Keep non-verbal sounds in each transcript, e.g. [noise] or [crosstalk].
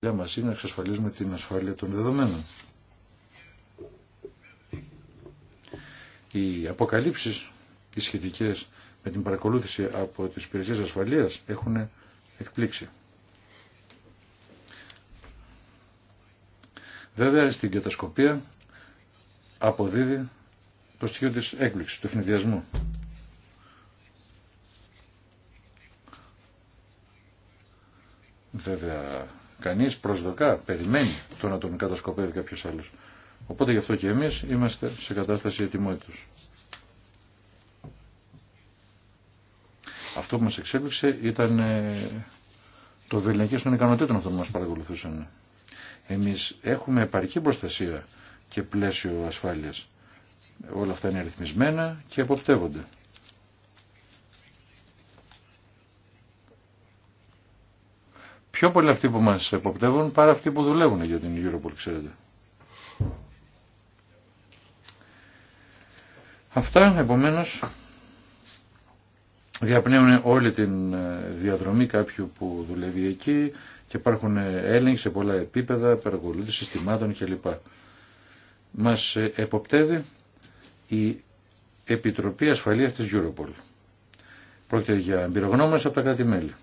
δουλειά μας είναι να εξασφαλίζουμε την ασφάλεια των δεδομένων. Οι αποκαλύψεις οι σχετικές με την παρακολούθηση από τις υπηρεσίες ασφαλείας έχουν εκπλήξει. Βέβαια στην κατασκοπία αποδίδει το στοιχείο της έκπληξης, του ευνηδιασμού. Βέβαια Κανείς προσδοκά, περιμένει το να τον κατασκοπεύει κάποιος άλλος. Οπότε γι' αυτό και εμείς είμαστε σε κατάσταση ετοιμότητας. Αυτό που μας εξέλιξε ήταν ε, το βελνικές των ικανοτήτων αυτών που μας παρακολουθούσαν. Εμείς έχουμε επαρκή προστασία και πλαίσιο ασφάλειας. Όλα αυτά είναι αριθμισμένα και αποπτεύονται. πιο πολλοί αυτοί που μας εποπτεύουν παρά αυτοί που δουλεύουν για την Europol, ξέρετε. Αυτά, επομένως, διαπνέουν όλη την ε, διαδρομή κάποιου που δουλεύει εκεί και υπάρχουν έλεγχοι σε πολλά επίπεδα, παρακολούθηση συστημάτων κλπ. Μας ε, εποπτεύει η Επιτροπή Ασφαλείας της Europol. Πρόκειται για εμπειρογνώμες από τα κράτη-μέλη.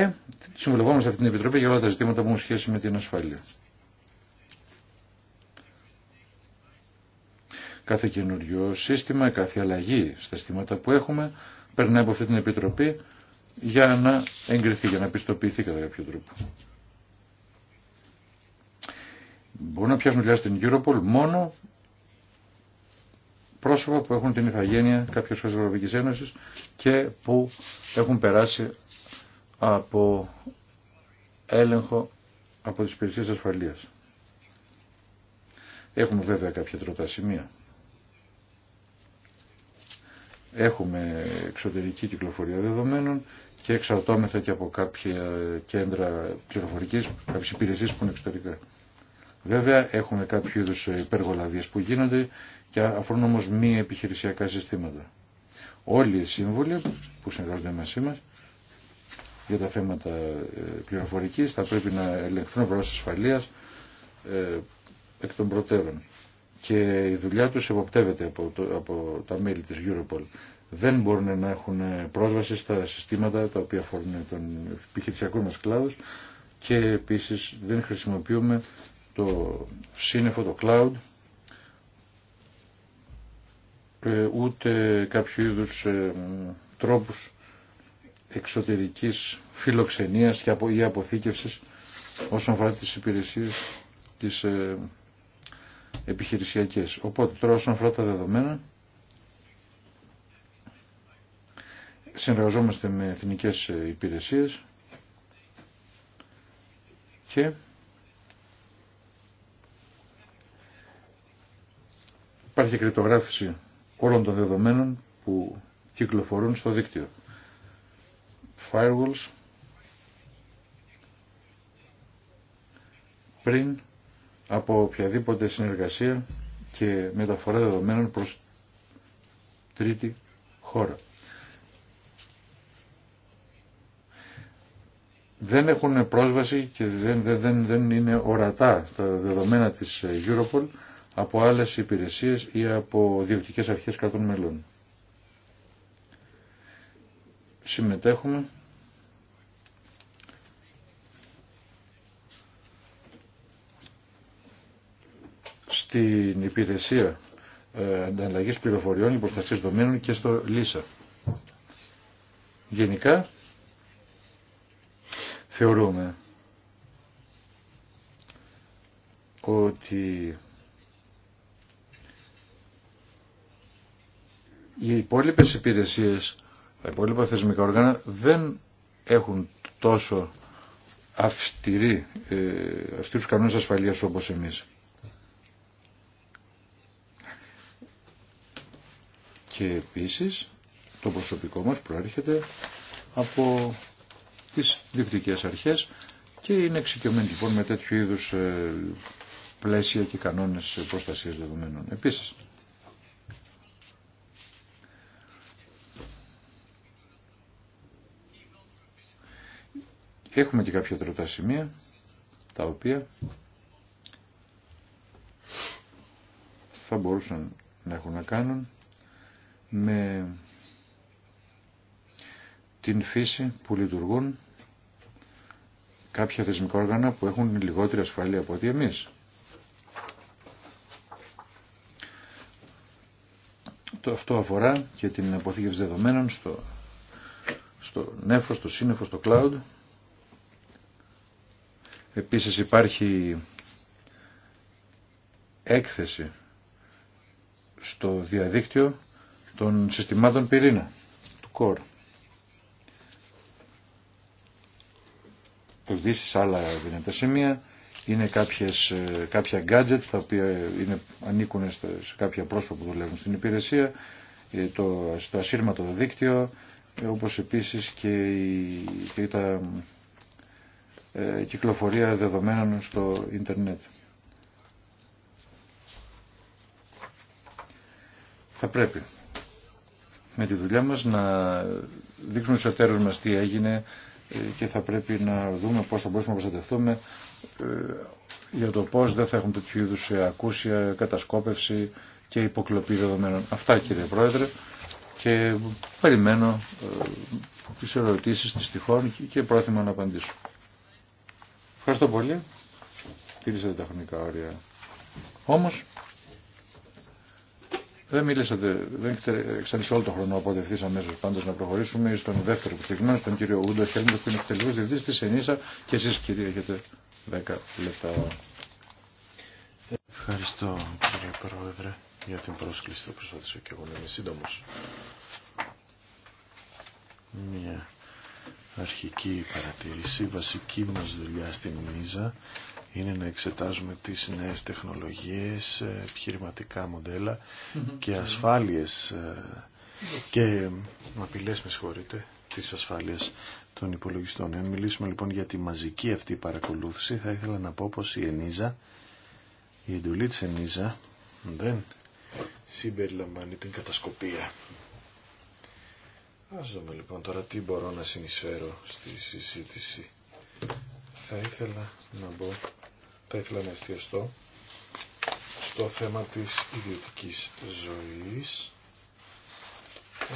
και συμβουλευόμαστε αυτή την Επιτροπή για όλα τα ζητήματα που έχουν σχέση με την ασφάλεια. Κάθε καινούριο σύστημα, κάθε αλλαγή στα συστήματα που έχουμε περνάει από αυτή την Επιτροπή για να εγκριθεί, για να πιστοποιηθεί κατά κάποιο τρόπο. Μπορούν να πιάσουν δουλειά στην Europol μόνο πρόσωπα που έχουν την ηθαγένεια κάποιες χώρες της και που έχουν περάσει από έλεγχο από τις υπηρεσίες ασφαλείας. Έχουμε βέβαια κάποια τροτά σημεία. Έχουμε εξωτερική κυκλοφορία δεδομένων και εξαρτώμεθα και από κάποια κέντρα πληροφορικής, κάποιες υπηρεσίες που είναι εξωτερικά. Βέβαια έχουμε κάποιο είδους υπεργολαβίες που γίνονται και αφορούν όμως μη επιχειρησιακά συστήματα. Όλοι οι σύμβουλοι που συνεργάζονται μαζί μας για τα θέματα ε, πληροφορικής, θα πρέπει να ελεγχθούν από ασφαλείας ε, εκ των προτέρων. Και η δουλειά τους εποπτεύεται από, από τα μέλη της Europol. Δεν μπορούν να έχουν πρόσβαση στα συστήματα τα οποία αφορούν τον επιχειρησιακό μας κλάδος και επίσης δεν χρησιμοποιούμε το σύννεφο, το cloud, ε, ούτε κάποιο είδους τρόπους εξωτερικής φιλοξενίας και απο, ή αποθήκευσης όσον αφορά τις υπηρεσίες τις ε, επιχειρησιακές. Οπότε τώρα όσον αφορά τα δεδομένα συνεργαζόμαστε με εθνικές ε, υπηρεσίες και υπάρχει κρυπτογράφηση όλων των δεδομένων που κυκλοφορούν στο δίκτυο firewalls πριν από οποιαδήποτε συνεργασία και μεταφορά δεδομένων προς τρίτη χώρα. δεν έχουν πρόσβαση και δεν, δεν, δεν είναι ορατά τα δεδομένα της Europol από άλλες υπηρεσίες ή από διοικητικές αρχές κρατών μελών συμμετέχουμε στην υπηρεσία ε, ανταλλαγή πληροφοριών υποστασία δομένων και στο ΛΙΣΑ. Γενικά θεωρούμε ότι οι υπόλοιπε υπηρεσίες τα υπόλοιπα θεσμικά όργανα δεν έχουν τόσο αυστηρή, ε, αυστηρούς κανόνες ασφαλείας όπως εμείς. Και επίσης το προσωπικό μας προέρχεται από τις διοικητικές αρχές και είναι εξοικειωμένοι λοιπόν με τέτοιου είδους ε, πλαίσια και κανόνες προστασίας δεδομένων. Επίσης, Και έχουμε και κάποια τροτά σημεία, τα οποία θα μπορούσαν να έχουν να κάνουν με την φύση που λειτουργούν κάποια θεσμικά όργανα που έχουν λιγότερη ασφάλεια από ότι εμείς. Το αυτό αφορά και την αποθήκευση δεδομένων στο, στο νέφος, στο σύννεφο, στο cloud. Επίσης υπάρχει έκθεση στο διαδίκτυο των συστημάτων πυρήνα του ΚΟΡ. Επίσης άλλα δυνατά σημεία είναι κάποιες, ε, κάποια gadgets τα οποία είναι, ανήκουν σε κάποια πρόσωπα που δουλεύουν στην υπηρεσία, ε, το, στο ασύρματο δίκτυο, ε, όπως επίσης και, και τα ε, κυκλοφορία δεδομένων στο ίντερνετ. Θα πρέπει με τη δουλειά μας να δείξουμε στους εταίρους μας τι έγινε ε, και θα πρέπει να δούμε πώς θα μπορούμε να προστατευτούμε ε, για το πώς δεν θα έχουμε τέτοιου είδου ακούσια, κατασκόπευση και υποκλοπή δεδομένων. Αυτά κύριε Πρόεδρε και περιμένω τις ερωτήσεις της τυχόν και πρόθυμα να απαντήσω. Ευχαριστώ πολύ. Τήρησατε τα χρονικά όρια. Όμως, δεν μιλήσατε, δεν εξαντλήσατε όλο τον χρόνο, από ευθύ αμέσω πάντω να προχωρήσουμε στον δεύτερο συγγνώμη, τον κύριο Ούντο Χέλμπερ, που είναι εκτελεστικό διευθυντή τη ΕΝΗΣΑ και εσεί κύριε έχετε 10 λεπτά. Ευχαριστώ κύριε Πρόεδρε για την πρόσκληση. Θα προσπαθήσω και εγώ να είμαι σύντομο. Μια αρχική παρατήρηση. Η βασική μας δουλειά στην Μίζα είναι να εξετάζουμε τις νέες τεχνολογίες, ε, επιχειρηματικά μοντέλα και ασφάλειες ε, και ε, απειλές, με συγχωρείτε, τις ασφάλειες των υπολογιστών. Εάν μιλήσουμε λοιπόν για τη μαζική αυτή παρακολούθηση, θα ήθελα να πω πως η ΕΝΙΖΑ, η εντολή της ΕΝΙΖΑ δεν συμπεριλαμβάνει την κατασκοπία. Ας δούμε λοιπόν τώρα τι μπορώ να συνεισφέρω στη συζήτηση. Θα ήθελα να μπω, θα ήθελα να εστιαστώ στο θέμα της ιδιωτικής ζωής.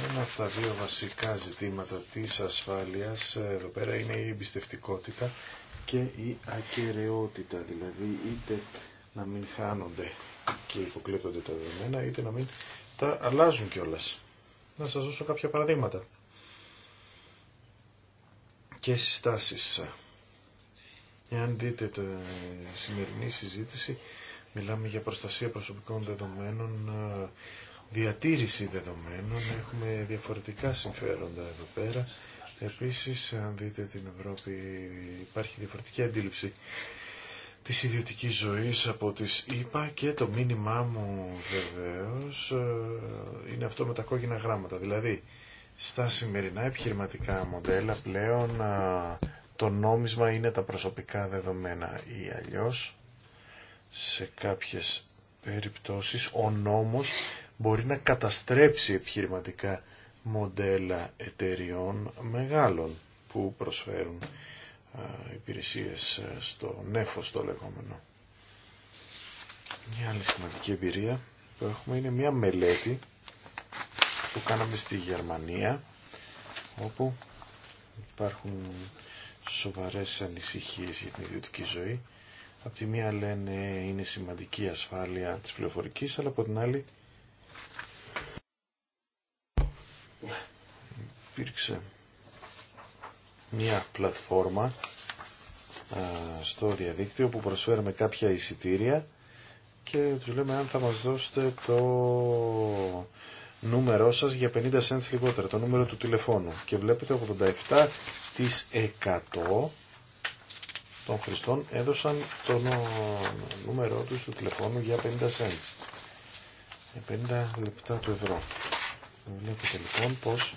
Ένα από τα δύο βασικά ζητήματα της ασφάλειας ε, εδώ πέρα είναι η εμπιστευτικότητα και η ακαιρεότητα, δηλαδή είτε να μην χάνονται και υποκλέπτονται τα δεδομένα, είτε να μην τα αλλάζουν κιόλας να σας δώσω κάποια παραδείγματα και συστάσεις. Εάν δείτε τη σημερινή συζήτηση, μιλάμε για προστασία προσωπικών δεδομένων, διατήρηση δεδομένων, έχουμε διαφορετικά συμφέροντα εδώ πέρα. Επίσης, αν δείτε την Ευρώπη, υπάρχει διαφορετική αντίληψη της ιδιωτικής ζωής από τις είπα και το μήνυμά μου βεβαίως ε, είναι αυτό με τα κόκκινα γράμματα. Δηλαδή, στα σημερινά επιχειρηματικά μοντέλα πλέον ε, το νόμισμα είναι τα προσωπικά δεδομένα ή αλλιώς σε κάποιες περιπτώσεις ο νόμος μπορεί να καταστρέψει επιχειρηματικά μοντέλα εταιριών μεγάλων που προσφέρουν υπηρεσίες ε, στο νέφος το λεγόμενο. Μια άλλη σημαντική εμπειρία που έχουμε είναι μια μελέτη που κάναμε στη Γερμανία όπου υπάρχουν σοβαρές ανησυχίες για την ιδιωτική ζωή. Απ' τη μία λένε είναι σημαντική ασφάλεια της πληροφορικής, αλλά από την άλλη υπήρξε μια πλατφόρμα στο διαδίκτυο που προσφέρουμε κάποια εισιτήρια και τους λέμε αν θα μας δώσετε το νούμερό σας για 50 cents λιγότερα, το νούμερο του τηλεφώνου. Και βλέπετε 87% τις 100 των χρηστών έδωσαν το νούμερό τους του τηλεφώνου για 50 cents. 50 ε, λεπτά του ευρώ. Βλέπετε λοιπόν πως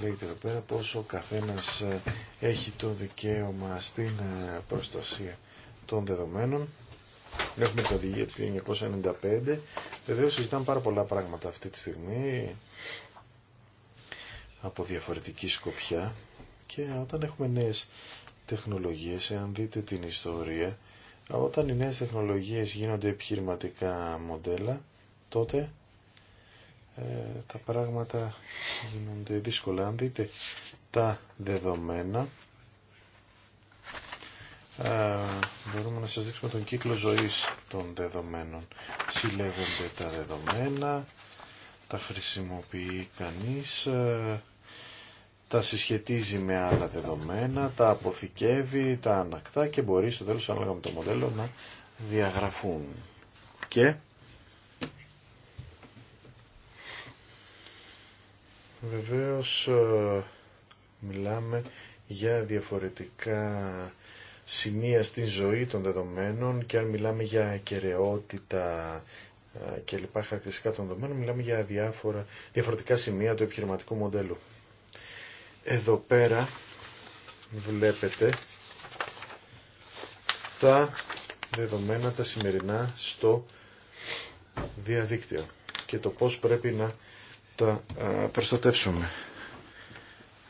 λέγεται εδώ πέρα πως ο καθένας ε, έχει το δικαίωμα στην ε, προστασία των δεδομένων. Έχουμε το οδηγία του 1995. Βεβαίω συζητάμε πάρα πολλά πράγματα αυτή τη στιγμή από διαφορετική σκοπιά και όταν έχουμε νέες τεχνολογίες, εάν δείτε την ιστορία, όταν οι νέες τεχνολογίες γίνονται επιχειρηματικά μοντέλα, τότε ε, τα πράγματα γίνονται δύσκολα. Αν δείτε τα δεδομένα, ε, μπορούμε να σας δείξουμε τον κύκλο ζωής των δεδομένων. Συλλέγονται τα δεδομένα, τα χρησιμοποιεί κανείς, ε, τα συσχετίζει με άλλα δεδομένα, τα αποθηκεύει, τα ανακτά και μπορεί στο τέλος, ανάλογα με το μοντέλο, να διαγραφούν. Και Βεβαίως ε, μιλάμε για διαφορετικά σημεία στην ζωή των δεδομένων και αν μιλάμε για κεραιότητα ε, και λοιπά χαρακτηριστικά των δεδομένων, μιλάμε για διάφορα, διαφορετικά σημεία του επιχειρηματικού μοντέλου. Εδώ πέρα βλέπετε τα δεδομένα τα σημερινά στο διαδίκτυο και το πώς πρέπει να τα προστατεύσουμε.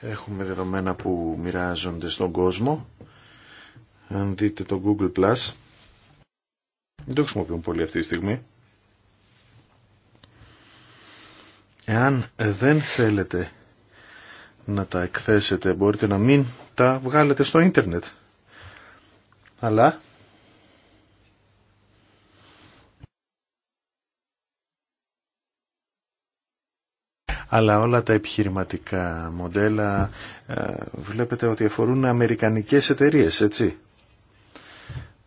Έχουμε δεδομένα που μοιράζονται στον κόσμο. Αν δείτε το Google+, Plus, δεν το χρησιμοποιούμε πολύ αυτή τη στιγμή. Εάν δεν θέλετε να τα εκθέσετε, μπορείτε να μην τα βγάλετε στο ίντερνετ. Αλλά αλλά όλα τα επιχειρηματικά μοντέλα ε, βλέπετε ότι αφορούν αμερικανικές εταιρείες, έτσι.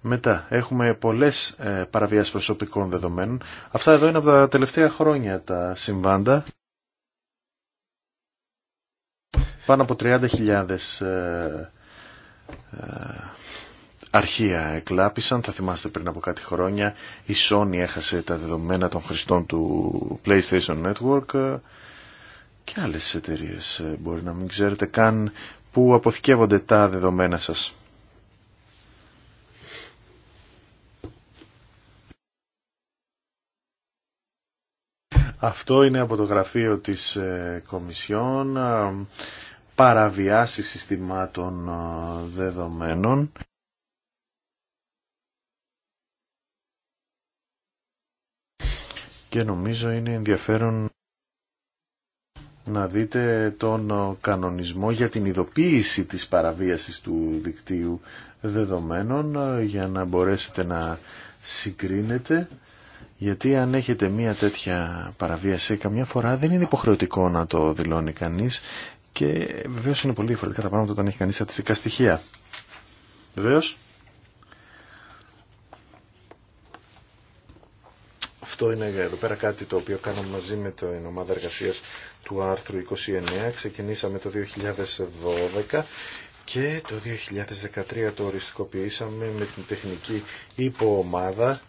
Μετά, έχουμε πολλές ε, παραβιάσεις προσωπικών δεδομένων. Αυτά εδώ είναι από τα τελευταία χρόνια τα συμβάντα. Πάνω από 30.000 ε, αρχεία εκλάπησαν. Θα θυμάστε πριν από κάτι χρόνια η Sony έχασε τα δεδομένα των χρηστών του PlayStation Network και άλλες εταιρείε ε, μπορεί να μην ξέρετε καν πού αποθηκεύονται τα δεδομένα σας. Αυτό είναι από το γραφείο της ε, Κομισιόν ε, παραβιάσει συστημάτων δεδομένων. Και νομίζω είναι ενδιαφέρον να δείτε τον κανονισμό για την ειδοποίηση της παραβίασης του δικτύου δεδομένων ε, για να μπορέσετε να συγκρίνετε γιατί αν έχετε μία τέτοια παραβίαση καμιά φορά δεν είναι υποχρεωτικό να το δηλώνει κανείς και βεβαίως είναι πολύ διαφορετικά τα πράγματα όταν έχει κανείς στατιστικά στοιχεία. Βεβαίως Αυτό είναι εδώ πέρα κάτι το οποίο κάναμε μαζί με την ομάδα εργασίας του άρθρου 29. Ξεκινήσαμε το 2012 και το 2013 το οριστικοποιήσαμε με την τεχνική υποομάδα.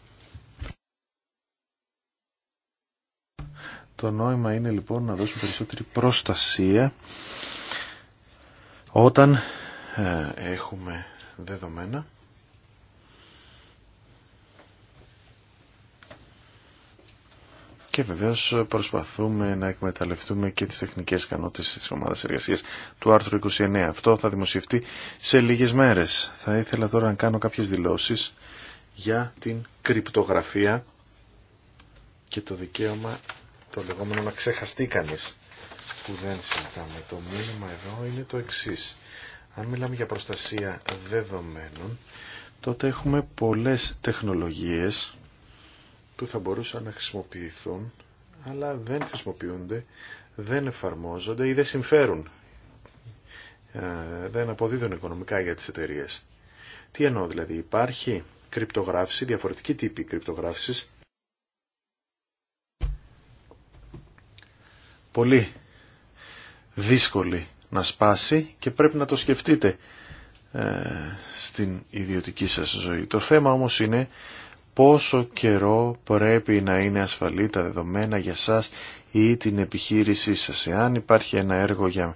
Το νόημα είναι λοιπόν να δώσουμε περισσότερη προστασία όταν ε, έχουμε δεδομένα και βεβαίως προσπαθούμε να εκμεταλλευτούμε και τις τεχνικές ικανότητες της ομάδας εργασίας του άρθρου 29. Αυτό θα δημοσιευτεί σε λίγες μέρες. Θα ήθελα τώρα να κάνω κάποιες δηλώσεις για την κρυπτογραφία και το δικαίωμα το λεγόμενο να ξεχαστεί κανείς που δεν συζητάμε. Το μήνυμα εδώ είναι το εξής. Αν μιλάμε για προστασία δεδομένων, τότε έχουμε πολλές τεχνολογίες που θα μπορούσαν να χρησιμοποιηθούν αλλά δεν χρησιμοποιούνται, δεν εφαρμόζονται ή δεν συμφέρουν, ε, δεν αποδίδουν οικονομικά για τις εταιρείες. Τι εννοώ δηλαδή, υπάρχει κρυπτογράφηση, διαφορετική τύπη κρυπτογράφησης, πολύ δύσκολη να σπάσει και πρέπει να το σκεφτείτε ε, στην ιδιωτική σας ζωή. Το θέμα όμως είναι πόσο καιρό πρέπει να είναι ασφαλή τα δεδομένα για σας ή την επιχείρησή σας. Εάν υπάρχει ένα έργο για,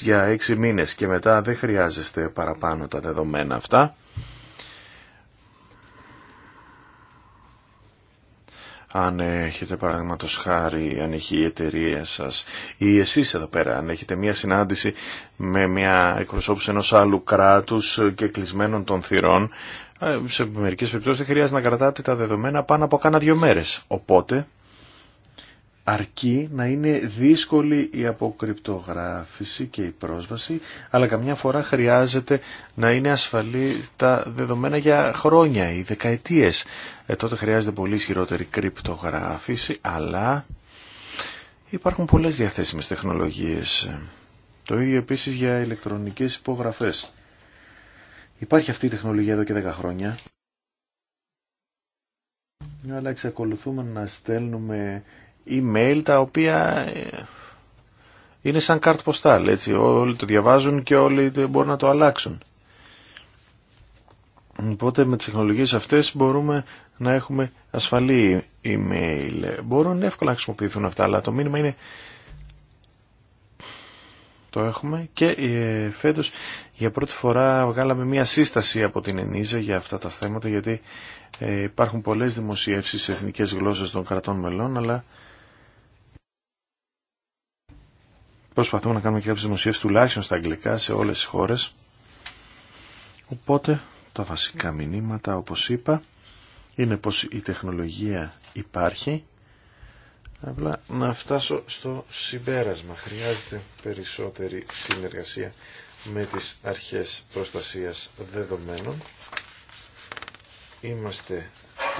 για έξι μήνες και μετά δεν χρειάζεστε παραπάνω τα δεδομένα αυτά, αν έχετε παραδείγματο χάρη, αν έχει η εταιρεία σας ή εσείς εδώ πέρα, αν έχετε μια συνάντηση με μια εκπροσώπηση ενός άλλου κράτους και κλεισμένων των θυρών, ε, σε μερικές περιπτώσεις δεν χρειάζεται να κρατάτε τα δεδομένα πάνω από κάνα δύο μέρες. Οπότε αρκεί να είναι δύσκολη η αποκρυπτογράφηση και η πρόσβαση, αλλά καμιά φορά χρειάζεται να είναι ασφαλή τα δεδομένα για χρόνια ή δεκαετίες. Ε, τότε χρειάζεται πολύ ισχυρότερη κρυπτογράφηση, αλλά υπάρχουν πολλές διαθέσιμες τεχνολογίες. Το ίδιο επίσης για ηλεκτρονικές υπογραφές. Υπάρχει αυτή η τεχνολογία εδώ και 10 χρόνια. Αλλά εξακολουθούμε να στέλνουμε email τα οποία ε, είναι σαν κάρτ ποστάλ, έτσι. Όλοι το διαβάζουν και όλοι μπορούν να το αλλάξουν. Οπότε με τις τεχνολογίες αυτές μπορούμε να έχουμε ασφαλή email. Μπορούν εύκολα να χρησιμοποιηθούν αυτά, αλλά το μήνυμα είναι το έχουμε και ε, φέτος για πρώτη φορά βγάλαμε μια σύσταση από την ΕΝΙΖΑ για αυτά τα θέματα γιατί ε, υπάρχουν πολλές δημοσιεύσεις σε εθνικές γλώσσες των κρατών μελών αλλά προσπαθούμε να κάνουμε και κάποιες δημοσιεύσεις τουλάχιστον στα αγγλικά σε όλες τις χώρες οπότε τα βασικά μηνύματα όπως είπα είναι πως η τεχνολογία υπάρχει Απλά να φτάσω στο συμπέρασμα. Χρειάζεται περισσότερη συνεργασία με τις αρχές προστασίας δεδομένων. Είμαστε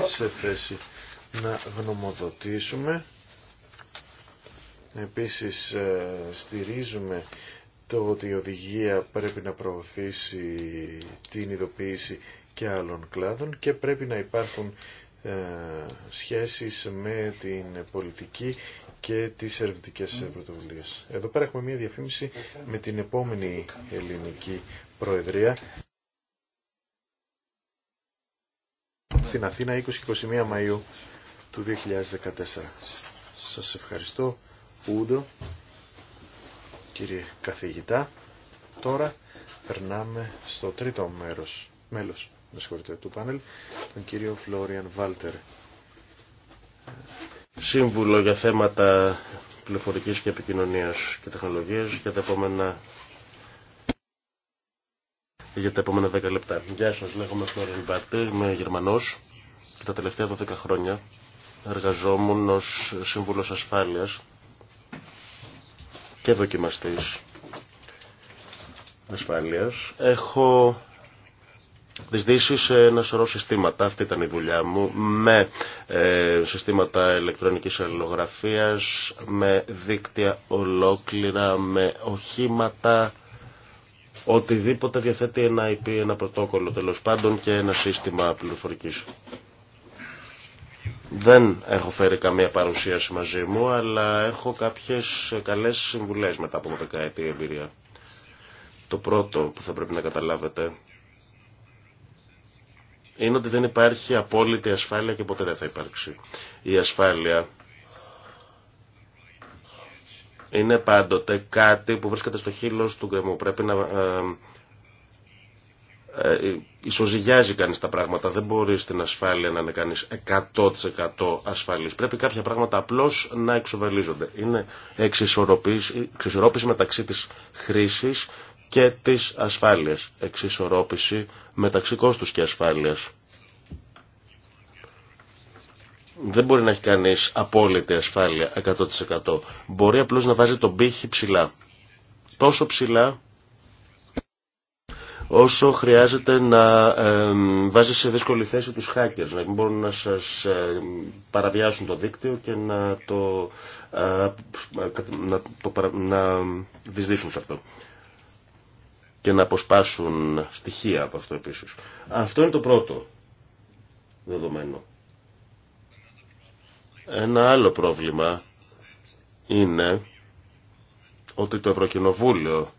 σε θέση να γνωμοδοτήσουμε. Επίσης ε, στηρίζουμε το ότι η οδηγία πρέπει να προωθήσει την ειδοποίηση και άλλων κλάδων και πρέπει να υπάρχουν ε, σχέσεις με την πολιτική και τις ερευνητικές πρωτοβουλίες. Εδώ πέρα έχουμε μια διαφήμιση με την επόμενη ελληνική προεδρία. Στην Αθήνα 20-21 Μαΐου του 2014. Σας ευχαριστώ Ούντο, κύριε καθηγητά. Τώρα περνάμε στο τρίτο μέρος, μέλος με συγχωρείτε, του πάνελ, τον κύριο Φλόριαν Βάλτερ. Σύμβουλο για θέματα πληροφορικής και επικοινωνίας και τεχνολογίας για τα επόμενα για τα επόμενα 10 λεπτά. Γεια σας, λέγομαι Φλόριαν Βάλτερ, είμαι Γερμανός και τα τελευταία 12 χρόνια εργαζόμουν ως σύμβουλος ασφάλειας και δοκιμαστής ασφάλειας. Έχω Δύση σε ένα σωρό συστήματα. Αυτή ήταν η δουλειά μου. Με ε, συστήματα ηλεκτρονικής αλληλογραφίας, με δίκτυα ολόκληρα, με οχήματα, οτιδήποτε διαθέτει ένα IP, ένα πρωτόκολλο τέλο πάντων και ένα σύστημα πληροφορικής. Δεν έχω φέρει καμία παρουσίαση μαζί μου, αλλά έχω κάποιες καλές συμβουλές μετά από δεκαετή εμπειρία. Το πρώτο που θα πρέπει να καταλάβετε είναι ότι δεν υπάρχει απόλυτη ασφάλεια και ποτέ δεν θα υπάρξει. Η ασφάλεια είναι πάντοτε κάτι που βρίσκεται στο χείλος του γκρεμού. Πρέπει να ε, ε, ε, ισοζυγιάζει κανείς τα πράγματα. Δεν μπορεί στην ασφάλεια να είναι κανείς 100% ασφαλής. Πρέπει κάποια πράγματα απλώς να εξοβαλίζονται. Είναι εξισορρόπηση μεταξύ της χρήσης και της ασφάλειας. Εξισορρόπηση μεταξύ κόστους και ασφάλειας. Δεν μπορεί να έχει κανείς απόλυτη ασφάλεια 100%. Μπορεί απλώς να βάζει τον πύχη ψηλά. Τόσο ψηλά όσο χρειάζεται να βάζει σε δύσκολη θέση τους hackers, να μην μπορούν να σας παραβιάσουν το δίκτυο και να το, ε, να, το, να δυσδύσουν σε αυτό και να αποσπάσουν στοιχεία από αυτό επίσης. Αυτό είναι το πρώτο δεδομένο. Ένα άλλο πρόβλημα είναι ότι το Ευρωκοινοβούλιο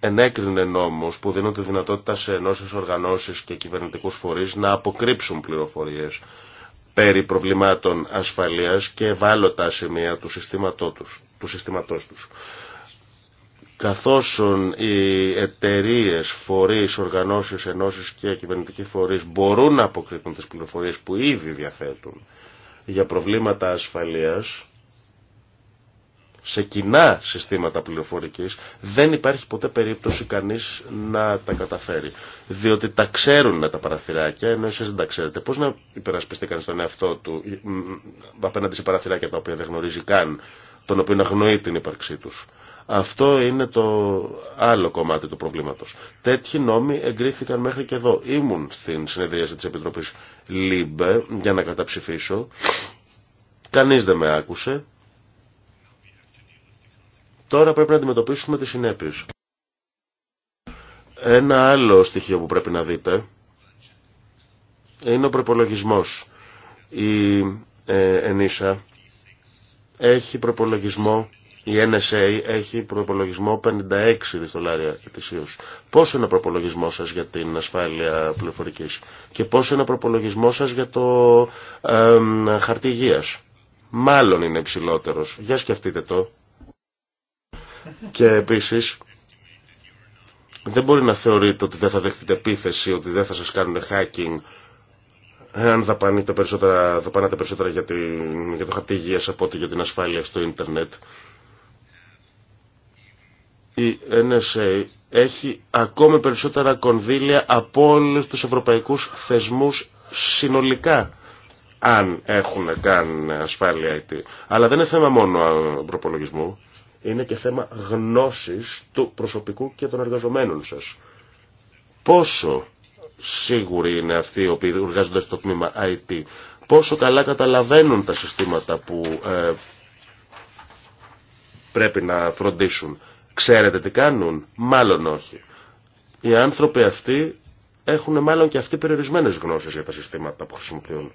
ενέκρινε νόμους που δίνουν τη δυνατότητα σε ενώσεις οργανώσεις και κυβερνητικούς φορείς να αποκρύψουν πληροφορίες περί προβλημάτων ασφαλείας και ευάλωτα σημεία του, συστήματό του συστήματός τους καθώς οι εταιρείες, φορείς, οργανώσεις, ενώσεις και κυβερνητικοί φορείς μπορούν να αποκρίνουν τις πληροφορίες που ήδη διαθέτουν για προβλήματα ασφαλείας σε κοινά συστήματα πληροφορικής δεν υπάρχει ποτέ περίπτωση κανείς να τα καταφέρει. Διότι τα ξέρουν με τα παραθυράκια, ενώ εσείς δεν τα ξέρετε. Πώς να υπερασπιστεί κανείς τον εαυτό του ε, απέναντι σε παραθυράκια τα οποία δεν γνωρίζει καν, τον οποίο αγνοεί την ύπαρξή τους. Αυτό είναι το άλλο κομμάτι του προβλήματος. Τέτοιοι νόμοι εγκρίθηκαν μέχρι και εδώ. Ήμουν στην συνεδρίαση της Επιτροπής ΛΥΜΠΕ για να καταψηφίσω. Κανείς δεν με άκουσε. Τώρα πρέπει να αντιμετωπίσουμε τις συνέπειες. Ένα άλλο στοιχείο που πρέπει να δείτε είναι ο προπολογισμό. Η ε, ΕΝΙΣΑ έχει προπολογισμό η NSA έχει προπολογισμό 56 δολάρια ετησίω. Πόσο είναι ο προπολογισμό σα για την ασφάλεια πληροφορική και πόσο είναι ο προπολογισμό σα για το ε, χαρτί υγείας. Μάλλον είναι υψηλότερο. Για σκεφτείτε το. Και επίσης δεν μπορεί να θεωρείτε ότι δεν θα δεχτείτε επίθεση, ότι δεν θα σας κάνουν hacking αν δαπανείτε περισσότερα, δαπανάτε περισσότερα για, την, για το χαρτί υγείας από ότι για την ασφάλεια στο ίντερνετ η NSA έχει ακόμη περισσότερα κονδύλια από όλου τους ευρωπαϊκούς θεσμούς συνολικά αν έχουν καν ασφάλεια IT. Αλλά δεν είναι θέμα μόνο προπολογισμού, είναι και θέμα γνώσης του προσωπικού και των εργαζομένων σας. Πόσο σίγουροι είναι αυτοί οι οποίοι εργάζονται στο τμήμα IT, πόσο καλά καταλαβαίνουν τα συστήματα που ε, πρέπει να φροντίσουν. Ξέρετε τι κάνουν. Μάλλον όχι. Οι άνθρωποι αυτοί έχουν μάλλον και αυτοί περιορισμένες γνώσεις για τα συστήματα που χρησιμοποιούν.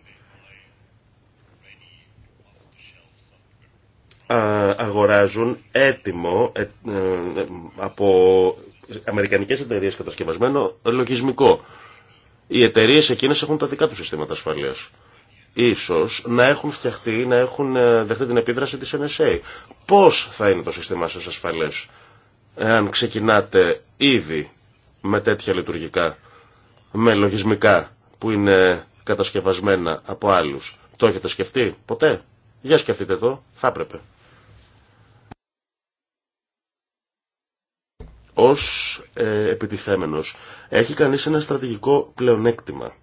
αγοράζουν έτοιμο ε, ε, από αμερικανικές εταιρείες κατασκευασμένο λογισμικό. Οι εταιρείες εκείνες έχουν τα δικά του συστήματα ασφαλείας. Ίσως να έχουν φτιαχτεί, να έχουν ε, δεχτεί την επίδραση της NSA. Πώς θα είναι το σύστημά σας ασφαλές εάν ξεκινάτε ήδη με τέτοια λειτουργικά, με λογισμικά που είναι κατασκευασμένα από άλλους. Το έχετε σκεφτεί ποτέ. Για σκεφτείτε το. Θα έπρεπε. Ως ε, επιτιθέμενος έχει κανείς ένα στρατηγικό πλεονέκτημα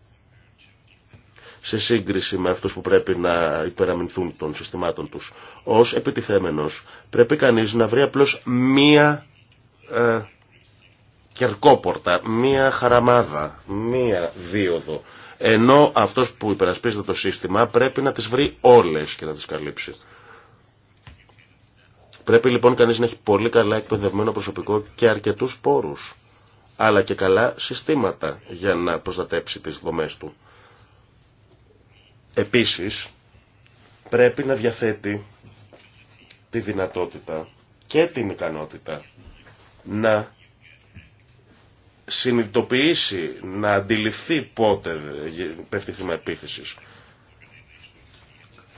σε σύγκριση με αυτούς που πρέπει να υπεραμεινθούν των συστημάτων τους. Ως επιτιθέμενος πρέπει κανείς να βρει απλώς μία ε, κερκόπορτα, μία χαραμάδα, μία δίωδο. Ενώ αυτός που υπερασπίζεται το σύστημα πρέπει να τις βρει όλες και να τις καλύψει. Πρέπει λοιπόν κανείς να έχει πολύ καλά εκπαιδευμένο προσωπικό και αρκετούς πόρους, αλλά και καλά συστήματα για να προστατέψει τις δομές του. Επίσης, πρέπει να διαθέτει τη δυνατότητα και την ικανότητα να συνειδητοποιήσει, να αντιληφθεί πότε πέφτει θύμα επίθεσης.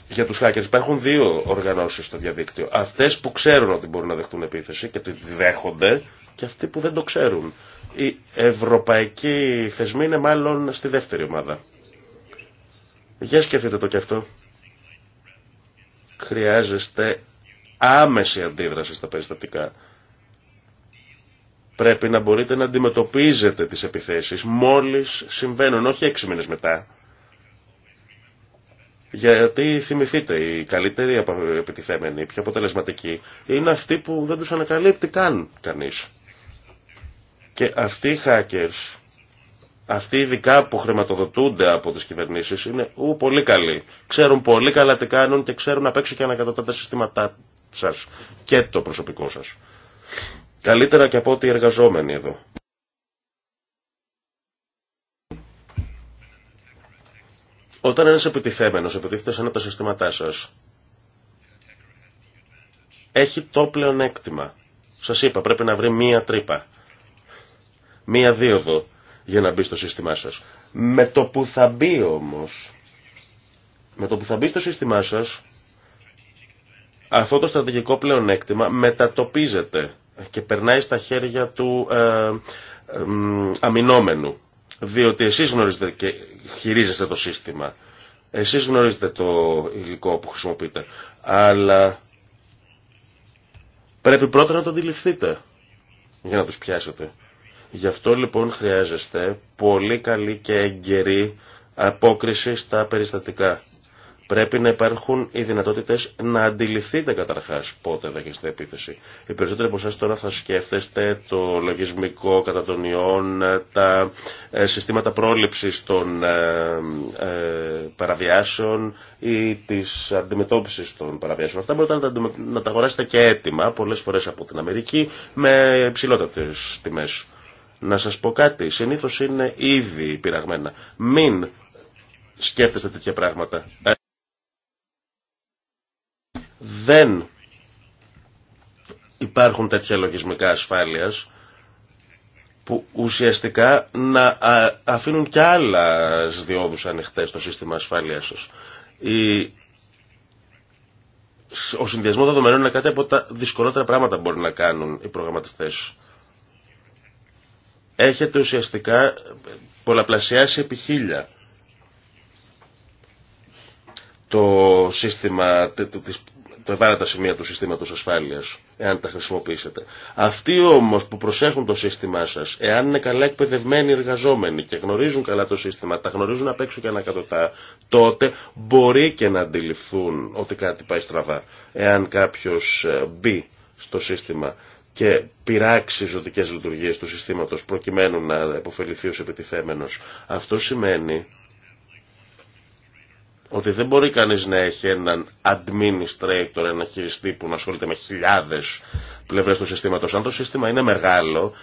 Για τους hackers υπάρχουν δύο οργανώσεις στο διαδίκτυο. Αυτές που ξέρουν ότι μπορούν να δεχτούν επίθεση και ότι δέχονται και αυτοί που δεν το ξέρουν. Οι ευρωπαϊκοί θεσμοί είναι μάλλον στη δεύτερη ομάδα. Για σκεφτείτε το και αυτό. Χρειάζεστε άμεση αντίδραση στα περιστατικά. Πρέπει να μπορείτε να αντιμετωπίζετε τις επιθέσεις μόλις συμβαίνουν, όχι έξι μήνες μετά. Γιατί θυμηθείτε, οι καλύτεροι επιτιθέμενοι, οι πιο αποτελεσματικοί, είναι αυτοί που δεν τους ανακαλύπτει καν κανείς. Και αυτοί οι hackers, αυτοί ειδικά που χρηματοδοτούνται από τις κυβερνήσεις, είναι ου, πολύ καλοί. Ξέρουν πολύ καλά τι κάνουν και ξέρουν να έξω και ανακατατά τα συστήματά σας και το προσωπικό σας. Καλύτερα και από ό,τι οι εργαζόμενοι εδώ. Όταν ένας επιτιθέμενος επιτίθεται σε από τα συστήματά σας, έχει το πλεονέκτημα. Σας είπα, πρέπει να βρει μία τρύπα. Μία δίωδο για να μπει στο σύστημά σας. Με το που θα μπει όμως, με το που θα μπει στο σύστημά σας, αυτό το στρατηγικό πλεονέκτημα μετατοπίζεται και περνάει στα χέρια του ε, ε, αμυνόμενου. Διότι εσείς γνωρίζετε και χειρίζεστε το σύστημα. Εσείς γνωρίζετε το υλικό που χρησιμοποιείτε. Αλλά πρέπει πρώτα να το αντιληφθείτε για να τους πιάσετε. Γι' αυτό λοιπόν χρειάζεστε πολύ καλή και εγκαιρή απόκριση στα περιστατικά. Πρέπει να υπάρχουν οι δυνατότητε να αντιληφθείτε καταρχά πότε δέχεστε επίθεση. Οι περισσότεροι από εσά τώρα θα σκέφτεστε το λογισμικό κατά των ιών, τα ε, συστήματα πρόληψη των ε, ε, παραβιάσεων ή τη αντιμετώπιση των παραβιάσεων. Αυτά μπορείτε να τα αγοράσετε και έτοιμα πολλέ φορέ από την Αμερική με υψηλότερε τιμέ. Να σα πω κάτι, Συνήθω είναι ήδη πειραγμένα. Μην σκέφτεστε τέτοια πράγματα δεν υπάρχουν τέτοια λογισμικά ασφάλειας που ουσιαστικά να αφήνουν και άλλα διόδους ανοιχτές στο σύστημα ασφάλειας σας. Η... Ο συνδυασμό δεδομένων είναι κάτι από τα δυσκολότερα πράγματα που μπορεί να κάνουν οι προγραμματιστές. Έχετε ουσιαστικά πολλαπλασιάσει επί χίλια το σύστημα της το τα σημεία του συστήματος ασφάλειας, εάν τα χρησιμοποιήσετε. Αυτοί όμως που προσέχουν το σύστημά σας, εάν είναι καλά εκπαιδευμένοι εργαζόμενοι και γνωρίζουν καλά το σύστημα, τα γνωρίζουν απ' έξω και ανακατοτά, τότε μπορεί και να αντιληφθούν ότι κάτι πάει στραβά, εάν κάποιος ε, μπει στο σύστημα και πειράξει ζωτικές λειτουργίες του συστήματος προκειμένου να επωφεληθεί ως επιτιθέμενος. Αυτό σημαίνει ότι δεν μπορεί κανείς να έχει έναν administrator, ένα χειριστή που να ασχολείται με χιλιάδες πλευρές του συστήματος. Αν το σύστημα είναι μεγάλο,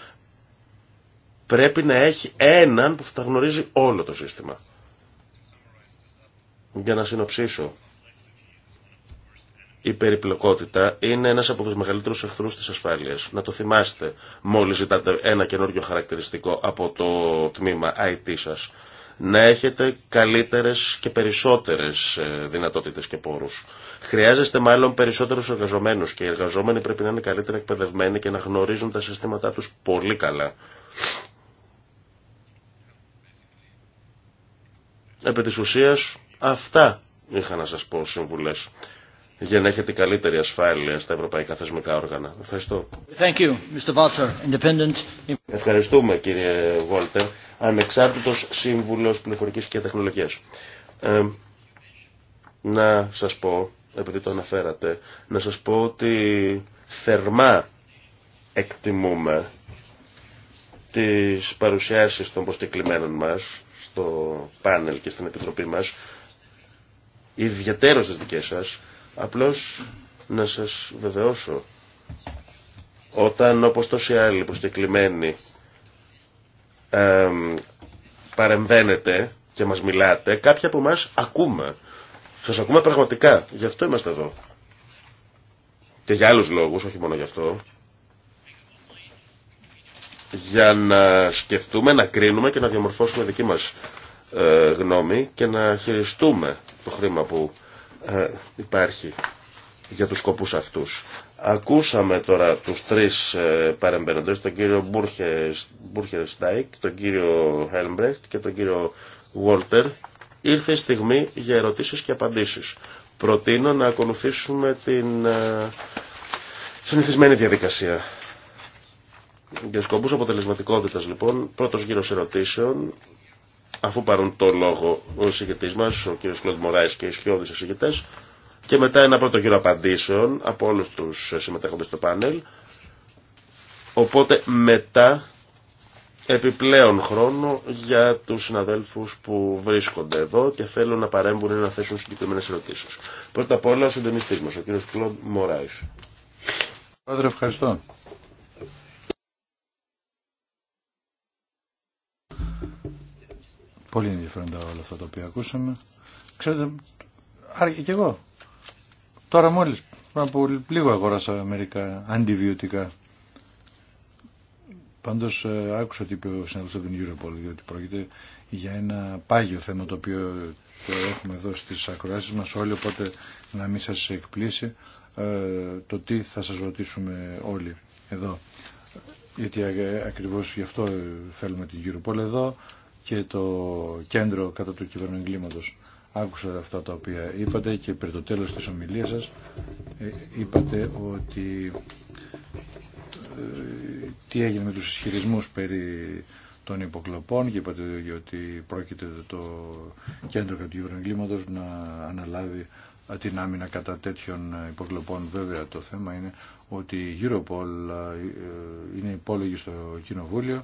πρέπει να έχει έναν που θα γνωρίζει όλο το σύστημα. Για να συνοψίσω, η περιπλοκότητα είναι ένας από τους μεγαλύτερους εχθρούς της ασφάλειας. Να το θυμάστε, μόλις ζητάτε ένα καινούριο χαρακτηριστικό από το τμήμα IT σας να έχετε καλύτερες και περισσότερες ε, δυνατότητες και πόρους. Χρειάζεστε μάλλον περισσότερους εργαζομένους και οι εργαζόμενοι πρέπει να είναι καλύτερα εκπαιδευμένοι και να γνωρίζουν τα συστήματά τους πολύ καλά. Επί της ουσίας, αυτά είχα να σας πω συμβουλές για να έχετε καλύτερη ασφάλεια στα ευρωπαϊκά θεσμικά όργανα. Ευχαριστώ. Ευχαριστούμε κύριε Βόλτερ ανεξάρτητος σύμβουλος πληροφορικής και τεχνολογίας. Ε, να σας πω, επειδή το αναφέρατε, να σας πω ότι θερμά εκτιμούμε τις παρουσιάσεις των προσκεκλημένων μας στο πάνελ και στην Επιτροπή μας, ιδιαίτερως τι δικές σας, απλώς να σας βεβαιώσω, όταν όπως τόσοι άλλοι προσκεκλημένοι ε, παρεμβαίνετε και μας μιλάτε, κάποια από εμάς ακούμε. Σας ακούμε πραγματικά. Γι' αυτό είμαστε εδώ. Και για άλλους λόγους, όχι μόνο γι' αυτό. Για να σκεφτούμε, να κρίνουμε και να διαμορφώσουμε δική μας ε, γνώμη και να χειριστούμε το χρήμα που ε, υπάρχει για τους σκοπούς αυτούς. Ακούσαμε τώρα τους τρεις ε, παρεμβαίνοντες, τον κύριο Στάικ, τον κύριο Χέλμπρεχτ και τον κύριο Βόλτερ. Ήρθε η στιγμή για ερωτήσεις και απαντήσεις. Προτείνω να ακολουθήσουμε την ε, συνηθισμένη διαδικασία. Για σκοπούς αποτελεσματικότητας λοιπόν, πρώτος γύρος ερωτήσεων, αφού πάρουν το λόγο ο εισηγητής μας, ο κύριος Κλοντ Μωράης και οι σκιώδεις εισηγητές, και μετά ένα πρώτο γύρο απαντήσεων από όλους τους συμμετέχοντες στο πάνελ. Οπότε μετά επιπλέον χρόνο για τους συναδέλφους που βρίσκονται εδώ και θέλουν να παρέμβουν ή να θέσουν συγκεκριμένες ερωτήσεις. Πρώτα απ' όλα ο συντονιστής μας, ο κύριος Κλοντ Μωράης. Πρόεδρε, ευχαριστώ. Πολύ ενδιαφέροντα όλα αυτά τα οποία ακούσαμε. Ξέρετε, και εγώ Τώρα μόλις από λίγο αγόρασα μερικά αντιβιωτικά. Πάντως ε, άκουσα ότι είπε ο συνάδελφος από την Europol, διότι πρόκειται για ένα πάγιο θέμα το οποίο το έχουμε εδώ στις ακροάσεις μας όλοι, οπότε να μην σας εκπλήσει ε, το τι θα σας ρωτήσουμε όλοι εδώ. Γιατί ακριβώς γι' αυτό θέλουμε την Europol εδώ και το κέντρο κατά του εγκλήματος άκουσα αυτά τα οποία είπατε και πριν το τέλος της ομιλίας σας ε, είπατε ότι ε, τι έγινε με τους ισχυρισμού περί των υποκλοπών και είπατε ότι πρόκειται το κέντρο κατά του Ευρωεγκλήματος να αναλάβει την άμυνα κατά τέτοιων ε, υποκλοπών. Βέβαια το θέμα είναι ότι η Europol είναι υπόλογη στο Κοινοβούλιο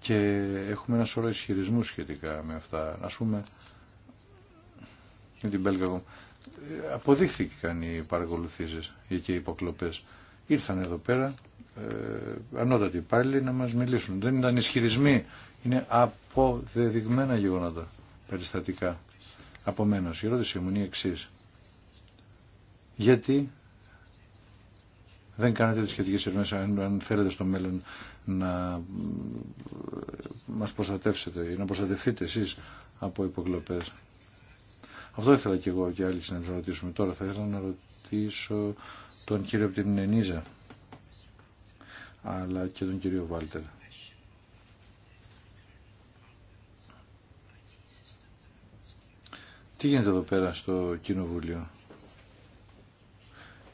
και έχουμε ένα σωρό ισχυρισμού σχετικά με αυτά. Ας πούμε με την Belgacom, αποδείχθηκαν οι παρακολουθήσεις και οι υποκλοπές. Ήρθαν εδώ πέρα ε, ανώτατοι πάλι να μας μιλήσουν. Δεν ήταν ισχυρισμοί, είναι αποδεδειγμένα γεγονότα περιστατικά. Απομένως, η ερώτηση μου είναι η εξής. Γιατί δεν κάνετε τις σχετικές ερευνές αν, θέλετε στο μέλλον να ε, μας προστατεύσετε ή να προστατευτείτε εσείς από υποκλοπές. Αυτό ήθελα και εγώ και άλλοι να να ρωτήσουμε. Τώρα θα ήθελα να ρωτήσω τον κύριο από την Ενίζα, αλλά και τον κύριο Βάλτερ. Τι γίνεται εδώ πέρα στο Κοινοβούλιο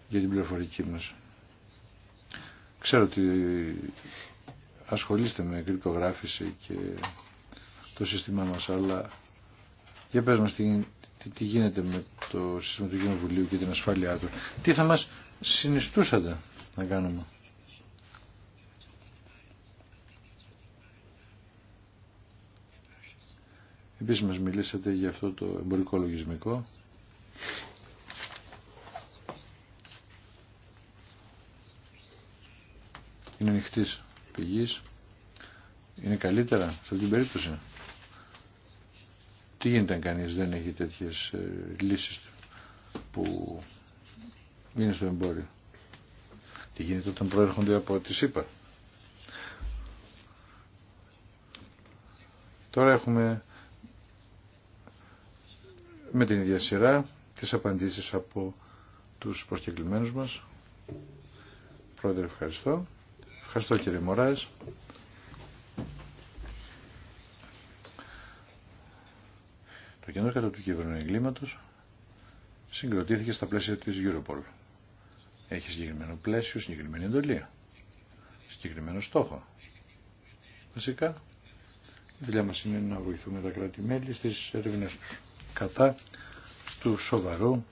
για την πληροφορική μας. Ξέρω ότι ασχολείστε με κρυπτογράφηση και το σύστημά μας, αλλά για πες μας τι τι, τι γίνεται με το σύστημα του Κοινοβουλίου και την ασφάλειά του. Τι θα μας συνιστούσατε να κάνουμε. Επίσης μας μιλήσατε για αυτό το εμπορικό λογισμικό. Είναι ανοιχτής πηγής. Είναι καλύτερα σε αυτήν την περίπτωση. Τι γίνεται αν κανείς δεν έχει τέτοιες ε, λύσεις που είναι στο εμπόριο. Τι γίνεται όταν προέρχονται από τη είπα. Τώρα έχουμε με την ίδια σειρά τις απαντήσεις από τους προσκεκλημένους μας. Πρόεδρε ευχαριστώ. Ευχαριστώ κύριε Μωράης. ενώ κατά του κυβερνού εγκλήματος συγκροτήθηκε στα πλαίσια της Europol. Έχει συγκεκριμένο πλαίσιο, συγκεκριμένη εντολή, συγκεκριμένο στόχο. Βασικά, η δουλειά μας είναι να βοηθούμε τα κράτη-μέλη στις έρευνε τους κατά του σοβαρού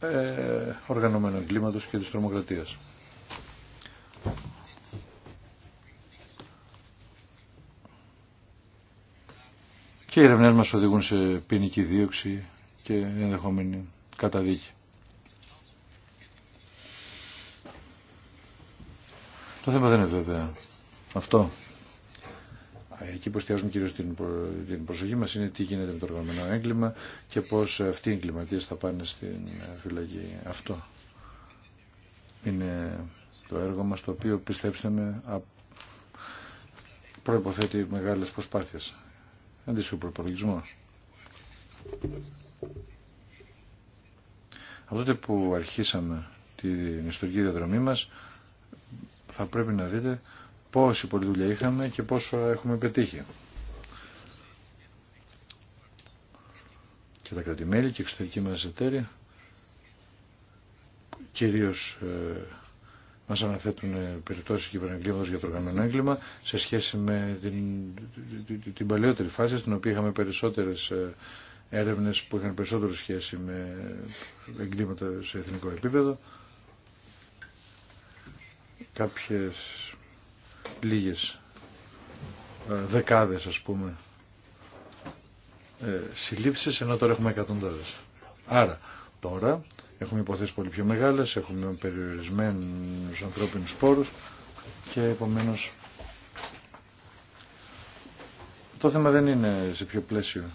ε, οργανωμένου εγκλήματος και της τρομοκρατίας. και οι ερευνές μας οδηγούν σε ποινική δίωξη και ενδεχόμενη καταδίκη. Το θέμα δεν είναι βέβαια αυτό. Εκεί που εστιάζουμε κυρίως την προσοχή μας είναι τι γίνεται με το εργαμένο έγκλημα και πώς αυτοί οι εγκληματίες θα πάνε στην φυλακή. Αυτό είναι το έργο μας το οποίο πιστέψτε με προϋποθέτει μεγάλες προσπάθειες αντίστοιχο προπολογισμό. Από τότε που αρχίσαμε την ιστορική διαδρομή μας θα πρέπει να δείτε πόση πολλή δουλειά είχαμε και πόσο έχουμε πετύχει. Και τα κρατημέλη και εξωτερική μας εταιρεία κυρίως ε, Μα αναθέτουν ε, περιπτώσει κυβερνοεγκλήματο για το οργανωμένο έγκλημα σε σχέση με την, την παλαιότερη φάση στην οποία είχαμε περισσότερε ε, έρευνε που είχαν περισσότερο σχέση με εγκλήματα σε εθνικό επίπεδο. Κάποιε λίγε δεκάδε, α πούμε ε, συλλήψει, ενώ τώρα έχουμε εκατοντάδε. Άρα τώρα Έχουμε υποθέσεις πολύ πιο μεγάλες, έχουμε περιορισμένους ανθρώπινους πόρους και επομένως το θέμα δεν είναι σε ποιο πλαίσιο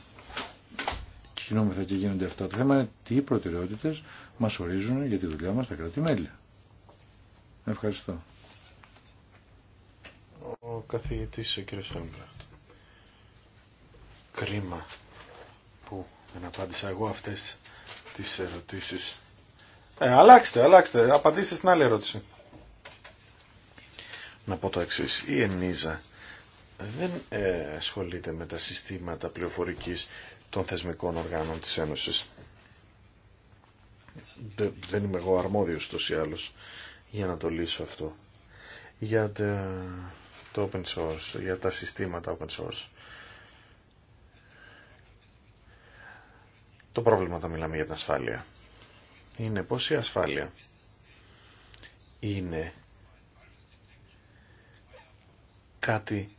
κινούμεθα και γίνονται αυτά. Το θέμα είναι τι προτεραιότητες μας ορίζουν για τη δουλειά μας τα κράτη-μέλη. Ευχαριστώ. Ο καθηγητής ο κ. Κρίμα που δεν απάντησα εγώ αυτές τις ερωτήσεις ε, αλλάξτε, αλλάξτε. Απαντήστε στην άλλη ερώτηση. Να πω το εξή. Η Ενίζα δεν ε, ασχολείται με τα συστήματα πληροφορικής των θεσμικών οργάνων της Ένωσης. Δεν είμαι εγώ αρμόδιος τους ή άλλως για να το λύσω αυτό. Για το open source, για τα συστήματα open source. Το πρόβλημα θα μιλάμε για την ασφάλεια είναι πως η ασφάλεια είναι κάτι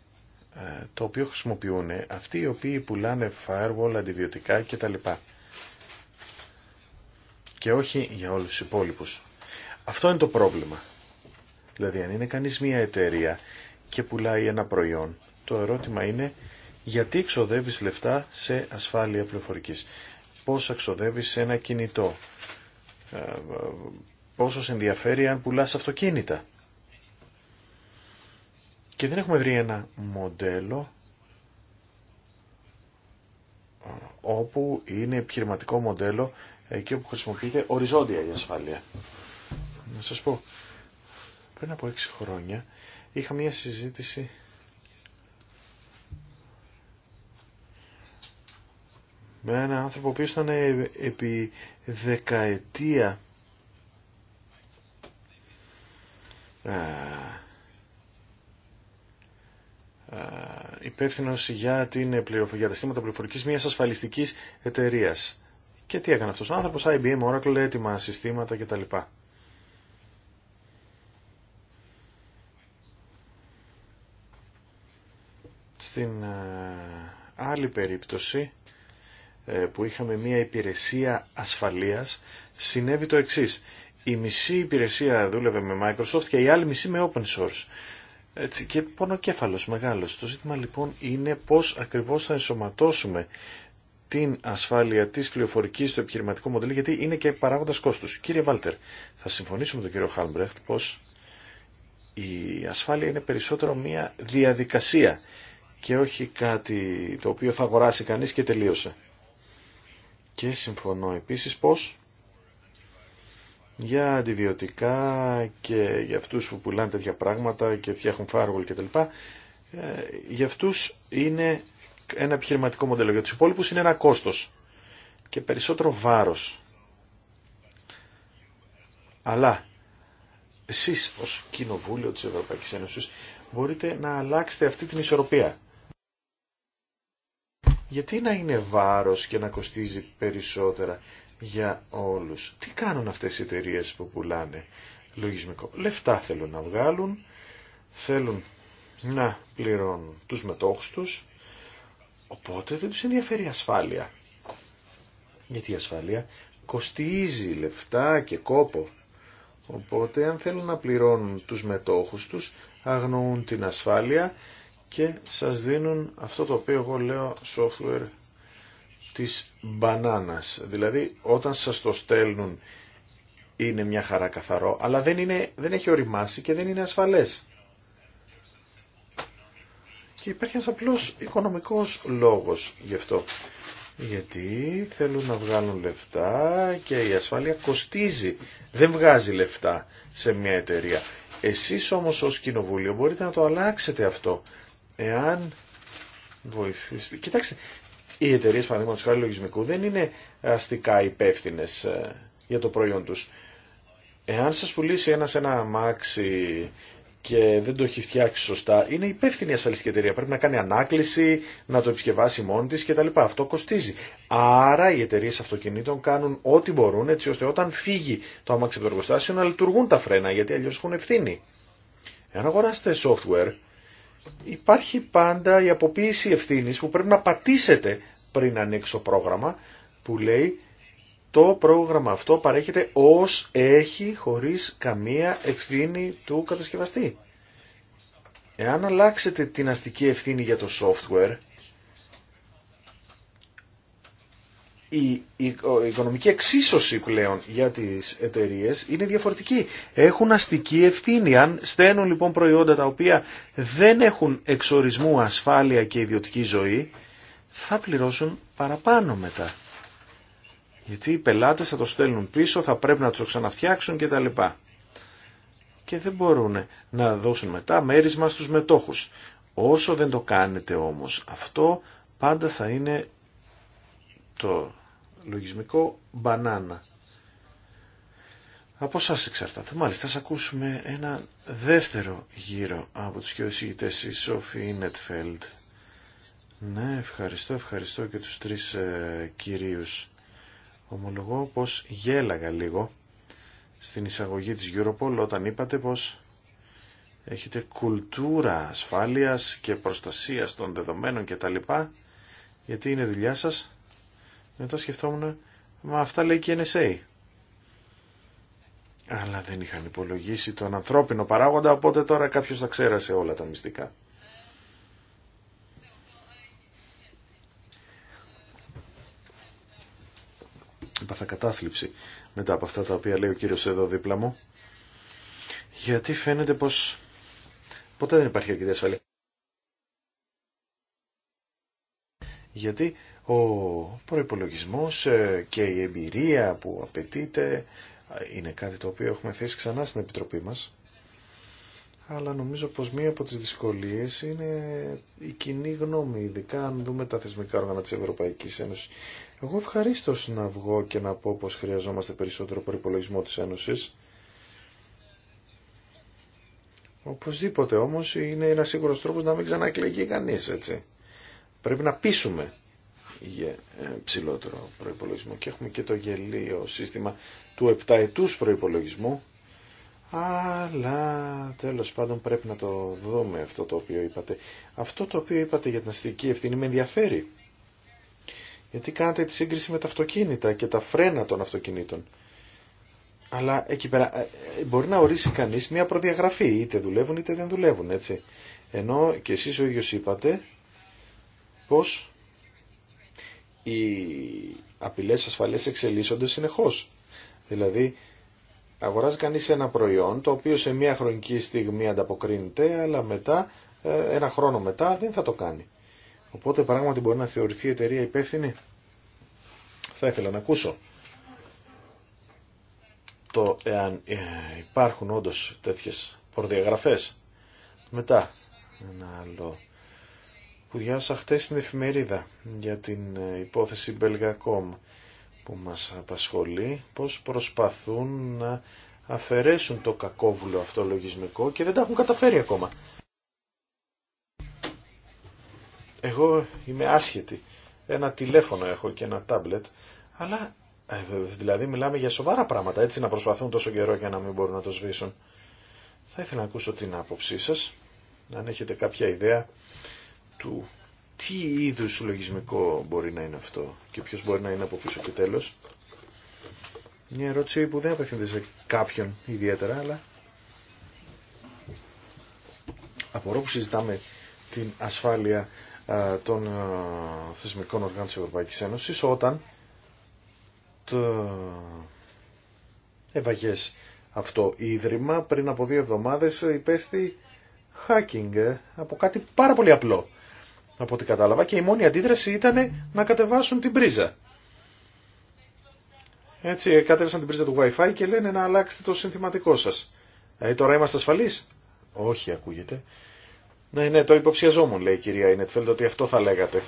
ε, το οποίο χρησιμοποιούν αυτοί οι οποίοι πουλάνε firewall, αντιβιωτικά κτλ. Και όχι για όλους τους υπόλοιπους. Αυτό είναι το πρόβλημα. Δηλαδή αν είναι κανείς μια εταιρεία και πουλάει ένα προϊόν, το ερώτημα είναι γιατί εξοδεύεις λεφτά σε ασφάλεια πληροφορικής. Πώς εξοδεύεις σε ένα κινητό. Ε, πόσο σε ενδιαφέρει αν πουλάς αυτοκίνητα. Και δεν έχουμε βρει ένα μοντέλο ε, όπου είναι επιχειρηματικό μοντέλο εκεί όπου χρησιμοποιείται οριζόντια η ασφάλεια. Να σας πω, πριν από έξι χρόνια είχα μία συζήτηση με έναν άνθρωπο που ήταν επί δεκαετία ε, ε, υπεύθυνο για, την, για τα σύστηματα πληροφορική μια ασφαλιστική εταιρεία. Και τι έκανε αυτό ο άνθρωπο, IBM, Oracle, έτοιμα συστήματα κτλ. Στην ε, άλλη περίπτωση ε, που είχαμε μια υπηρεσία ασφαλείας συνέβη το εξής. Η μισή υπηρεσία δούλευε με Microsoft και η άλλη μισή με open source. Έτσι, και πονοκέφαλος μεγάλος. Το ζήτημα λοιπόν είναι πώς ακριβώς θα ενσωματώσουμε την ασφάλεια της πληροφορικής στο επιχειρηματικό μοντέλο γιατί είναι και παράγοντας κόστους. Κύριε Βάλτερ, θα συμφωνήσω με τον κύριο Χάλμπρεχτ πως η ασφάλεια είναι περισσότερο μια διαδικασία και όχι κάτι το οποίο θα αγοράσει κανείς και τελείωσε. Και συμφωνώ επίσης πως για αντιβιωτικά και για αυτούς που πουλάνε τέτοια πράγματα και φτιάχνουν φάργολ κτλ. Ε, για αυτούς είναι ένα επιχειρηματικό μοντέλο. Για τους υπόλοιπους είναι ένα κόστος και περισσότερο βάρος. Αλλά εσείς ως Κοινοβούλιο της Ευρωπαϊκής Ένωσης μπορείτε να αλλάξετε αυτή την ισορροπία γιατί να είναι βάρος και να κοστίζει περισσότερα για όλους. Τι κάνουν αυτές οι εταιρείε που πουλάνε λογισμικό. Λεφτά θέλουν να βγάλουν, θέλουν να πληρώνουν τους μετόχους τους, οπότε δεν τους ενδιαφέρει η ασφάλεια. Γιατί η ασφάλεια κοστίζει λεφτά και κόπο. Οπότε αν θέλουν να πληρώνουν τους μετόχους τους, αγνοούν την ασφάλεια και σας δίνουν αυτό το οποίο εγώ λέω software της μπανάνας. Δηλαδή όταν σας το στέλνουν είναι μια χαρά καθαρό, αλλά δεν, είναι, δεν έχει οριμάσει και δεν είναι ασφαλές. Και υπάρχει ένας απλός οικονομικός λόγος γι' αυτό. Γιατί θέλουν να βγάλουν λεφτά και η ασφάλεια κοστίζει. Δεν βγάζει λεφτά σε μια εταιρεία. Εσείς όμως ως κοινοβούλιο μπορείτε να το αλλάξετε αυτό. Εάν βοηθήσετε... Κοιτάξτε, οι εταιρείε παραδείγματο χάρη λογισμικού δεν είναι αστικά υπεύθυνε ε, για το προϊόν του. Εάν σα πουλήσει ένας ένα αμάξι και δεν το έχει φτιάξει σωστά, είναι υπεύθυνη η ασφαλιστική εταιρεία. Πρέπει να κάνει ανάκληση, να το επισκευάσει μόνη τη κτλ. Αυτό κοστίζει. Άρα οι εταιρείε αυτοκινήτων κάνουν ό,τι μπορούν έτσι ώστε όταν φύγει το αμάξι από το εργοστάσιο να λειτουργούν τα φρένα γιατί αλλιώ έχουν ευθύνη. Εάν αγοράσετε software υπάρχει πάντα η αποποίηση ευθύνης που πρέπει να πατήσετε πριν ανοίξω πρόγραμμα που λέει το πρόγραμμα αυτό παρέχεται ως έχει χωρίς καμία ευθύνη του κατασκευαστή. Εάν αλλάξετε την αστική ευθύνη για το software η οικονομική εξίσωση πλέον για τις εταιρείε είναι διαφορετική. Έχουν αστική ευθύνη. Αν στέλνουν λοιπόν προϊόντα τα οποία δεν έχουν εξορισμού ασφάλεια και ιδιωτική ζωή, θα πληρώσουν παραπάνω μετά. Γιατί οι πελάτες θα το στέλνουν πίσω, θα πρέπει να το ξαναφτιάξουν κτλ. Και δεν μπορούν να δώσουν μετά μέρισμα στους μετόχους. Όσο δεν το κάνετε όμως αυτό, πάντα θα είναι το λογισμικό μπανάνα. Από εσά εξαρτάται. Μάλιστα, θα ακούσουμε ένα δεύτερο γύρο από τους και οσηγητές, η Σόφι Ναι, ευχαριστώ, ευχαριστώ και τους τρεις ε, κυρίους. Ομολογώ πως γέλαγα λίγο στην εισαγωγή της Europol όταν είπατε πως έχετε κουλτούρα ασφάλειας και προστασίας των δεδομένων κτλ. Γιατί είναι δουλειά σας μετά σκεφτόμουν, μα αυτά λέει και η NSA. Αλλά δεν είχαν υπολογίσει τον ανθρώπινο παράγοντα, οπότε τώρα κάποιος θα ξέρασε όλα τα μυστικά. Έπαθα κατάθλιψη μετά από αυτά τα οποία λέει ο κύριος εδώ δίπλα μου. Γιατί φαίνεται πως ποτέ δεν υπάρχει αρκετή ασφαλή Γιατί ο προϋπολογισμός ε, και η εμπειρία που απαιτείται ε, είναι κάτι το οποίο έχουμε θέσει ξανά στην Επιτροπή μας. Αλλά νομίζω πως μία από τις δυσκολίες είναι η κοινή γνώμη, ειδικά αν δούμε τα θεσμικά όργανα της Ευρωπαϊκής Ένωσης. Εγώ ευχαρίστω να βγω και να πω πως χρειαζόμαστε περισσότερο προϋπολογισμό της Ένωσης. Οπωσδήποτε όμως είναι ένας σίγουρος τρόπος να μην ξανακλεγεί κανείς, έτσι. Πρέπει να πείσουμε για ε, ψηλότερο προϋπολογισμό και έχουμε και το γελίο σύστημα του επταετούς προϋπολογισμού αλλά τέλος πάντων πρέπει να το δούμε αυτό το οποίο είπατε. Αυτό το οποίο είπατε για την αστική ευθύνη με ενδιαφέρει. Γιατί κάνετε τη σύγκριση με τα αυτοκίνητα και τα φρένα των αυτοκινήτων. Αλλά εκεί πέρα ε, ε, μπορεί να ορίσει κανείς μια προδιαγραφή, είτε δουλεύουν είτε δεν δουλεύουν, έτσι. Ενώ και εσείς ο ίδιος είπατε πως οι απειλέ ασφαλές εξελίσσονται συνεχώς. Δηλαδή, αγοράζει κανείς ένα προϊόν το οποίο σε μια χρονική στιγμή ανταποκρίνεται, αλλά μετά, ε, ένα χρόνο μετά δεν θα το κάνει. Οπότε πράγματι μπορεί να θεωρηθεί η εταιρεία υπεύθυνη. Θα ήθελα να ακούσω το εάν ε, υπάρχουν όντως τέτοιες προδιαγραφές. Μετά, ένα άλλο που διάσα χτες στην εφημερίδα για την ε, υπόθεση Belgacom που μας απασχολεί, πως προσπαθούν να αφαιρέσουν το κακόβουλο αυτό λογισμικό και δεν τα έχουν καταφέρει ακόμα. Εγώ είμαι άσχετη. Ένα τηλέφωνο έχω και ένα τάμπλετ, αλλά ε, δηλαδή μιλάμε για σοβαρά πράγματα, έτσι να προσπαθούν τόσο καιρό για να μην μπορούν να το σβήσουν. Θα ήθελα να ακούσω την άποψή σας, αν έχετε κάποια ιδέα του τι είδου συλλογισμικό μπορεί να είναι αυτό και ποιο μπορεί να είναι από πίσω και τέλο, Μια ερώτηση που δεν απευθύνεται σε κάποιον ιδιαίτερα, αλλά απορώ που συζητάμε την ασφάλεια των θεσμικών οργάνων τη Ευρωπαϊκή Ένωση όταν το ευαγέ αυτό ίδρυμα πριν από δύο εβδομάδες υπέστη hacking ε, από κάτι πάρα πολύ απλό από ό,τι κατάλαβα και η μόνη αντίδραση ήταν να κατεβάσουν την πρίζα. Έτσι, κατέβασαν την πρίζα του Wi-Fi και λένε να αλλάξετε το συνθηματικό σας. Ε, τώρα είμαστε ασφαλείς. Όχι, ακούγεται. Ναι, ναι, το υποψιαζόμουν, λέει η κυρία Ινετφέλντ, ότι αυτό θα λέγατε.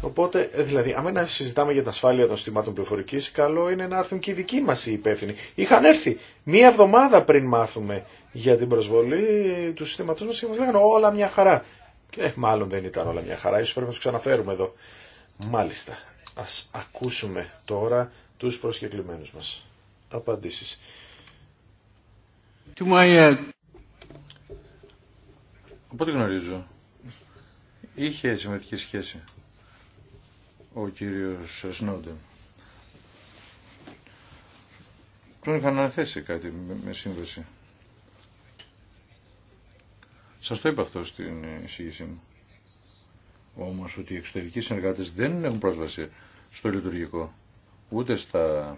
Οπότε, ε, δηλαδή, άμα να συζητάμε για την ασφάλεια των συστημάτων πληροφορική, καλό είναι να έρθουν και οι δικοί μα οι υπεύθυνοι. Είχαν έρθει μία εβδομάδα πριν μάθουμε για την προσβολή του συστήματό μα και μα λέγανε όλα μια χαρά. Και μάλλον δεν ήταν όλα μια χαρά, ίσως πρέπει να τους ξαναφέρουμε εδώ. Μάλιστα, ας ακούσουμε τώρα τους προσκεκλημένους μας. Απαντήσεις. Ότι γνωρίζω. Είχε συμμετική σχέση ο κύριος Σνόντεν. Τον είχαν αναθέσει κάτι με σύμβαση. Σας το είπα αυτό στην εισήγησή μου. Όμως ότι οι εξωτερικοί συνεργάτες δεν έχουν πρόσβαση στο λειτουργικό, ούτε στα,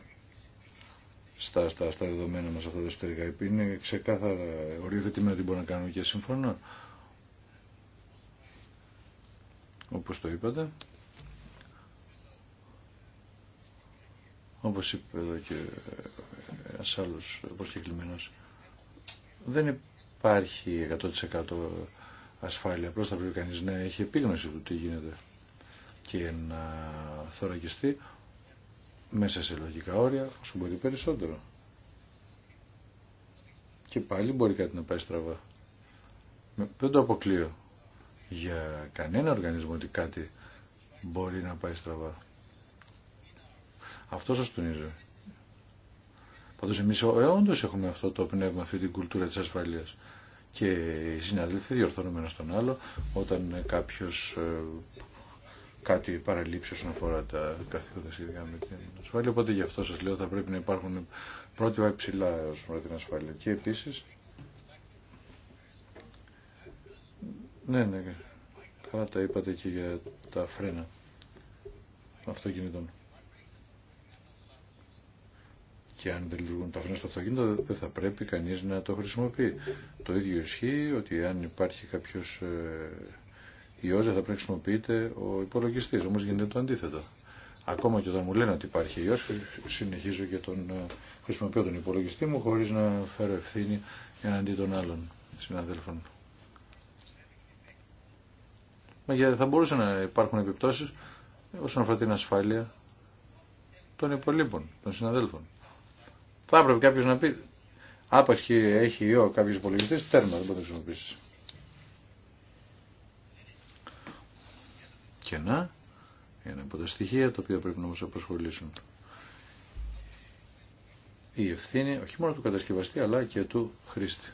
στα, στα, στα δεδομένα μας αυτά τα εσωτερικά. Είναι ξεκάθαρα οριοθετημένο τι μπορούμε να κάνουν και συμφωνώ. Όπως το είπατε. Όπως είπε εδώ και ένας άλλος προσκεκλημένος. Δεν υπάρχει 100% ασφάλεια. Απλώ θα πρέπει κανεί να έχει επίγνωση του τι γίνεται και να θωρακιστεί μέσα σε λογικά όρια όσο μπορεί περισσότερο. Και πάλι μπορεί κάτι να πάει στραβά. Δεν το αποκλείω για κανένα οργανισμό ότι κάτι μπορεί να πάει στραβά. Αυτό σας τονίζω. Πάντω εμεί ε, όντω έχουμε αυτό το πνεύμα, αυτή την κουλτούρα τη ασφαλεία. Και οι συναδελφοί διορθώνουμε στον άλλο όταν κάποιος ε, κάτι παραλείψει όσον αφορά τα καθήκοντα σχετικά με την ασφάλεια. Οπότε γι' αυτό σας λέω θα πρέπει να υπάρχουν πρότυπα υψηλά όσον αφορά την ασφάλεια. Και επίσης... Ναι, ναι, καλά τα είπατε και για τα φρένα αυτοκινήτων και αν δεν λειτουργούν τα φρένα στο αυτοκίνητο δεν θα πρέπει κανείς να το χρησιμοποιεί. Το ίδιο ισχύει ότι αν υπάρχει κάποιος ε, ιός δεν θα πρέπει να χρησιμοποιείται ο υπολογιστής, όμως γίνεται το αντίθετο. Ακόμα και όταν μου λένε ότι υπάρχει ιός, συνεχίζω και τον ε, χρησιμοποιώ τον υπολογιστή μου χωρίς να φέρω ευθύνη εναντί των άλλων συναδέλφων. Μα γιατί θα μπορούσαν να υπάρχουν επιπτώσεις όσον αφορά την ασφάλεια των υπολείπων, των συναδέλφων. Θα έπρεπε κάποιο να πει άπαρχη έχει ιό κάποιο υπολογιστή, τέρμα δεν μπορεί να χρησιμοποιήσει. Και να, ένα από τα στοιχεία τα οποία πρέπει να μα απασχολήσουν. Η ευθύνη όχι μόνο του κατασκευαστή αλλά και του χρήστη.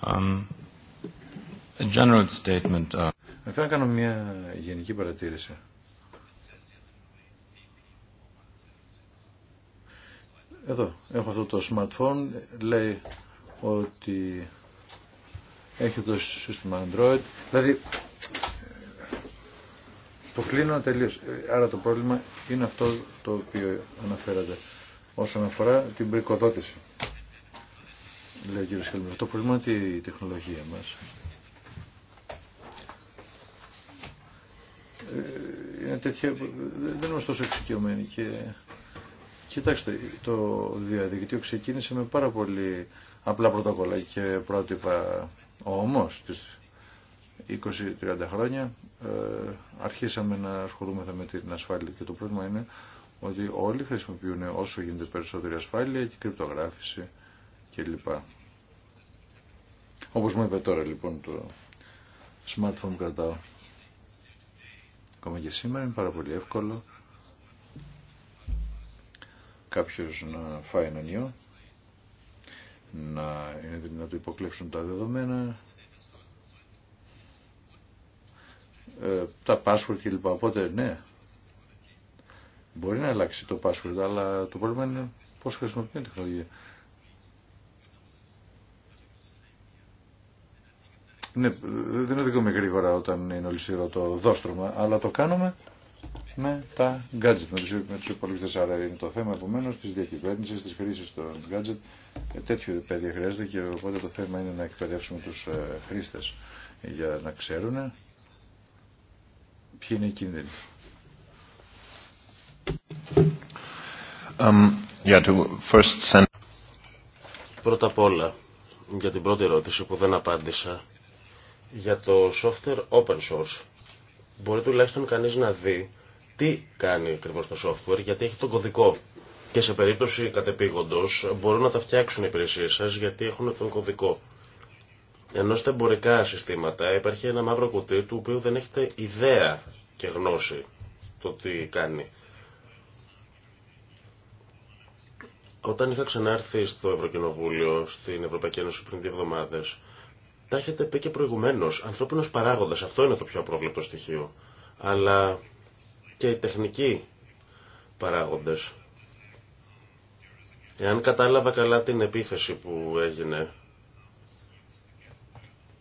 Um, a general statement. Uh, κάνω μια γενική παρατήρηση. Εδώ έχω αυτό το smartphone, λέει ότι έχει το σύστημα Android. Δηλαδή, το κλείνω τελείω. Άρα το πρόβλημα είναι αυτό το οποίο αναφέρατε όσον αφορά την πρικοδότηση. Λέει ο κύριος Το πρόβλημα είναι η τεχνολογία μας ε, είναι τέτοια, δεν είμαστε τόσο εξοικειωμένοι και Κοιτάξτε, το διαδικτύο ξεκίνησε με πάρα πολύ απλά πρωτόκολλα και πρότυπα. Όμως, τις 20-30 χρόνια ε, αρχίσαμε να ασχολούμεθα με την ασφάλεια και το πρόβλημα είναι ότι όλοι χρησιμοποιούν όσο γίνεται περισσότερη ασφάλεια και κρυπτογράφηση κλπ. Όπως μου είπε τώρα λοιπόν το smartphone κρατάω. Ακόμα και σήμερα είναι πάρα πολύ εύκολο κάποιος να φάει έναν ιό, να είναι να του υποκλέψουν τα δεδομένα, ε, τα password κλπ. Οπότε ναι, μπορεί να αλλάξει το password, αλλά το πρόβλημα είναι πώς χρησιμοποιεί την τεχνολογία. Ναι, δεν οδηγούμε γρήγορα όταν είναι ολισίρο το δόστρωμα, αλλά το κάνουμε με τα gadget, με τους, με Άρα είναι το θέμα επομένω της διακυβέρνησης, της χρήσης των gadget. Ε, τέτοιο παιδί χρειάζεται και οπότε το θέμα είναι να εκπαιδεύσουμε τους ε, χρήστες για να ξέρουν ποιοι είναι οι κίνδυνοι. Um, first... Πρώτα απ' όλα, για την πρώτη ερώτηση που δεν απάντησα, για το software open source. Μπορεί τουλάχιστον κανείς να δει τι κάνει ακριβώ το software, γιατί έχει τον κωδικό. Και σε περίπτωση κατεπήγοντο μπορούν να τα φτιάξουν οι υπηρεσίε σα γιατί έχουν τον κωδικό. Ενώ στα εμπορικά συστήματα υπάρχει ένα μαύρο κουτί του οποίου δεν έχετε ιδέα και γνώση το τι κάνει. Όταν είχα ξανάρθει στο Ευρωκοινοβούλιο, στην Ευρωπαϊκή Ένωση πριν δύο εβδομάδε, τα έχετε πει και προηγουμένω. Ανθρώπινο παράγοντα, αυτό είναι το πιο απρόβλεπτο στοιχείο. Αλλά και οι τεχνικοί παράγοντες. Εάν κατάλαβα καλά την επίθεση που έγινε,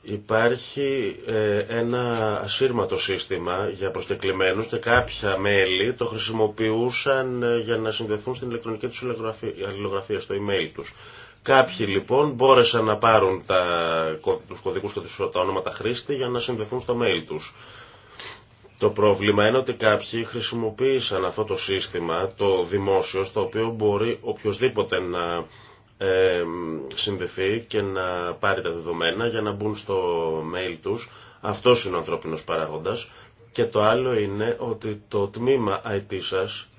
υπάρχει ε, ένα ασύρματο σύστημα για προσκεκλημένους και κάποια μέλη το χρησιμοποιούσαν ε, για να συνδεθούν στην ηλεκτρονική τους αλληλογραφία, στο email τους. Κάποιοι λοιπόν μπόρεσαν να πάρουν τα, τους κωδικούς και τους, τα ονόματα χρήστη για να συνδεθούν στο mail τους. Το πρόβλημα είναι ότι κάποιοι χρησιμοποίησαν αυτό το σύστημα, το δημόσιο, στο οποίο μπορεί οποιοδήποτε να ε, συνδεθεί και να πάρει τα δεδομένα για να μπουν στο mail τους. Αυτός είναι ο ανθρώπινος παράγοντας. Και το άλλο είναι ότι το τμήμα IT σας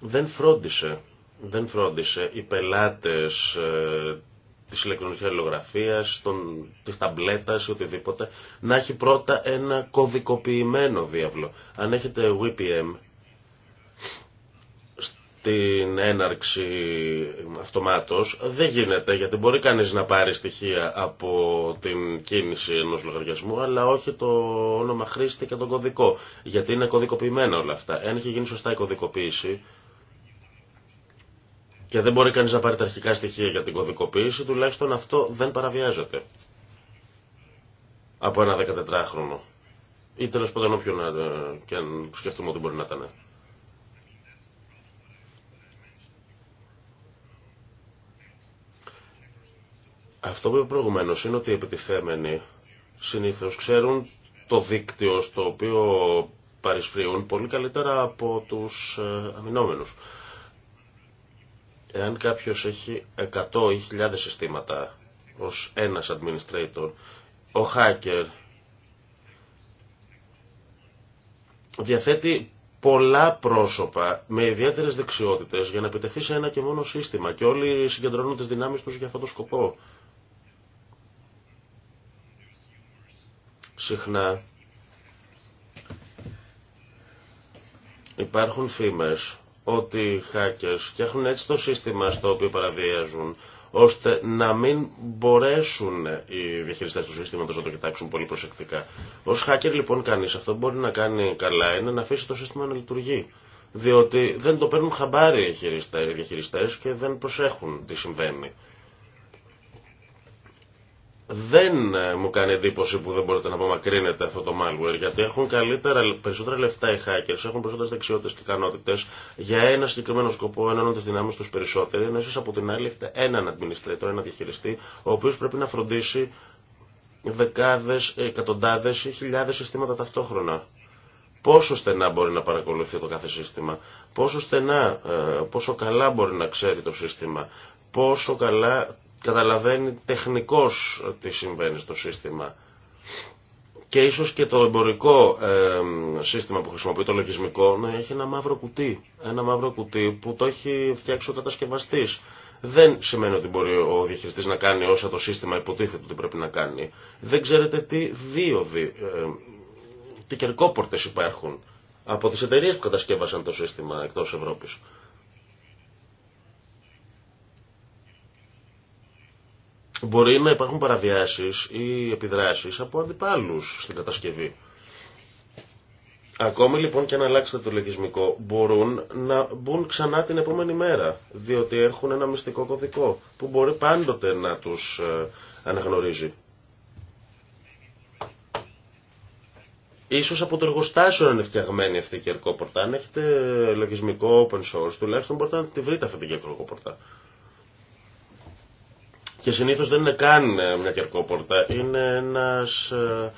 δεν φρόντισε. Δεν φρόντισε οι πελάτες ε, της ηλεκτρονικής αλληλογραφίας, των, της ταμπλέτας, οτιδήποτε, να έχει πρώτα ένα κωδικοποιημένο διάβλο. Αν έχετε WPM, στην έναρξη αυτομάτως δεν γίνεται γιατί μπορεί κανείς να πάρει στοιχεία από την κίνηση ενός λογαριασμού αλλά όχι το όνομα χρήστη και τον κωδικό γιατί είναι κωδικοποιημένα όλα αυτά. Εάν έχει γίνει σωστά η κωδικοποίηση και δεν μπορεί κανείς να πάρει τα αρχικά στοιχεία για την κωδικοποίηση, τουλάχιστον αυτό δεν παραβιάζεται από ένα 14χρονο. Ή τέλος πάντων όποιον ε, και αν σκεφτούμε ότι μπορεί να ήταν. Αυτό που είπε προηγουμένως είναι ότι οι επιτιθέμενοι συνήθως ξέρουν το δίκτυο στο οποίο παρισφρίουν πολύ καλύτερα από τους ε, αμυνόμενους. Εάν κάποιος έχει 100 ή 1000 συστήματα ως ένας administrator, ο hacker διαθέτει πολλά πρόσωπα με ιδιαίτερες δεξιότητες για να επιτεθεί σε ένα και μόνο σύστημα και όλοι συγκεντρώνουν τις δυνάμεις τους για αυτόν τον σκοπό. Συχνά υπάρχουν φήμες ότι οι hackers φτιάχνουν έτσι το σύστημα στο οποίο παραβιάζουν, ώστε να μην μπορέσουν οι διαχειριστέ του σύστηματος να το κοιτάξουν πολύ προσεκτικά. Ω hacker λοιπόν κανεί αυτό μπορεί να κάνει καλά είναι να αφήσει το σύστημα να λειτουργεί. Διότι δεν το παίρνουν χαμπάρι οι διαχειριστέ και δεν προσέχουν τι συμβαίνει δεν ε, μου κάνει εντύπωση που δεν μπορείτε να απομακρύνετε αυτό το malware, γιατί έχουν καλύτερα, περισσότερα λεφτά οι hackers, έχουν περισσότερε δεξιότητε και ικανότητε για ένα συγκεκριμένο σκοπό, έναν δυνάμει του περισσότεροι, ενώ εσεί από την άλλη έχετε έναν administrator, έναν διαχειριστή, ο οποίο πρέπει να φροντίσει δεκάδε, εκατοντάδε ή χιλιάδε συστήματα ταυτόχρονα. Πόσο στενά μπορεί να παρακολουθεί το κάθε σύστημα, πόσο στενά, ε, πόσο καλά μπορεί να ξέρει το σύστημα, πόσο καλά καταλαβαίνει τεχνικός τι συμβαίνει στο σύστημα. Και ίσως και το εμπορικό ε, σύστημα που χρησιμοποιεί το λογισμικό να έχει ένα μαύρο κουτί. Ένα μαύρο κουτί που το έχει φτιάξει ο κατασκευαστής. Δεν σημαίνει ότι μπορεί ο διαχειριστής να κάνει όσα το σύστημα υποτίθεται ότι πρέπει να κάνει. Δεν ξέρετε τι δίωδη, ε, τι κερκόπορτες υπάρχουν από τις εταιρείες που κατασκεύασαν το σύστημα εκτός Ευρώπης. μπορεί να υπάρχουν παραβιάσεις ή επιδράσεις από αντιπάλους στην κατασκευή. Ακόμη λοιπόν και αν αλλάξετε το λογισμικό μπορούν να μπουν ξανά την επόμενη μέρα διότι έχουν ένα μυστικό κωδικό που μπορεί πάντοτε να τους ε, αναγνωρίζει. Ίσως από το εργοστάσιο να είναι φτιαγμένη αυτή η κερκόπορτα. Αν έχετε λογισμικό open source τουλάχιστον μπορείτε να τη βρείτε αυτή την κερκόπορτα. Και συνήθως δεν είναι καν ε, μια κερκόπορτα, είναι ένας... Ε,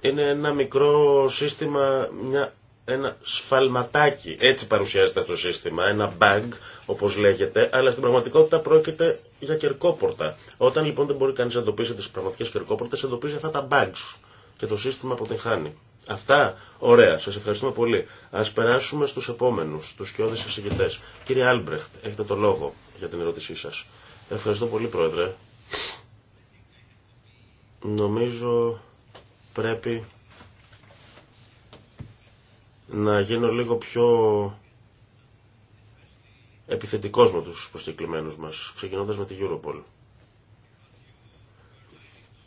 είναι ένα μικρό σύστημα, μια, ένα σφαλματάκι, έτσι παρουσιάζεται αυτό το σύστημα, ένα bug όπως λέγεται, αλλά στην πραγματικότητα πρόκειται για κερκόπορτα. Όταν λοιπόν δεν μπορεί κανείς να εντοπίσει τις πραγματικές κερκόπορτες, εντοπίζει αυτά τα bugs και το σύστημα αποτυγχάνει. Αυτά. Ωραία. Σας ευχαριστούμε πολύ. Ας περάσουμε στους επόμενους, τους σκιώδες εισηγητές. Κύριε Άλμπρεχτ, έχετε το λόγο για την ερώτησή σας. Ευχαριστώ πολύ, Πρόεδρε. Νομίζω πρέπει να γίνω λίγο πιο επιθετικός με τους προσκεκλημένους μας, ξεκινώντας με τη Europol.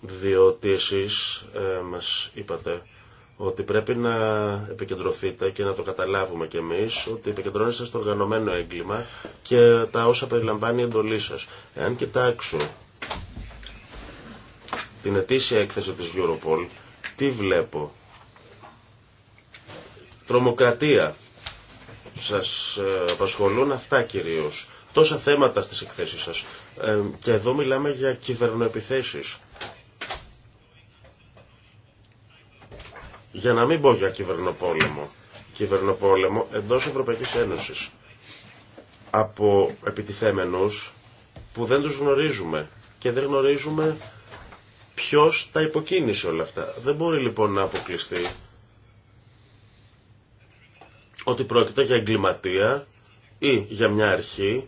Διότι εσείς ε, μας είπατε ότι πρέπει να επικεντρωθείτε και να το καταλάβουμε κι εμείς ότι επικεντρώνεστε στο οργανωμένο έγκλημα και τα όσα περιλαμβάνει η εντολή σας. Εάν κοιτάξω την ετήσια έκθεση της Europol, τι βλέπω. Τρομοκρατία. Σας ε, απασχολούν αυτά κυρίως. Τόσα θέματα στις εκθέσεις σας. Ε, και εδώ μιλάμε για κυβερνοεπιθέσεις Για να μην πω για κυβερνοπόλεμο. Κυβερνοπόλεμο εντός Ευρωπαϊκής Ένωσης. Από επιτιθέμενους που δεν τους γνωρίζουμε και δεν γνωρίζουμε ποιος τα υποκίνησε όλα αυτά. Δεν μπορεί λοιπόν να αποκλειστεί ότι πρόκειται για εγκληματία ή για μια αρχή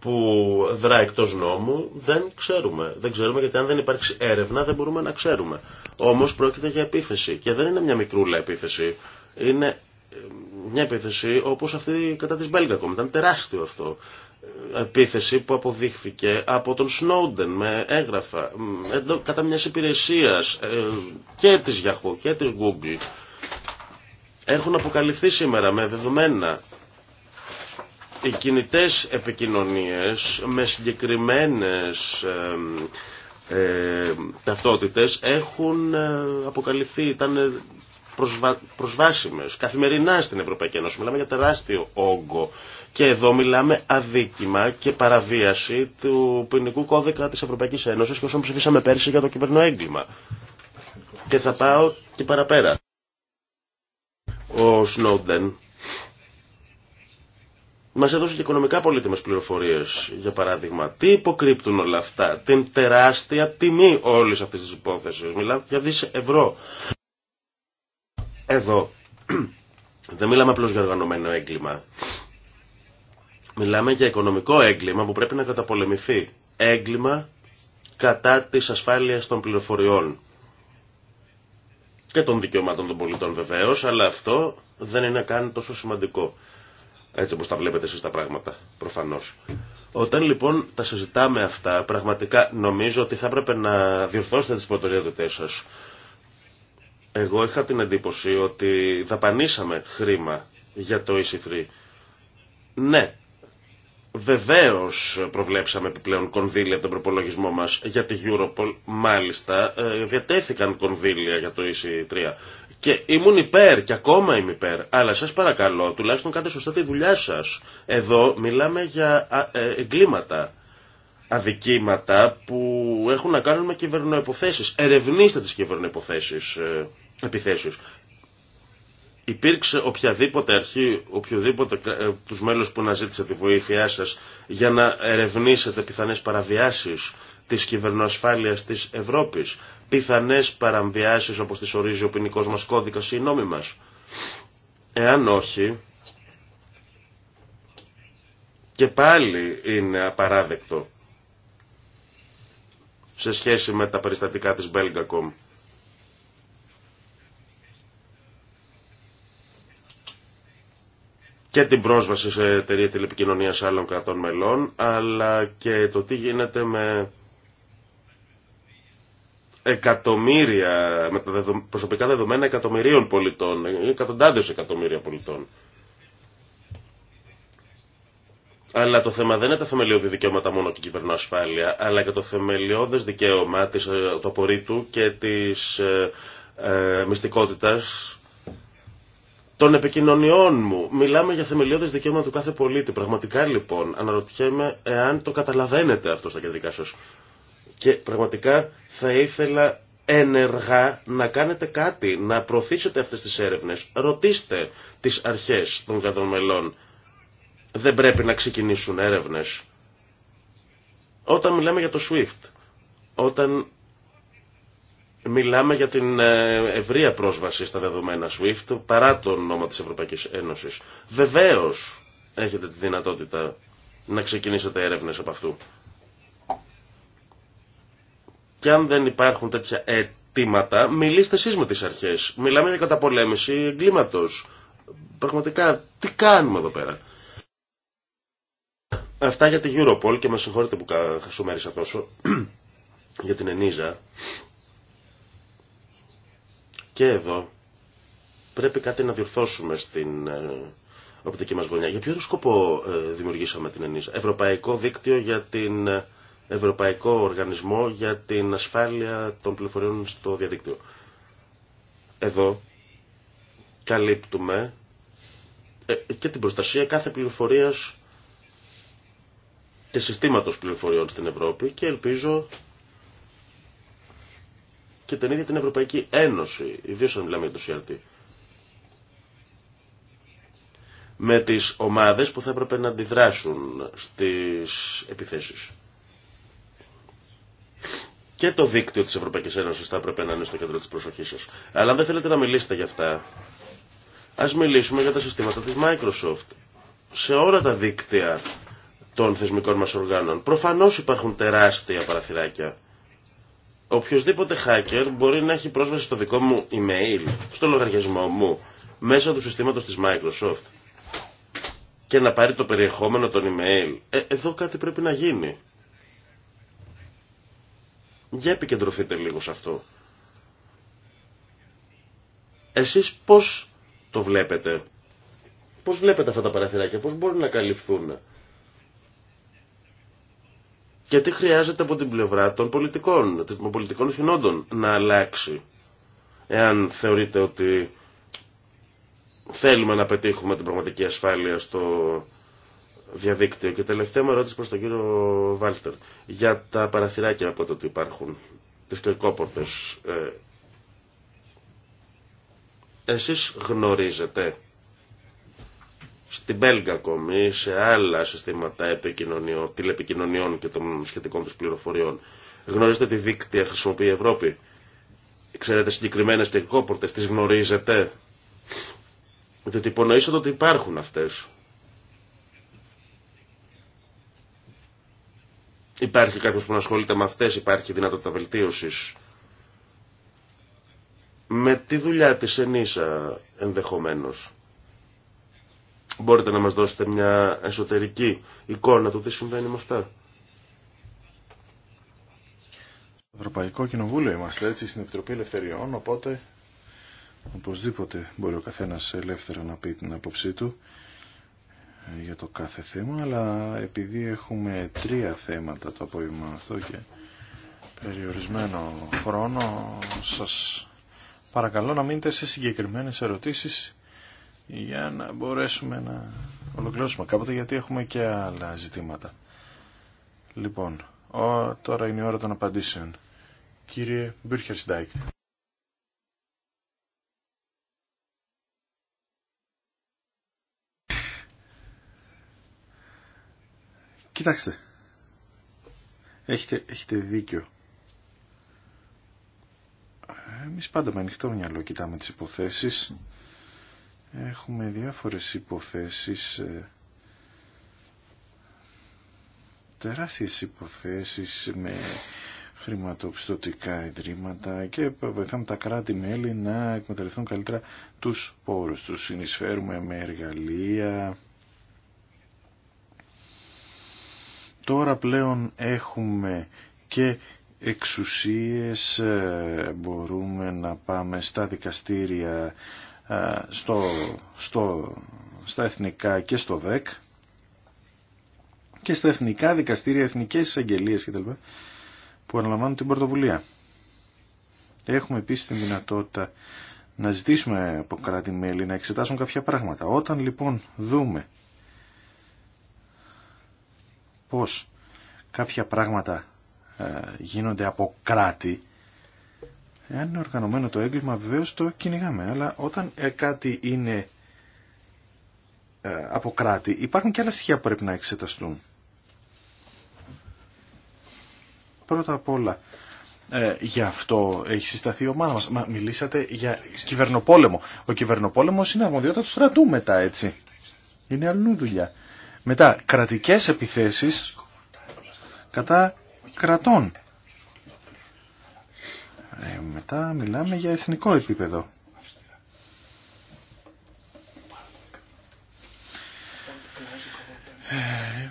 που δρά εκτό νόμου δεν ξέρουμε. Δεν ξέρουμε γιατί αν δεν υπάρξει έρευνα δεν μπορούμε να ξέρουμε. Όμω πρόκειται για επίθεση και δεν είναι μια μικρούλα επίθεση. Είναι ε, μια επίθεση όπως αυτή κατά της Μπέλγακομ. Ήταν τεράστιο αυτό. Ε, επίθεση που αποδείχθηκε από τον Σνόντεν με έγγραφα κατά μια υπηρεσίας ε, και τη Yahoo και τη Google. Έχουν αποκαλυφθεί σήμερα με δεδομένα οι κινητές επικοινωνίες με συγκεκριμένες ε, ταυτότητες έχουν ε, αποκαλυφθεί, ήταν ε, προσβα, προσβάσιμες καθημερινά στην Ευρωπαϊκή Ένωση. Μιλάμε για τεράστιο όγκο και εδώ μιλάμε αδίκημα και παραβίαση του ποινικού κώδικα της Ευρωπαϊκής Ένωσης και όσων ψηφίσαμε πέρσι για το κυβερνοέγκλημα. Και θα πάω και παραπέρα. Ο Σνόντεν Μα έδωσε και οικονομικά πολύτιμε πληροφορίε, για παράδειγμα. Τι υποκρύπτουν όλα αυτά, την τεράστια τιμή όλη αυτή τη υπόθεση. Μιλάμε για δισευρώ. ευρώ. Εδώ [clears throat] δεν μιλάμε απλώ για οργανωμένο έγκλημα. Μιλάμε για οικονομικό έγκλημα που πρέπει να καταπολεμηθεί. Έγκλημα κατά της ασφάλειας των πληροφοριών. Και των δικαιωμάτων των πολιτών βεβαίως, αλλά αυτό δεν είναι καν τόσο σημαντικό έτσι όπως τα βλέπετε εσείς τα πράγματα, προφανώς. Όταν λοιπόν τα συζητάμε αυτά, πραγματικά νομίζω ότι θα έπρεπε να διορθώσετε τις προτεραιότητές σας. Εγώ είχα την εντύπωση ότι δαπανίσαμε χρήμα για το EC3. Ναι, Βεβαίω προβλέψαμε επιπλέον κονδύλια από τον προπολογισμό μα για τη Europol. Μάλιστα, ε, διατέθηκαν κονδύλια για το EC3. Και ήμουν υπέρ και ακόμα είμαι υπέρ. Αλλά σας παρακαλώ, τουλάχιστον κάντε σωστά τη δουλειά σας. Εδώ μιλάμε για ε, εγκλήματα, αδικήματα που έχουν να κάνουν με κυβερνοϋποθέσεις. Ερευνήστε τις κυβερνοϋποθέσεις, ε, επιθέσεις. Υπήρξε οποιαδήποτε αρχή, οποιοδήποτε ε, τους μέλους που να ζήτησε τη βοήθειά σας για να ερευνήσετε πιθανές παραβιάσεις της κυβερνοασφάλειας της Ευρώπης, πιθανές παραμβιάσεις όπως τις ορίζει ο ποινικό μας κώδικας ή οι νομη μας. Εάν όχι, και πάλι είναι απαράδεκτο σε σχέση με τα περιστατικά της Belgacom. και την πρόσβαση σε εταιρείε τηλεπικοινωνίας άλλων κρατών μελών, αλλά και το τι γίνεται με εκατομμύρια, με τα προσωπικά δεδομένα εκατομμυρίων πολιτών, ε, εκατοντάδες εκατομμύρια πολιτών. Αλλά το θέμα δεν είναι τα θεμελιώδη δικαιώματα μόνο και κυβερνά ασφάλεια, αλλά και το θεμελιώδες δικαίωμα της, ε, του απορρίτου και της ε, ε, μυστικότητας των επικοινωνιών μου. Μιλάμε για θεμελιώδες δικαίωμα του κάθε πολίτη. Πραγματικά λοιπόν αναρωτιέμαι εάν το καταλαβαίνετε αυτό στα κεντρικά σας και πραγματικά θα ήθελα ενεργά να κάνετε κάτι, να προωθήσετε αυτές τις έρευνες. Ρωτήστε τις αρχές των κατομελών Δεν πρέπει να ξεκινήσουν έρευνες. Όταν μιλάμε για το SWIFT, όταν μιλάμε για την ε, ευρεία πρόσβαση στα δεδομένα SWIFT παρά το νόμο της Ευρωπαϊκής Ένωσης, βεβαίως έχετε τη δυνατότητα να ξεκινήσετε έρευνες από αυτού. Και αν δεν υπάρχουν τέτοια αιτήματα, μιλήστε εσείς με τι αρχέ. Μιλάμε για καταπολέμηση εγκλήματο. Πραγματικά, τι κάνουμε εδώ πέρα. Αυτά για την Europol και με συγχωρείτε που χασούμερισα τόσο [clears throat] για την Ενίζα. Και εδώ πρέπει κάτι να διορθώσουμε στην ε, οπτική μας γωνιά. Για ποιο σκοπό ε, δημιουργήσαμε την Ενίζα. Ευρωπαϊκό δίκτυο για την ε, Ευρωπαϊκό Οργανισμό για την Ασφάλεια των Πληροφοριών στο Διαδίκτυο. Εδώ καλύπτουμε ε, και την προστασία κάθε πληροφορίας και συστήματος πληροφοριών στην Ευρώπη και ελπίζω και την ίδια την Ευρωπαϊκή Ένωση, ιδίως αν μιλάμε για το CRT. Με τις ομάδες που θα έπρεπε να αντιδράσουν στις επιθέσεις και το δίκτυο της Ευρωπαϊκής Ένωσης θα έπρεπε να είναι στο κέντρο της προσοχής σας. Αλλά αν δεν θέλετε να μιλήσετε για αυτά, ας μιλήσουμε για τα συστήματα της Microsoft. Σε όλα τα δίκτυα των θεσμικών μας οργάνων. Προφανώς υπάρχουν τεράστια παραθυράκια. Οποιοςδήποτε hacker μπορεί να έχει πρόσβαση στο δικό μου email, στο λογαριασμό μου, μέσα του συστήματος της Microsoft και να πάρει το περιεχόμενο των email. Ε, εδώ κάτι πρέπει να γίνει. Για επικεντρωθείτε λίγο σε αυτό. Εσείς πώς το βλέπετε. Πώς βλέπετε αυτά τα παραθυράκια, πώς μπορούν να καλυφθούν. Και τι χρειάζεται από την πλευρά των πολιτικών, των πολιτικών συνόντων να αλλάξει. Εάν θεωρείτε ότι θέλουμε να πετύχουμε την πραγματική ασφάλεια στο διαδίκτυο. Και τελευταία μου ερώτηση προς τον κύριο Βάλτερ. Για τα παραθυράκια από το ότι υπάρχουν, τι κλικόπορτε. Ε, εσείς γνωρίζετε στην Πέλγα ακόμη, σε άλλα συστήματα επικοινωνιών, τηλεπικοινωνιών και των σχετικών του πληροφοριών. Γνωρίζετε τι δίκτυα χρησιμοποιεί η Ευρώπη. Ξέρετε συγκεκριμένε κλικόπορτες, τι γνωρίζετε. Διότι υπονοήσατε ότι υπάρχουν αυτές. Υπάρχει κάποιος που ασχολείται με αυτές, υπάρχει δυνατότητα βελτίωσης. Με τη δουλειά της ενίσα ενδεχομένως. Μπορείτε να μας δώσετε μια εσωτερική εικόνα του τι συμβαίνει με αυτά. Ευρωπαϊκό Κοινοβούλιο είμαστε έτσι στην Επιτροπή Ελευθεριών, οπότε οπωσδήποτε μπορεί ο καθένας ελεύθερα να πει την άποψή του για το κάθε θέμα, αλλά επειδή έχουμε τρία θέματα το απόγευμα αυτό και περιορισμένο χρόνο, σας παρακαλώ να μείνετε σε συγκεκριμένες ερωτήσεις για να μπορέσουμε να ολοκληρώσουμε κάποτε γιατί έχουμε και άλλα ζητήματα. Λοιπόν, ο, τώρα είναι η ώρα των απαντήσεων. Κύριε Μπύρχερ Κοιτάξτε. Έχετε, έχετε δίκιο. Εμεί πάντα με ανοιχτό μυαλό κοιτάμε τις υποθέσεις. Έχουμε διάφορες υποθέσεις. Ε, τεράστιες υποθέσεις με χρηματοπιστωτικά ιδρύματα και βοηθάμε τα κράτη-μέλη να εκμεταλλευτούν καλύτερα τους πόρους τους. Συνεισφέρουμε με εργαλεία, Τώρα πλέον έχουμε και εξουσίες, ε, μπορούμε να πάμε στα δικαστήρια, ε, στο, στο, στα εθνικά και στο ΔΕΚ και στα εθνικά δικαστήρια, εθνικές εισαγγελίες κτλ. που αναλαμβάνουν την πρωτοβουλία. Έχουμε επίσης την δυνατότητα να ζητήσουμε από κράτη-μέλη να εξετάσουν κάποια πράγματα. Όταν λοιπόν δούμε πως κάποια πράγματα ε, γίνονται από κράτη Εάν είναι οργανωμένο το έγκλημα βεβαίως το κυνηγάμε, αλλά όταν ε, κάτι είναι ε, από κράτη υπάρχουν και άλλα στοιχεία που πρέπει να εξεταστούν. Πρώτα απ' όλα, ε, γι' αυτό έχει συσταθεί η ομάδα μας. Μα μιλήσατε για κυβερνοπόλεμο. Ο κυβερνοπόλεμος είναι αρμοδιότητα του στρατού μετά, έτσι. Είναι αλλού δουλειά. Μετά, κρατικές επιθέσεις κατά κρατών. Ε, μετά μιλάμε για εθνικό επίπεδο. Ε,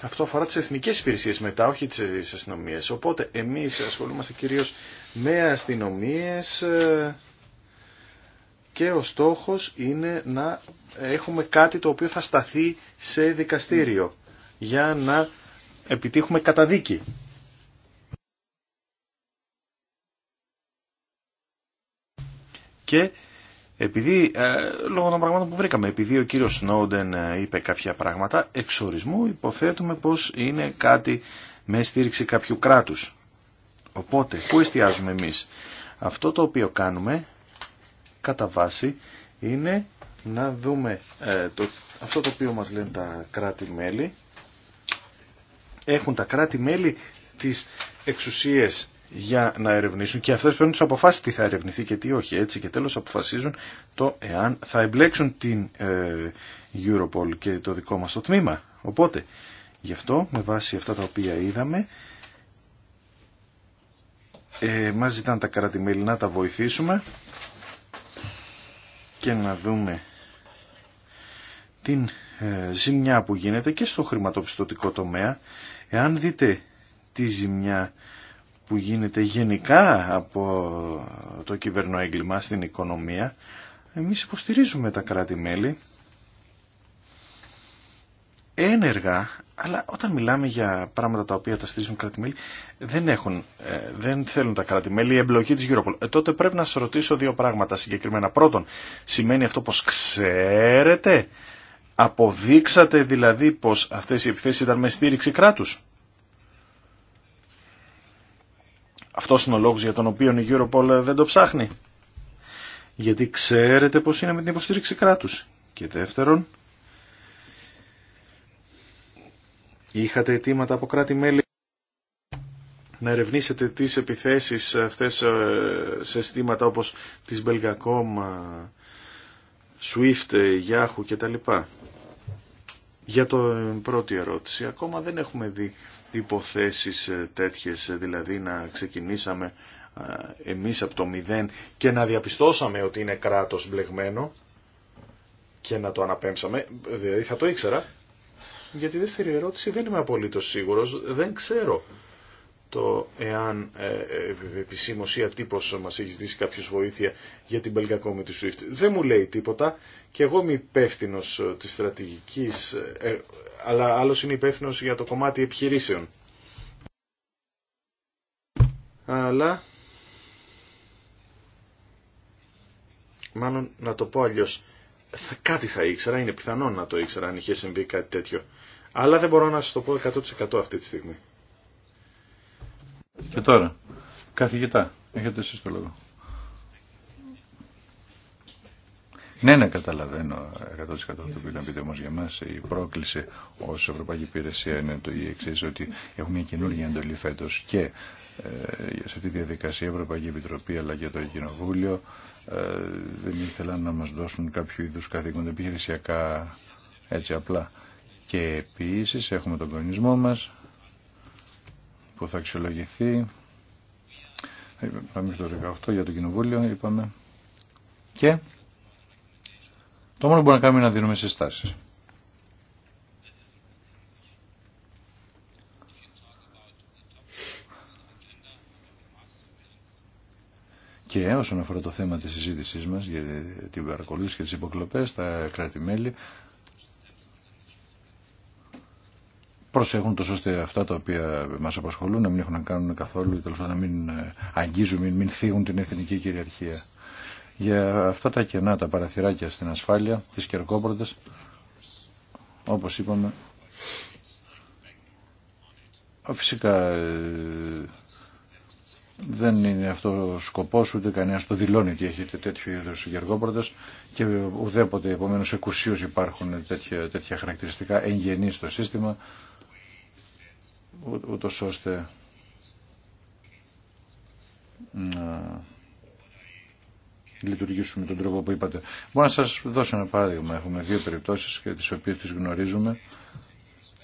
αυτό αφορά τις εθνικές υπηρεσίες μετά, όχι τις αστυνομίες. Οπότε εμείς ασχολούμαστε κυρίως με αστυνομίες ε, και ο στόχος είναι να έχουμε κάτι το οποίο θα σταθεί σε δικαστήριο για να επιτύχουμε καταδίκη. Και επειδή, ε, λόγω των πραγμάτων που βρήκαμε, επειδή ο κύριος Σνόντεν ε, είπε κάποια πράγματα, εξορισμού υποθέτουμε πως είναι κάτι με στήριξη κάποιου κράτους. Οπότε, πού εστιάζουμε εμείς. Αυτό το οποίο κάνουμε κατά βάση είναι να δούμε ε, το, αυτό το οποίο μας λένε τα κράτη-μέλη. Έχουν τα κράτη-μέλη τις εξουσίες για να ερευνήσουν και αυτές παίρνουν τις αποφάσεις τι θα ερευνηθεί και τι όχι έτσι και τέλος αποφασίζουν το εάν θα εμπλέξουν την ε, Europol και το δικό μας το τμήμα. Οπότε γι' αυτό με βάση αυτά τα οποία είδαμε ε, μας ζητάνε τα κράτη-μέλη να τα βοηθήσουμε και να δούμε την ε, ζημιά που γίνεται και στο χρηματοπιστωτικό τομέα. Εάν δείτε τη ζημιά που γίνεται γενικά από το κυβερνοέγκλημα στην οικονομία, εμείς υποστηρίζουμε τα κράτη-μέλη ένεργα, αλλά όταν μιλάμε για πράγματα τα οποία τα στηρίζουν κράτη-μέλη, δεν, έχουν, ε, δεν θέλουν τα κράτη-μέλη η εμπλοκή της Europol. Ε, τότε πρέπει να σα ρωτήσω δύο πράγματα συγκεκριμένα. Πρώτον, σημαίνει αυτό πως ξέρετε, αποδείξατε δηλαδή πως αυτές οι επιθέσεις ήταν με στήριξη κράτους. Αυτό είναι ο λόγος για τον οποίο η Europol ε, δεν το ψάχνει. Γιατί ξέρετε πως είναι με την υποστήριξη κράτους. Και δεύτερον, Είχατε αιτήματα από κράτη-μέλη να ερευνήσετε τις επιθέσεις αυτές ε, σε στήματα όπως της Belgacom, Swift, Yahoo κτλ. Για το ε, πρώτη ερώτηση, ακόμα δεν έχουμε δει υποθέσεις ε, τέτοιες, δηλαδή να ξεκινήσαμε εμείς από το μηδέν και να διαπιστώσαμε ότι είναι κράτος μπλεγμένο και να το αναπέμψαμε, δηλαδή θα το ήξερα, για τη δεύτερη ερώτηση δεν είμαι απολύτως σίγουρος, δεν ξέρω το εάν ε, ε επισήμως ή ατύπως μας έχει δίσει κάποιος βοήθεια για την Belgacom τη SWIFT. Δεν μου λέει τίποτα και εγώ είμαι υπεύθυνο ε, της στρατηγικής, ε, αλλά άλλος είναι υπεύθυνο για το κομμάτι επιχειρήσεων. Αλλά, μάλλον να το πω αλλιώς, θα, κάτι θα ήξερα, είναι πιθανό να το ήξερα αν είχε συμβεί κάτι τέτοιο. Αλλά δεν μπορώ να σα το πω 100% αυτή τη στιγμή. Και τώρα, καθηγητά, έχετε εσεί το λόγο. Ναι, ναι, καταλαβαίνω 100% το οποίο να πείτε όμω για μα η πρόκληση ω Ευρωπαϊκή Υπηρεσία είναι το εξή, ότι έχουμε μια καινούργια εντολή φέτο και ε, σε αυτή τη διαδικασία η Ευρωπαϊκή Επιτροπή αλλά και το Κοινοβούλιο ε, δεν ήθελαν να μας δώσουν κάποιο είδους καθήκοντα επιχειρησιακά έτσι απλά. Και επίσης έχουμε τον κονισμό μας που θα αξιολογηθεί πάμε στο 18 για το Κοινοβούλιο είπαμε και το μόνο που μπορούμε να κάνουμε είναι να δίνουμε συστάσεις. Και όσον αφορά το θέμα της συζήτησής μας για την παρακολούθηση και τις υποκλοπές, τα κράτη-μέλη προσέχουν τόσο ώστε αυτά τα οποία μας απασχολούν να μην έχουν να κάνουν καθόλου ή τελικά να μην ε, αγγίζουν, μην, μην θίγουν την εθνική κυριαρχία. Για αυτά τα κενά, τα παραθυράκια στην ασφάλεια, τις κερκόπρωτες, όπως είπαμε, φυσικά ε, δεν είναι αυτό ο σκοπός, ούτε κανένας το δηλώνει ότι έχετε τέτοιο είδους γεργόπορτα και ουδέποτε επομένως εκουσίως υπάρχουν τέτοια, τέτοια χαρακτηριστικά εγγενή στο σύστημα, ούτω ώστε να λειτουργήσουμε τον τρόπο που είπατε. Μπορώ να σας δώσω ένα παράδειγμα. Έχουμε δύο περιπτώσεις και τις οποίες τις γνωρίζουμε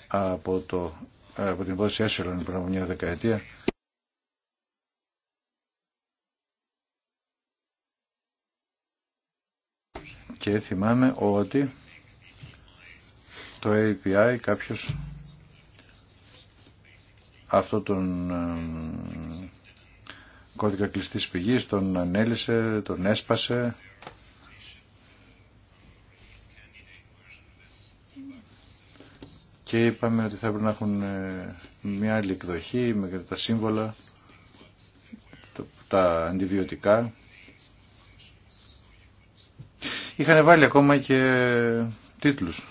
από, το, από την υπόθεση Έσσελον πριν από μια δεκαετία και θυμάμαι ότι το API κάποιος αυτό τον κώδικα κλειστής πηγής, τον ανέλησε, τον έσπασε. Και είπαμε ότι θα πρέπει να έχουν ε, μια άλλη εκδοχή με τα σύμβολα, τα αντιβιωτικά. Είχαν βάλει ακόμα και τίτλους.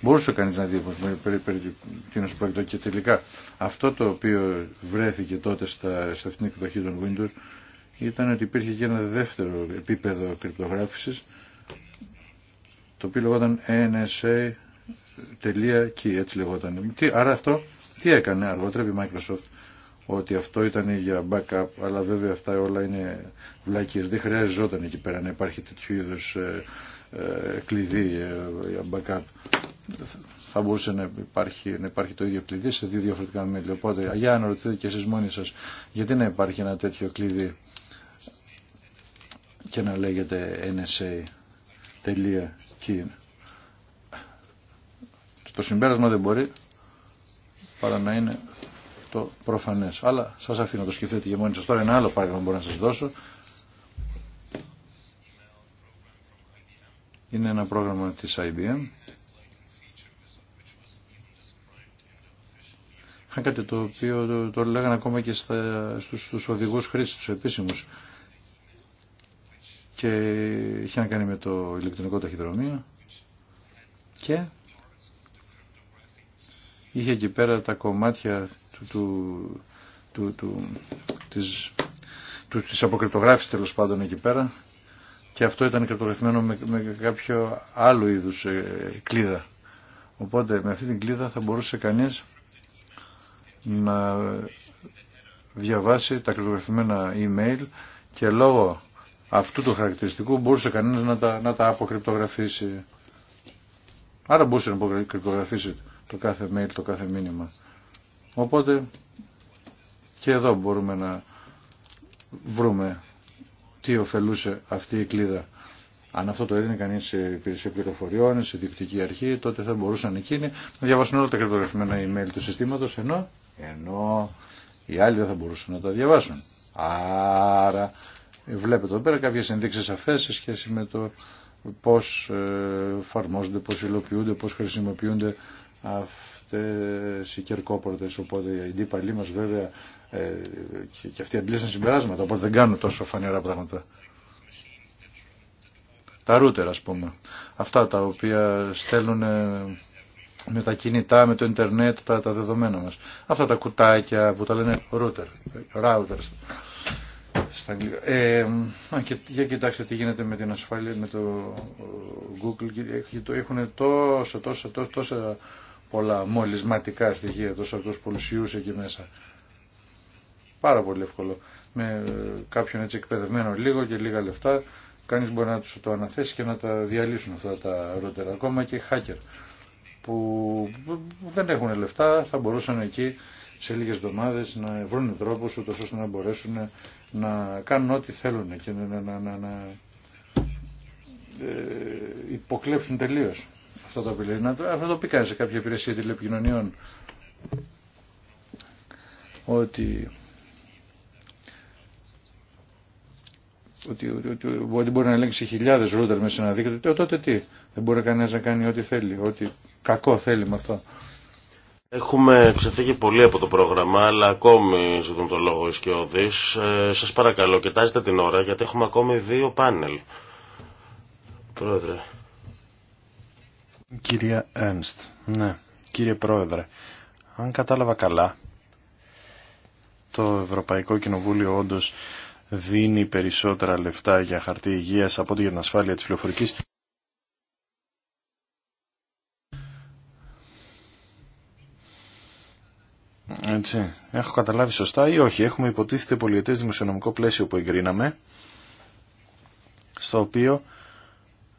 Μπορούσε κανείς να δει τι περί τίνος και τελικά αυτό το οποίο βρέθηκε τότε στα, σε αυτήν την εκδοχή των Windows ήταν ότι υπήρχε και ένα δεύτερο επίπεδο κρυπτογράφησης το οποίο λεγόταν NSA.key έτσι λεγόταν. άρα αυτό τι έκανε αργότερα η Microsoft ότι αυτό ήταν για backup, αλλά βέβαια αυτά όλα είναι βλακίες. Δεν χρειαζόταν εκεί πέρα να υπάρχει τέτοιου είδου ε, ε, κλειδί ε, για backup. Θα μπορούσε να υπάρχει, να υπάρχει το ίδιο κλειδί σε δύο διαφορετικά μέλη. Οπότε, για να ρωτήσετε και εσείς μόνοι σας, γιατί να υπάρχει ένα τέτοιο κλειδί και να λέγεται NSA.key. Το συμπέρασμα δεν μπορεί παρά να είναι το προφανές. Αλλά σας αφήνω το σκεφτείτε για μόνοι σας. Τώρα ένα άλλο παράδειγμα μπορώ να σας δώσω. Είναι ένα πρόγραμμα της IBM. Είχαν κάτι το οποίο το, το λέγανε ακόμα και στα, στους, στους οδηγούς χρήσης, τους Και είχε να κάνει με το ηλεκτρονικό ταχυδρομείο. Και είχε εκεί πέρα τα κομμάτια του, του, του, της, του, της αποκρυπτογράφησης τέλος πάντων εκεί πέρα και αυτό ήταν κρυπτογραφημένο με, με κάποιο άλλο είδους ε, κλίδα. Οπότε με αυτή την κλίδα θα μπορούσε κανείς να διαβάσει τα κρυπτογραφημένα email και λόγω αυτού του χαρακτηριστικού μπορούσε κανείς να τα, να τα αποκρυπτογραφήσει. Άρα μπορούσε να αποκρυπτογραφήσει το κάθε mail, το κάθε μήνυμα. Οπότε και εδώ μπορούμε να βρούμε τι ωφελούσε αυτή η κλίδα. Αν αυτό το έδινε κανεί σε υπηρεσία πληροφοριών, σε διοικητική αρχή, τότε θα μπορούσαν εκείνοι να διαβάσουν όλα τα κρυπτογραφημένα email του συστήματο, ενώ, ενώ οι άλλοι δεν θα μπορούσαν να τα διαβάσουν. Άρα, βλέπετε εδώ πέρα κάποιε ενδείξει σαφέ σε σχέση με το πώ ε, εφαρμόζονται, πώ υλοποιούνται, πώ χρησιμοποιούνται αυτές οι κερκόπορτες. Οπότε οι αντίπαλοι μας βέβαια ε, και, και αυτοί αντλήσαν συμπεράσματα, οπότε δεν κάνουν τόσο φανερά πράγματα. Τα ρούτερ ας πούμε. Αυτά τα οποία στέλνουν ε, με τα κινητά, με το ίντερνετ, τα, τα δεδομένα μας. Αυτά τα κουτάκια που τα λένε router, routers. Στα ε, και, για κοιτάξτε τι γίνεται με την ασφάλεια, με το Google. Έχουν τόσο, τόσα, τόσα, πολλά μολυσματικά στοιχεία, τόσο αυτός πολυσιούς εκεί μέσα. Πάρα πολύ εύκολο. Με ε, κάποιον έτσι εκπαιδευμένο λίγο και λίγα λεφτά, κανείς μπορεί να τους το αναθέσει και να τα διαλύσουν αυτά τα ρότερα. Ακόμα και hacker που δεν έχουν λεφτά θα μπορούσαν εκεί σε λίγες εβδομάδες να βρουν τρόπους ούτως ώστε να μπορέσουν να κάνουν ό,τι θέλουν και να, να, να, να ε, υποκλέψουν τελείως αυτό το λέει. αυτό το πει σε κάποια υπηρεσία τηλεπικοινωνιών. Ότι ότι, ότι, ότι, ότι μπορεί να ελέγξει χιλιάδες ρούτερ μέσα σε ένα δίκτυο, τότε τι. Δεν μπορεί κανένας να κάνει ό,τι θέλει, ό,τι κακό θέλει με αυτό. Έχουμε ξεφύγει πολύ από το πρόγραμμα, αλλά ακόμη ζητούν το λόγο οι σκιώδεις. Ε, σας παρακαλώ, κοιτάζετε την ώρα, γιατί έχουμε ακόμη δύο πάνελ. Πρόεδρε, Κυρία Ένστ, ναι, κύριε Πρόεδρε, αν κατάλαβα καλά, το Ευρωπαϊκό Κοινοβούλιο όντως δίνει περισσότερα λεφτά για χαρτί υγείας από ό,τι για την ασφάλεια της πληροφορικής. Έτσι. Έχω καταλάβει σωστά ή όχι. Έχουμε υποτίθεται πολιετές δημοσιονομικό πλαίσιο που εγκρίναμε, στο οποίο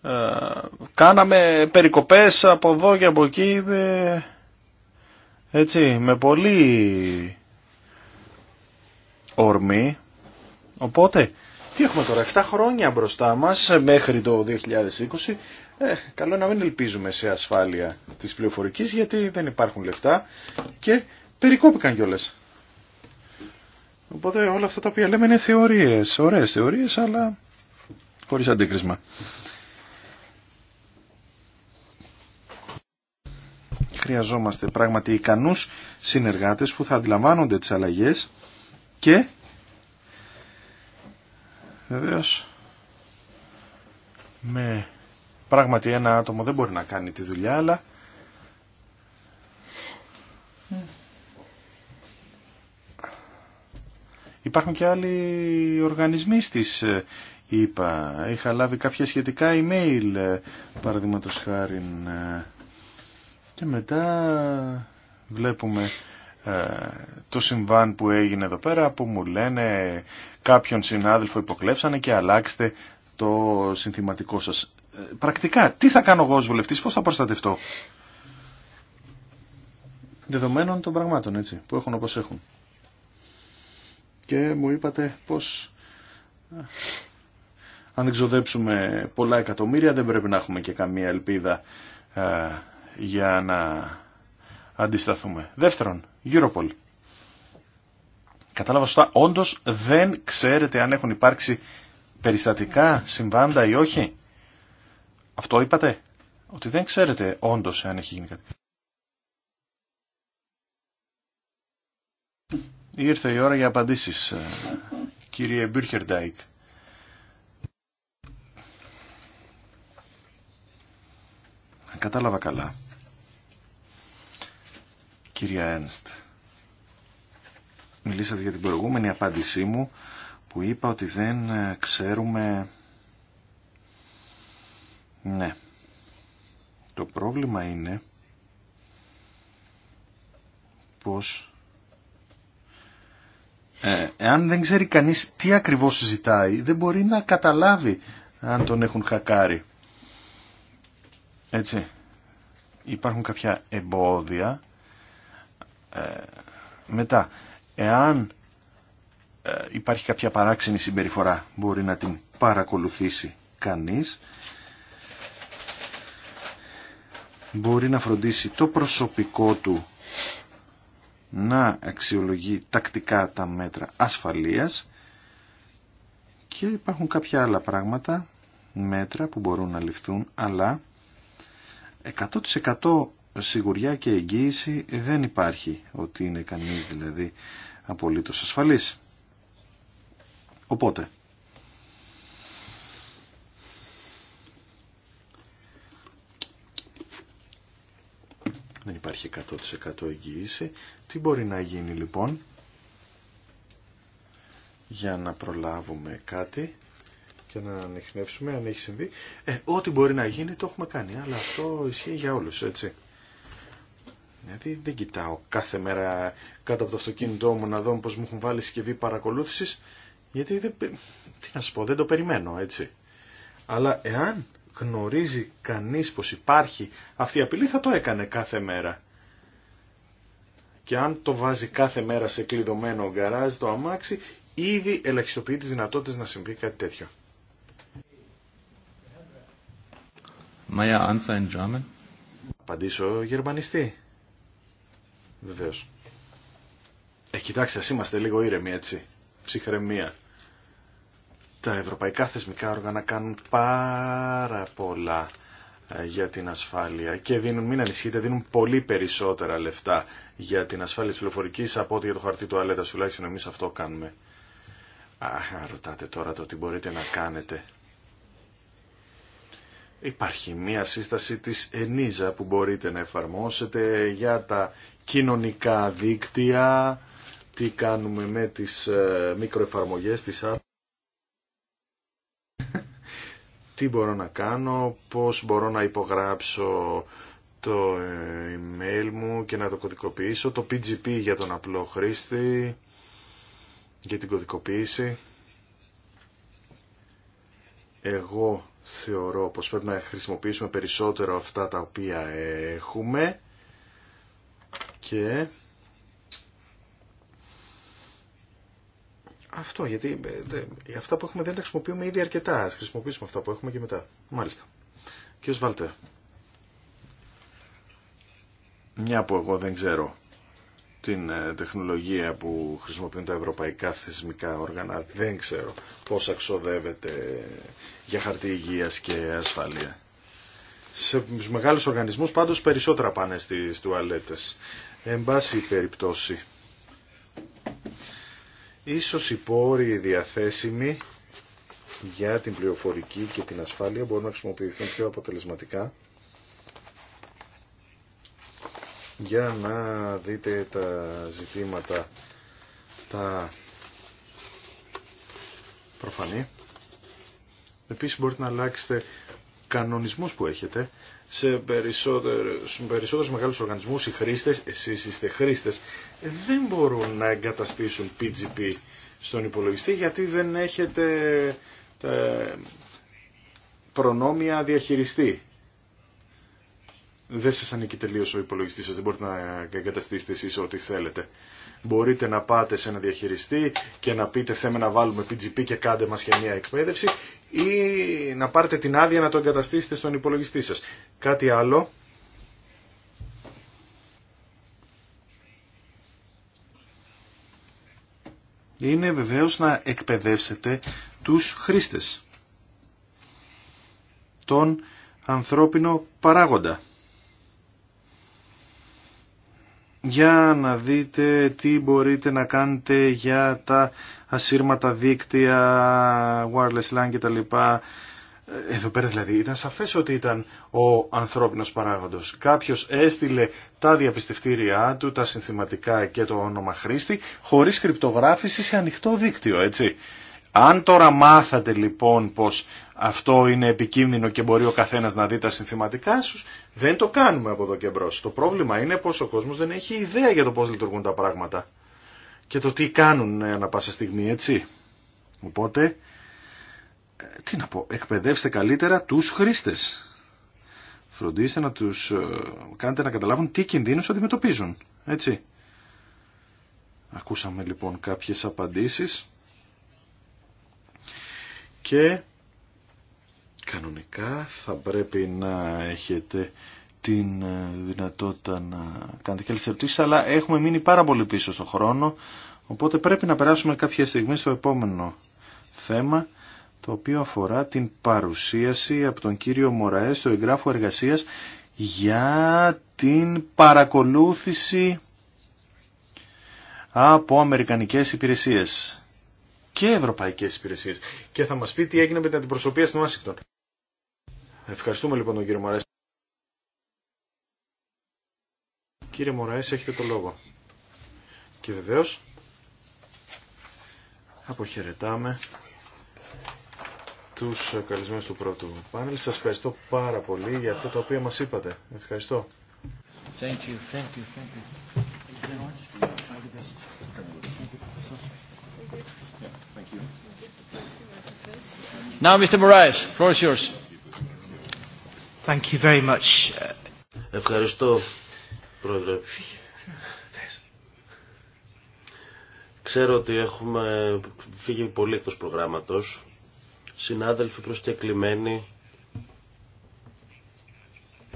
ε, κάναμε περικοπές από εδώ και από εκεί ε, έτσι, με πολύ ορμή. Οπότε, τι έχουμε τώρα, 7 χρόνια μπροστά μας ε, μέχρι το 2020. Ε, καλό να μην ελπίζουμε σε ασφάλεια της πληροφορικής γιατί δεν υπάρχουν λεφτά και περικόπηκαν κιόλας. Οπότε όλα αυτά τα οποία λέμε είναι θεωρίες, ωραίες θεωρίες αλλά χωρίς αντίκρισμα. χρειαζόμαστε πράγματι ικανούς συνεργάτες που θα αντιλαμβάνονται τις αλλαγές και βεβαίως με πράγματι ένα άτομο δεν μπορεί να κάνει τη δουλειά αλλά Υπάρχουν και άλλοι οργανισμοί στις ε, είπα Είχα λάβει κάποια σχετικά email, ε, παραδείγματο χάρη ε, και μετά βλέπουμε ε, το συμβάν που έγινε εδώ πέρα που μου λένε κάποιον συνάδελφο υποκλέψανε και αλλάξτε το συνθηματικό σας. Ε, πρακτικά, τι θα κάνω εγώ ως βουλευτής, πώς θα προστατευτώ. Δεδομένων των πραγμάτων, έτσι, που έχουν όπως έχουν. Και μου είπατε πως ε, αν δεν ξοδέψουμε πολλά εκατομμύρια δεν πρέπει να έχουμε και καμία ελπίδα για να αντισταθούμε. Δεύτερον, Europol. Κατάλαβα σωστά, όντως δεν ξέρετε αν έχουν υπάρξει περιστατικά συμβάντα ή όχι. Αυτό είπατε, ότι δεν ξέρετε όντως αν έχει γίνει κάτι. Ήρθε η ώρα για απαντήσεις, ε, κύριε Μπίρχερντάικ. Κατάλαβα καλά. Κυρία Ένστ, μιλήσατε για την προηγούμενη απάντησή μου που είπα ότι δεν ε, ξέρουμε... Ναι. Το πρόβλημα είναι πως ε, εάν δεν ξέρει κανείς τι ακριβώς συζητάει δεν μπορεί να καταλάβει αν τον έχουν χακάρει. Έτσι. Υπάρχουν κάποια εμπόδια ε, μετά, εάν ε, υπάρχει κάποια παράξενη συμπεριφορά μπορεί να την παρακολουθήσει κανείς μπορεί να φροντίσει το προσωπικό του να αξιολογεί τακτικά τα μέτρα ασφαλείας και υπάρχουν κάποια άλλα πράγματα μέτρα που μπορούν να ληφθούν αλλά 100% σιγουριά και εγγύηση δεν υπάρχει ότι είναι κανείς δηλαδή απολύτως ασφαλής. Οπότε, δεν υπάρχει 100% εγγύηση. Τι μπορεί να γίνει λοιπόν για να προλάβουμε κάτι και να ανοιχνεύσουμε αν έχει συμβεί. Ε, ό,τι μπορεί να γίνει το έχουμε κάνει, αλλά αυτό ισχύει για όλους, έτσι. Γιατί δεν κοιτάω κάθε μέρα κάτω από το αυτοκίνητό μου να δω πως μου έχουν βάλει συσκευή παρακολούθησης, γιατί δεν, τι να πω, δεν το περιμένω έτσι. Αλλά εάν γνωρίζει κανείς πως υπάρχει αυτή η απειλή θα το έκανε κάθε μέρα. Και αν το βάζει κάθε μέρα σε κλειδωμένο γκαράζ το αμάξι, ήδη ελαχιστοποιεί τις δυνατότητες να συμβεί κάτι τέτοιο. Απαντήσω γερμανιστή. Βεβαίω. Ε, κοιτάξτε, α είμαστε λίγο ήρεμοι έτσι. Ψυχραιμία. Τα ευρωπαϊκά θεσμικά όργανα κάνουν πάρα πολλά ε, για την ασφάλεια και δίνουν, μην ανησυχείτε, δίνουν πολύ περισσότερα λεφτά για την ασφάλεια της πληροφορικής από ό,τι για το χαρτί του αλέτας, τουλάχιστον εμείς αυτό κάνουμε. Α, ρωτάτε τώρα το τι μπορείτε να κάνετε. Υπάρχει μία σύσταση της ΕΝΙΖΑ που μπορείτε να εφαρμόσετε για τα κοινωνικά δίκτυα, τι κάνουμε με τις ε, μικροεφαρμογές της [laughs] τι μπορώ να κάνω, πώς μπορώ να υπογράψω το ε, email μου και να το κωδικοποιήσω, το PGP για τον απλό χρήστη, για την κωδικοποίηση εγώ θεωρώ πως πρέπει να χρησιμοποιήσουμε περισσότερο αυτά τα οποία έχουμε και αυτό γιατί ε, αυτά που έχουμε δεν τα χρησιμοποιούμε ήδη αρκετά ας χρησιμοποιήσουμε αυτά που έχουμε και μετά μάλιστα κύριος βάλτε; μια που εγώ δεν ξέρω την ε, τεχνολογία που χρησιμοποιούν τα ευρωπαϊκά θεσμικά όργανα. Δεν ξέρω πώς αξοδεύεται για χαρτί υγείας και ασφαλεία. Σε μεγάλους οργανισμούς πάντως περισσότερα πάνε στις τουαλέτες. Εν πάση περιπτώσει. Ίσως οι πόροι διαθέσιμοι για την πληροφορική και την ασφάλεια μπορούν να χρησιμοποιηθούν πιο αποτελεσματικά για να δείτε τα ζητήματα τα προφανή. Επίσης μπορείτε να αλλάξετε κανονισμούς που έχετε σε περισσότερους, περισσότερους μεγάλους οργανισμούς οι χρήστες, εσείς είστε χρήστες δεν μπορούν να εγκαταστήσουν PGP στον υπολογιστή γιατί δεν έχετε ε, προνόμια διαχειριστή δεν σας ανήκει τελείως ο υπολογιστής σας, δεν μπορείτε να εγκαταστήσετε εσείς ό,τι θέλετε. Μπορείτε να πάτε σε ένα διαχειριστή και να πείτε θέμε να βάλουμε PGP και κάντε μας για μια εκπαίδευση ή να πάρετε την άδεια να το εγκαταστήσετε στον υπολογιστή σας. Κάτι άλλο. Είναι βεβαίως να εκπαιδεύσετε τους χρήστες. Τον ανθρώπινο παράγοντα. για να δείτε τι μπορείτε να κάνετε για τα ασύρματα δίκτυα, wireless LAN κτλ. Εδώ πέρα δηλαδή ήταν σαφές ότι ήταν ο ανθρώπινος παράγοντος. Κάποιος έστειλε τα διαπιστευτήριά του, τα συνθηματικά και το όνομα χρήστη, χωρίς κρυπτογράφηση σε ανοιχτό δίκτυο, έτσι. Αν τώρα μάθατε λοιπόν πως αυτό είναι επικίνδυνο και μπορεί ο καθένας να δει τα συνθηματικά σου, δεν το κάνουμε από εδώ και μπρο. Το πρόβλημα είναι πως ο κόσμος δεν έχει ιδέα για το πώς λειτουργούν τα πράγματα και το τι κάνουν ε, ανά πάσα στιγμή, έτσι. Οπότε, ε, τι να πω, εκπαιδεύστε καλύτερα τους χρήστες. Φροντίστε να τους ε, κάνετε να καταλάβουν τι κινδύνους αντιμετωπίζουν, έτσι. Ακούσαμε λοιπόν κάποιες απαντήσεις και κανονικά θα πρέπει να έχετε την ε, δυνατότητα να κάνετε και άλλες ερωτήσεις, αλλά έχουμε μείνει πάρα πολύ πίσω στον χρόνο, οπότε πρέπει να περάσουμε κάποια στιγμή στο επόμενο θέμα, το οποίο αφορά την παρουσίαση από τον κύριο Μωραέ στο εγγράφο εργασίας για την παρακολούθηση από αμερικανικές υπηρεσίες και ευρωπαϊκές υπηρεσίες. Και θα μας πει τι έγινε με την αντιπροσωπεία στην Ουάσιγκτον. Ευχαριστούμε λοιπόν τον κύριο Μωραές. Κύριε Μωραές, έχετε το λόγο. Και βεβαίως, αποχαιρετάμε τους καλεσμένους του πρώτου πάνελ. Σας ευχαριστώ πάρα πολύ για αυτό το οποίο μας είπατε. Ευχαριστώ. Thank you, thank you, thank you. Now, Mr. Moraes, floor yours. Thank you very much. Ευχαριστώ, Πρόεδρε. Ξέρω ότι έχουμε φύγει πολύ εκτός προγράμματος. Συνάδελφοι προσκεκλημένοι,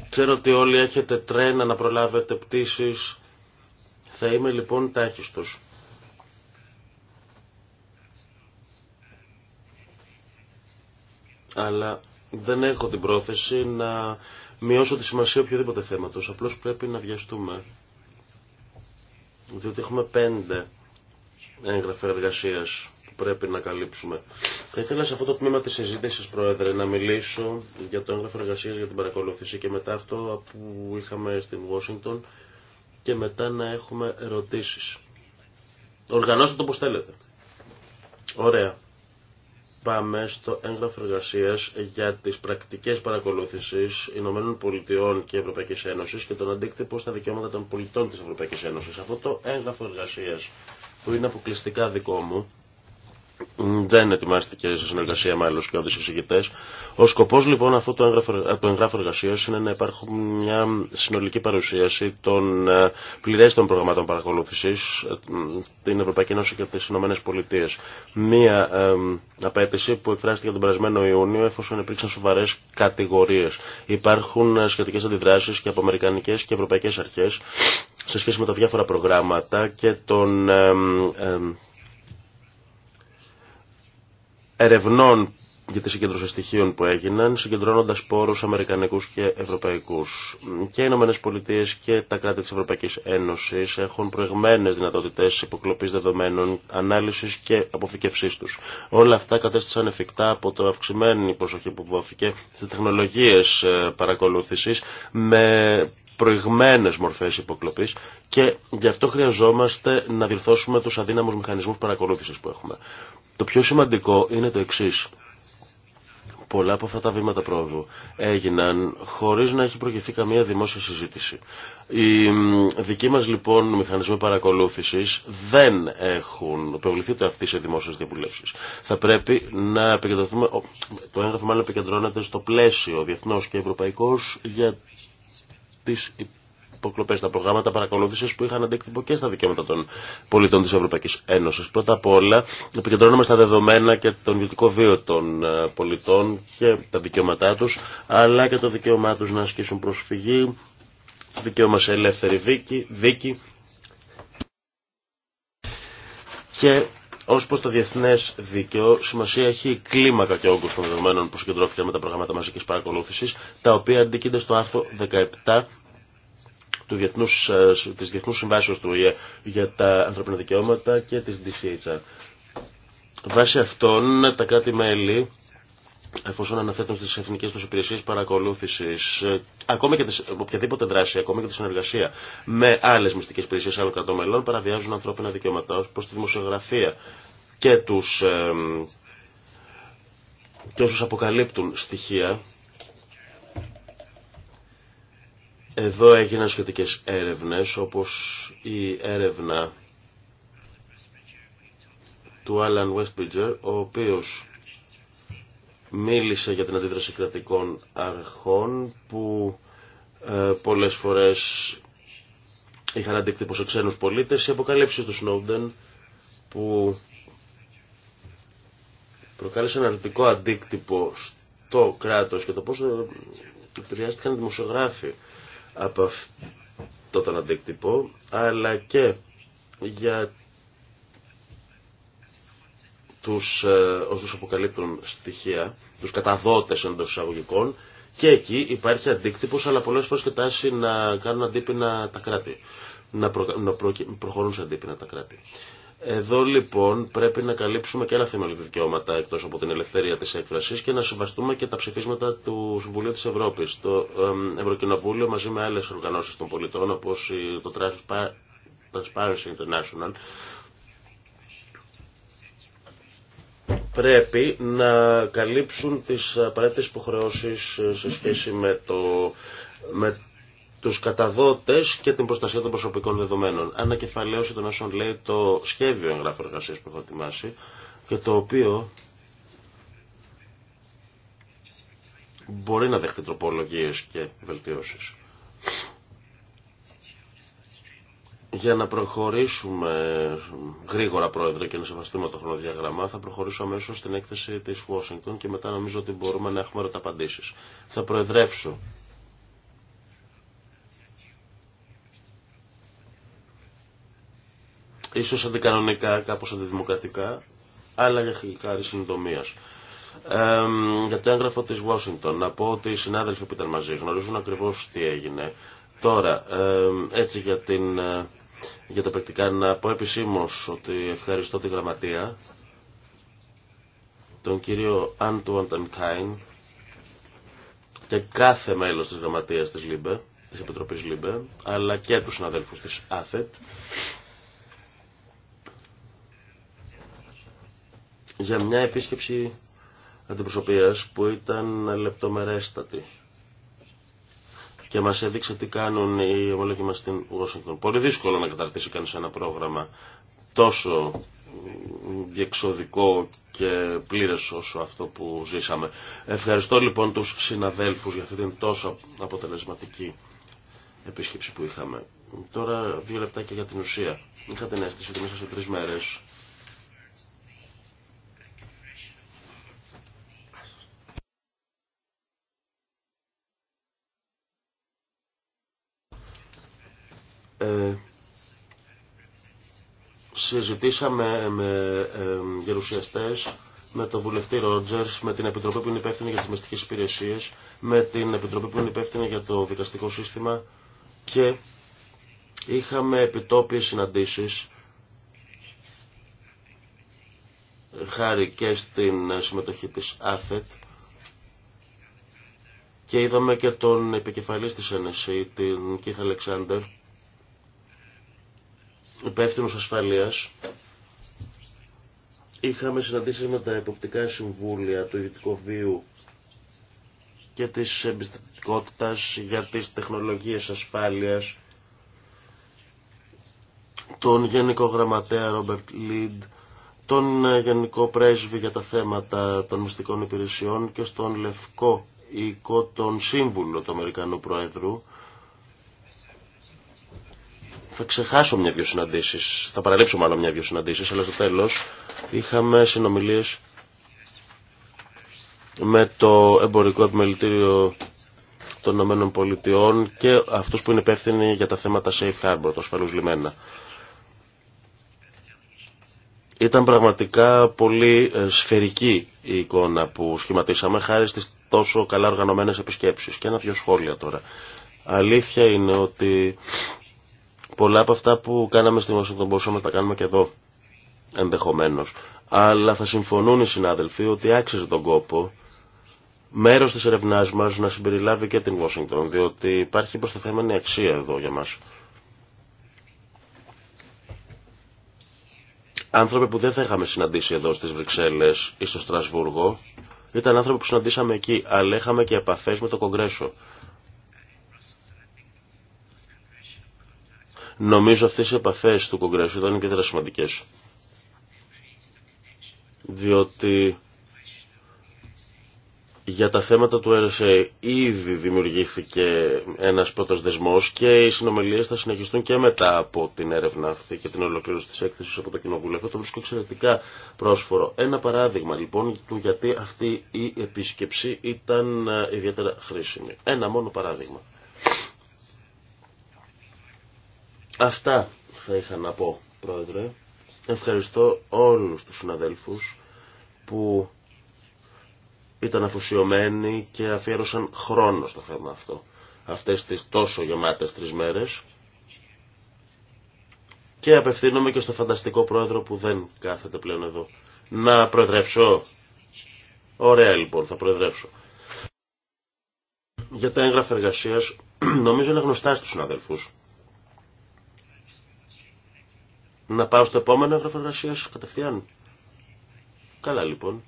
ξέρω ότι όλοι έχετε τρένα να προλάβετε πτήσεις. Θα είμαι λοιπόν τάχιστος. αλλά δεν έχω την πρόθεση να μειώσω τη σημασία οποιοδήποτε θέματος. Απλώς πρέπει να βιαστούμε. Διότι έχουμε πέντε έγγραφα εργασία που πρέπει να καλύψουμε. Θα ήθελα σε αυτό το τμήμα της συζήτηση, Πρόεδρε, να μιλήσω για το έγγραφο εργασία, για την παρακολούθηση και μετά αυτό που είχαμε στην Washington και μετά να έχουμε ερωτήσεις. Οργανώστε το όπω θέλετε. Ωραία πάμε στο έγγραφο εργασία για τι πρακτικέ παρακολούθηση Ηνωμένων Πολιτειών και Ευρωπαϊκή Ένωση και τον αντίκτυπο στα δικαιώματα των πολιτών τη Ευρωπαϊκή Ένωση. Αυτό το έγγραφο εργασία που είναι αποκλειστικά δικό μου δεν ετοιμάστηκε σε συνεργασία με άλλου και όδου εισηγητέ. Ο σκοπό λοιπόν αυτού του εγγράφου, εργασία είναι να υπάρχει μια συνολική παρουσίαση των ε, πληρέστων προγραμμάτων παρακολούθηση στην ε, Ευρωπαϊκή Ένωση και τι Ηνωμένε Πολιτείε. Μια ε, απέτηση που εκφράστηκε τον περασμένο Ιούνιο εφόσον υπήρξαν σοβαρέ κατηγορίε. Υπάρχουν σχετικέ αντιδράσει και από Αμερικανικέ και Ευρωπαϊκέ Αρχέ σε σχέση με τα διάφορα προγράμματα και τον ερευνών για τις συγκέντρωση στοιχείων που έγιναν, συγκεντρώνοντα πόρου Αμερικανικού και Ευρωπαϊκού. Και οι Ηνωμένε και τα κράτη τη Ευρωπαϊκή Ένωση έχουν προηγμένε δυνατότητε υποκλοπή δεδομένων, ανάλυση και αποθηκευσή του. Όλα αυτά κατέστησαν εφικτά από το αυξημένη προσοχή που δόθηκε στι τεχνολογίε παρακολούθηση με προηγμένες μορφές υποκλοπής και γι' αυτό χρειαζόμαστε να διορθώσουμε τους αδύναμους μηχανισμούς παρακολούθησης που έχουμε. Το πιο σημαντικό είναι το εξή. Πολλά από αυτά τα βήματα πρόοδου έγιναν χωρίς να έχει προηγηθεί καμία δημόσια συζήτηση. Οι δικοί μας λοιπόν μηχανισμοί παρακολούθησης δεν έχουν προβληθεί το αυτοί σε δημόσιες διαβουλεύσεις. Θα πρέπει να επικεντρωθούμε, το έγγραφο μάλλον επικεντρώνεται στο πλαίσιο διεθνώς και ευρωπαϊκός για τις υποκλοπές, τα προγράμματα παρακολούθησης που είχαν αντίκτυπο και στα δικαιώματα των πολιτών της Ευρωπαϊκής Ένωσης. Πρώτα απ' όλα επικεντρώνομαι στα δεδομένα και τον ιδιωτικό βίο των ε, πολιτών και τα δικαιώματά τους, αλλά και το δικαίωμά τους να ασκήσουν προσφυγή, δικαίωμα σε ελεύθερη δίκη, δίκη και Ω προ το διεθνέ δίκαιο, σημασία έχει η κλίμακα και όγκο των δεδομένων που συγκεντρώθηκαν με τα προγράμματα μαζική παρακολούθηση, τα οποία αντικείται στο άρθρο 17 ε, του διεθνούς, της Διεθνούς Συμβάσεως του ΙΕ για τα ανθρώπινα δικαιώματα και της DCHR. Βάσει αυτών τα κράτη-μέλη εφόσον αναθέτουν στις εθνικές τους υπηρεσίες παρακολούθησης ε, ακόμα και τις, οποιαδήποτε δράση, ακόμα και τη συνεργασία με άλλες μυστικές υπηρεσίες άλλων κρατών μελών παραβιάζουν ανθρώπινα δικαιώματα ως προς τη δημοσιογραφία και τους ε, και όσους αποκαλύπτουν στοιχεία Εδώ έγιναν σχετικές έρευνες, όπως η έρευνα του Άλαν Westbridger, ο οποίος μίλησε για την αντίδραση κρατικών αρχών που ε, πολλές φορές είχαν αντίκτυπο σε ξένους πολίτες. Οι αποκαλύψεις του Σνόντεν που ένα αρνητικό αντίκτυπο στο κράτος και το πώς ε, επηρεάστηκαν οι δημοσιογράφοι από αυτό τον αντίκτυπο, αλλά και για τους ε, όσους αποκαλύπτουν στοιχεία, τους καταδότες εντό εισαγωγικών, και εκεί υπάρχει αντίκτυπος, αλλά πολλές φορές και τάση να κάνουν αντίπινα τα κράτη, να, προ... να προχωρούν σε αντίπεινα τα κράτη. Εδώ λοιπόν πρέπει να καλύψουμε και άλλα θεμελιώδη δικαιώματα εκτό από την ελευθερία τη έκφραση και να συμβαστούμε και τα ψηφίσματα του Συμβουλίου τη Ευρώπη. Το Ευρωκοινοβούλιο μαζί με άλλε οργανώσει των πολιτών όπω το Transparency International πρέπει να καλύψουν τις απαραίτητε υποχρεώσει σε σχέση με, το, με τους καταδότες και την προστασία των προσωπικών δεδομένων. Ανακεφαλαίωση των όσων λέει το σχέδιο εγγράφου εργασία που έχω ετοιμάσει και το οποίο μπορεί να δεχτεί τροπολογίες και βελτιώσεις. Για να προχωρήσουμε γρήγορα, Πρόεδρε, και να σεβαστούμε το χρονοδιαγραμμά, θα προχωρήσω αμέσω στην έκθεση τη Washington και μετά νομίζω ότι μπορούμε να έχουμε ερωταπαντήσει. Θα προεδρεύσω ίσως αντικανονικά, κάπως αντιδημοκρατικά, αλλά για χάρη συντομία. Ε, για το έγγραφο της Washington, να πω ότι οι συνάδελφοι που ήταν μαζί γνωρίζουν ακριβώς τι έγινε. Τώρα, ε, έτσι για, την, ε, για τα πρακτικά, να πω επισήμως ότι ευχαριστώ τη γραμματεία, τον κύριο Άντουαν Κάιν και κάθε μέλος της γραμματείας της ΛΥΜΠΕ, της Επιτροπής ΛΥΜΠΕ, αλλά και τους συναδέλφους της ΑΘΕΤ, για μια επίσκεψη αντιπροσωπείας που ήταν λεπτομερέστατη και μας έδειξε τι κάνουν οι ομολόγοι μας στην Ουάσιγκτον. Πολύ δύσκολο να καταρτήσει κανείς ένα πρόγραμμα τόσο διεξοδικό και πλήρες όσο αυτό που ζήσαμε. Ευχαριστώ λοιπόν τους συναδέλφους για αυτή την τόσο αποτελεσματική επίσκεψη που είχαμε. Τώρα δύο λεπτάκια για την ουσία. Είχα την αίσθηση ότι μέσα σε τρεις μέρες Ε, συζητήσαμε με ε, γερουσιαστές, με τον βουλευτή Ρότζερς, με την Επιτροπή που είναι υπεύθυνη για τις μυστικές υπηρεσίες, με την Επιτροπή που είναι υπεύθυνη για το δικαστικό σύστημα και είχαμε επιτόπιες συναντήσεις χάρη και στην συμμετοχή της ΑΘΕΤ και είδαμε και τον επικεφαλής της NSA, την Κίθα Alexander, υπεύθυνος ασφαλείας είχαμε συναντήσεις με τα εποπτικά συμβούλια του βίου και της εμπιστευτικότητας για τις τεχνολογίες ασφάλειας τον Γενικό Γραμματέα Ρόμπερτ Λίντ τον Γενικό Πρέσβη για τα θέματα των μυστικών υπηρεσιών και στον Λευκό Οίκο τον Σύμβουλο του Αμερικανού Προέδρου θα ξεχάσω μια-δυο συναντήσεις, θα παραλείψω μάλλον μια-δυο συναντήσεις, αλλά στο τέλος είχαμε συνομιλίες με το εμπορικό επιμελητήριο των Ηνωμένων Πολιτειών και αυτούς που είναι υπεύθυνοι για τα θέματα safe harbor, το ασφαλούς λιμένα. Ήταν πραγματικά πολύ ε, σφαιρική η εικόνα που σχηματίσαμε χάρη στις τόσο καλά οργανωμένες επισκέψεις. Και ένα δυο σχόλια τώρα. Αλήθεια είναι ότι Πολλά από αυτά που κάναμε στην Ουάσιγκτον μπορούσαμε να τα κάνουμε και εδώ, Ενδεχομένω. Αλλά θα συμφωνούν οι συνάδελφοι ότι άξιζε τον κόπο μέρο τη ερευνά μα να συμπεριλάβει και την Ουάσιγκτον, διότι υπάρχει υποστεθέμενη αξία εδώ για μα. Άνθρωποι που δεν θα είχαμε συναντήσει εδώ στι Βρυξέλλες ή στο Στρασβούργο, ήταν άνθρωποι που συναντήσαμε εκεί, αλλά είχαμε και επαφέ με το Κογκρέσο. Νομίζω αυτές οι επαφές του Κογκρέσου ήταν και δρασματικές, Διότι για τα θέματα του RSA ήδη δημιουργήθηκε ένας πρώτος δεσμός και οι συνομιλίες θα συνεχιστούν και μετά από την έρευνα αυτή και την ολοκλήρωση της έκθεσης από το Κοινοβούλιο. Αυτό το βρίσκω εξαιρετικά πρόσφορο. Ένα παράδειγμα λοιπόν του γιατί αυτή η επίσκεψη ήταν ε, ιδιαίτερα χρήσιμη. Ένα μόνο παράδειγμα. Αυτά θα είχα να πω, Πρόεδρε. Ευχαριστώ όλους τους συναδέλφους που ήταν αφοσιωμένοι και αφιέρωσαν χρόνο στο θέμα αυτό. Αυτές τις τόσο γεμάτες τρεις μέρες. Και απευθύνομαι και στο φανταστικό πρόεδρο που δεν κάθεται πλέον εδώ. Να προεδρεύσω. Ωραία λοιπόν, θα προεδρεύσω. Για τα έγγραφα εργασίας, [clears throat] νομίζω είναι γνωστά στους συναδελφούς. Να πάω στο επόμενο έγγραφο εργασία κατευθείαν. Καλά λοιπόν.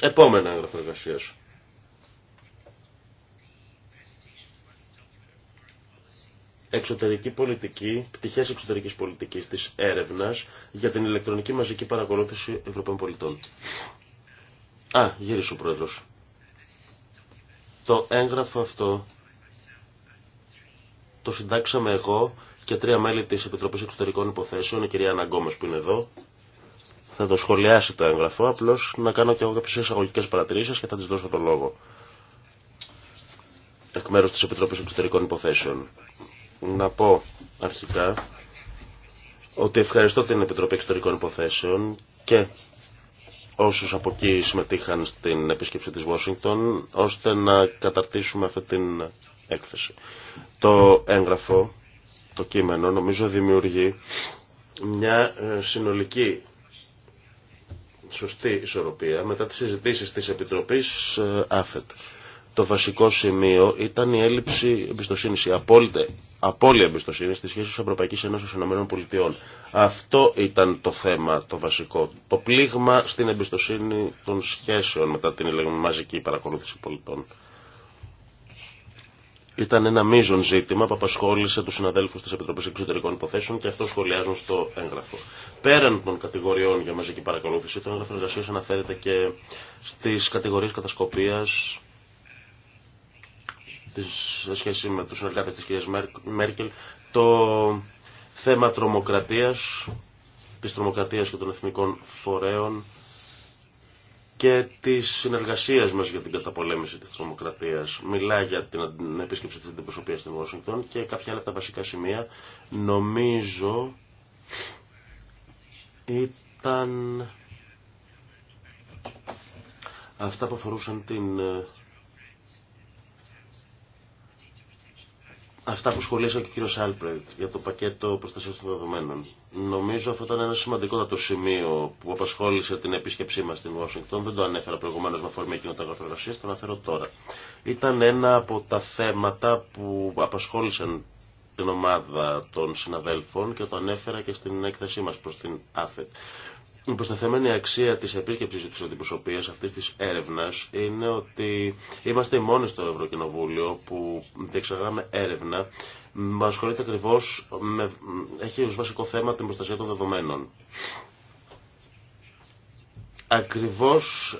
Επόμενο έγγραφο εργασία. Εξωτερική πολιτική, πτυχέ εξωτερική πολιτική τη έρευνα για την ηλεκτρονική μαζική παρακολούθηση Ευρωπαίων πολιτών. Α, γύρισε ο πρόεδρο. Το έγγραφο αυτό το συντάξαμε εγώ και τρία μέλη της Επιτροπής Εξωτερικών Υποθέσεων, η κυρία Αναγκόμες που είναι εδώ. Θα το σχολιάσει το έγγραφο, απλώς να κάνω και εγώ κάποιες εισαγωγικέ παρατηρήσεις και θα τις δώσω το λόγο. Εκ μέρους της Επιτροπής Εξωτερικών Υποθέσεων. Να πω αρχικά ότι ευχαριστώ την Επιτροπή Εξωτερικών Υποθέσεων και όσους από εκεί συμμετείχαν στην επίσκεψη της Washington ώστε να καταρτήσουμε αυτή την έκθεση. Το έγγραφο το κείμενο νομίζω δημιουργεί μια ε, συνολική σωστή ισορροπία μετά τις συζητήσεις της Επιτροπής ε, ΑΦΕΤ. Το βασικό σημείο ήταν η έλλειψη εμπιστοσύνης, η απόλυτη, απόλυτη εμπιστοσύνη στη σχέση τη Ευρωπαϊκή Ένωση Αυτό ήταν το θέμα το βασικό. Το πλήγμα στην εμπιστοσύνη των σχέσεων μετά την μαζική παρακολούθηση πολιτών ήταν ένα μείζον ζήτημα που απασχόλησε του συναδέλφου τη Επιτροπή Εξωτερικών Υποθέσεων και αυτό σχολιάζουν στο έγγραφο. Πέραν των κατηγοριών για μαζική παρακολούθηση, το έγγραφο εργασία αναφέρεται και στι κατηγορίε κατασκοπία σε σχέση με του συνεργάτε τη κυρία Μέρκελ, το θέμα τρομοκρατία, τη τρομοκρατία και των εθνικών φορέων, και τη συνεργασία μας για την καταπολέμηση της τρομοκρατίας. Μιλά για την επίσκεψη τη αντιπροσωπεία στην Washington και κάποια άλλα τα βασικά σημεία. Νομίζω ήταν αυτά που αφορούσαν την ε, αυτά που σχολίασε και ο κύριο Άλπρετ για το πακέτο προστασία των δεδομένων. Νομίζω αυτό ήταν ένα σημαντικότατο σημείο που απασχόλησε την επίσκεψή μας στην Ουάσιγκτον. Δεν το ανέφερα προηγουμένως με αφορμή εκείνο τα το αναφέρω τώρα. Ήταν ένα από τα θέματα που απασχόλησαν την ομάδα των συναδέλφων και το ανέφερα και στην έκθεσή μα προ την ΑΦΕΤ. Η προσταθέμενη αξία της επίσκεψης της αντιπροσωπείας αυτής της έρευνας είναι ότι είμαστε οι μόνοι στο Ευρωκοινοβούλιο που διεξαγάμε έρευνα που ασχολείται ακριβώς με, έχει ως βασικό θέμα την προστασία των δεδομένων. Ακριβώς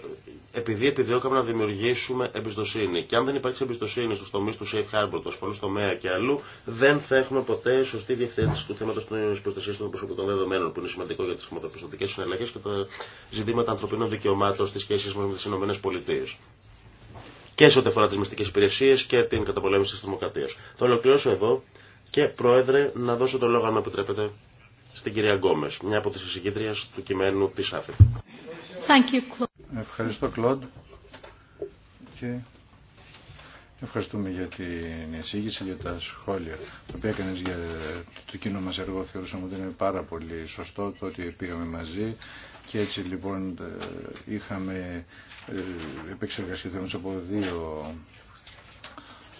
επειδή επιδιώκαμε να δημιουργήσουμε εμπιστοσύνη. Και αν δεν υπάρχει εμπιστοσύνη στους τομείς του Safe Harbor, του ασφαλούς τομέα και αλλού, δεν θα έχουμε ποτέ σωστή διευθέτηση του θέματος των προστασίας των προσωπικών δεδομένων, που είναι σημαντικό για τις χρηματοπιστωτικές συναλλαγές και τα ζητήματα ανθρωπίνων δικαιωμάτων στις σχέσεις μας με τις ΗΠΑ και σε ό,τι αφορά τι μυστικέ υπηρεσίε και την καταπολέμηση τη δημοκρατία. Θα ολοκληρώσω εδώ και, Πρόεδρε, να δώσω το λόγο, αν επιτρέπετε, στην κυρία Γκόμε, μια από τι του κειμένου τη Ευχαριστώ, Κλοντ. Και ευχαριστούμε για την εισήγηση, για τα σχόλια. που οποίο έκανε για το κοινό μας έργο θεωρούσαμε ότι είναι πάρα πολύ σωστό το ότι πήγαμε μαζί και έτσι λοιπόν ε, είχαμε ε, επεξεργαστεί από δύο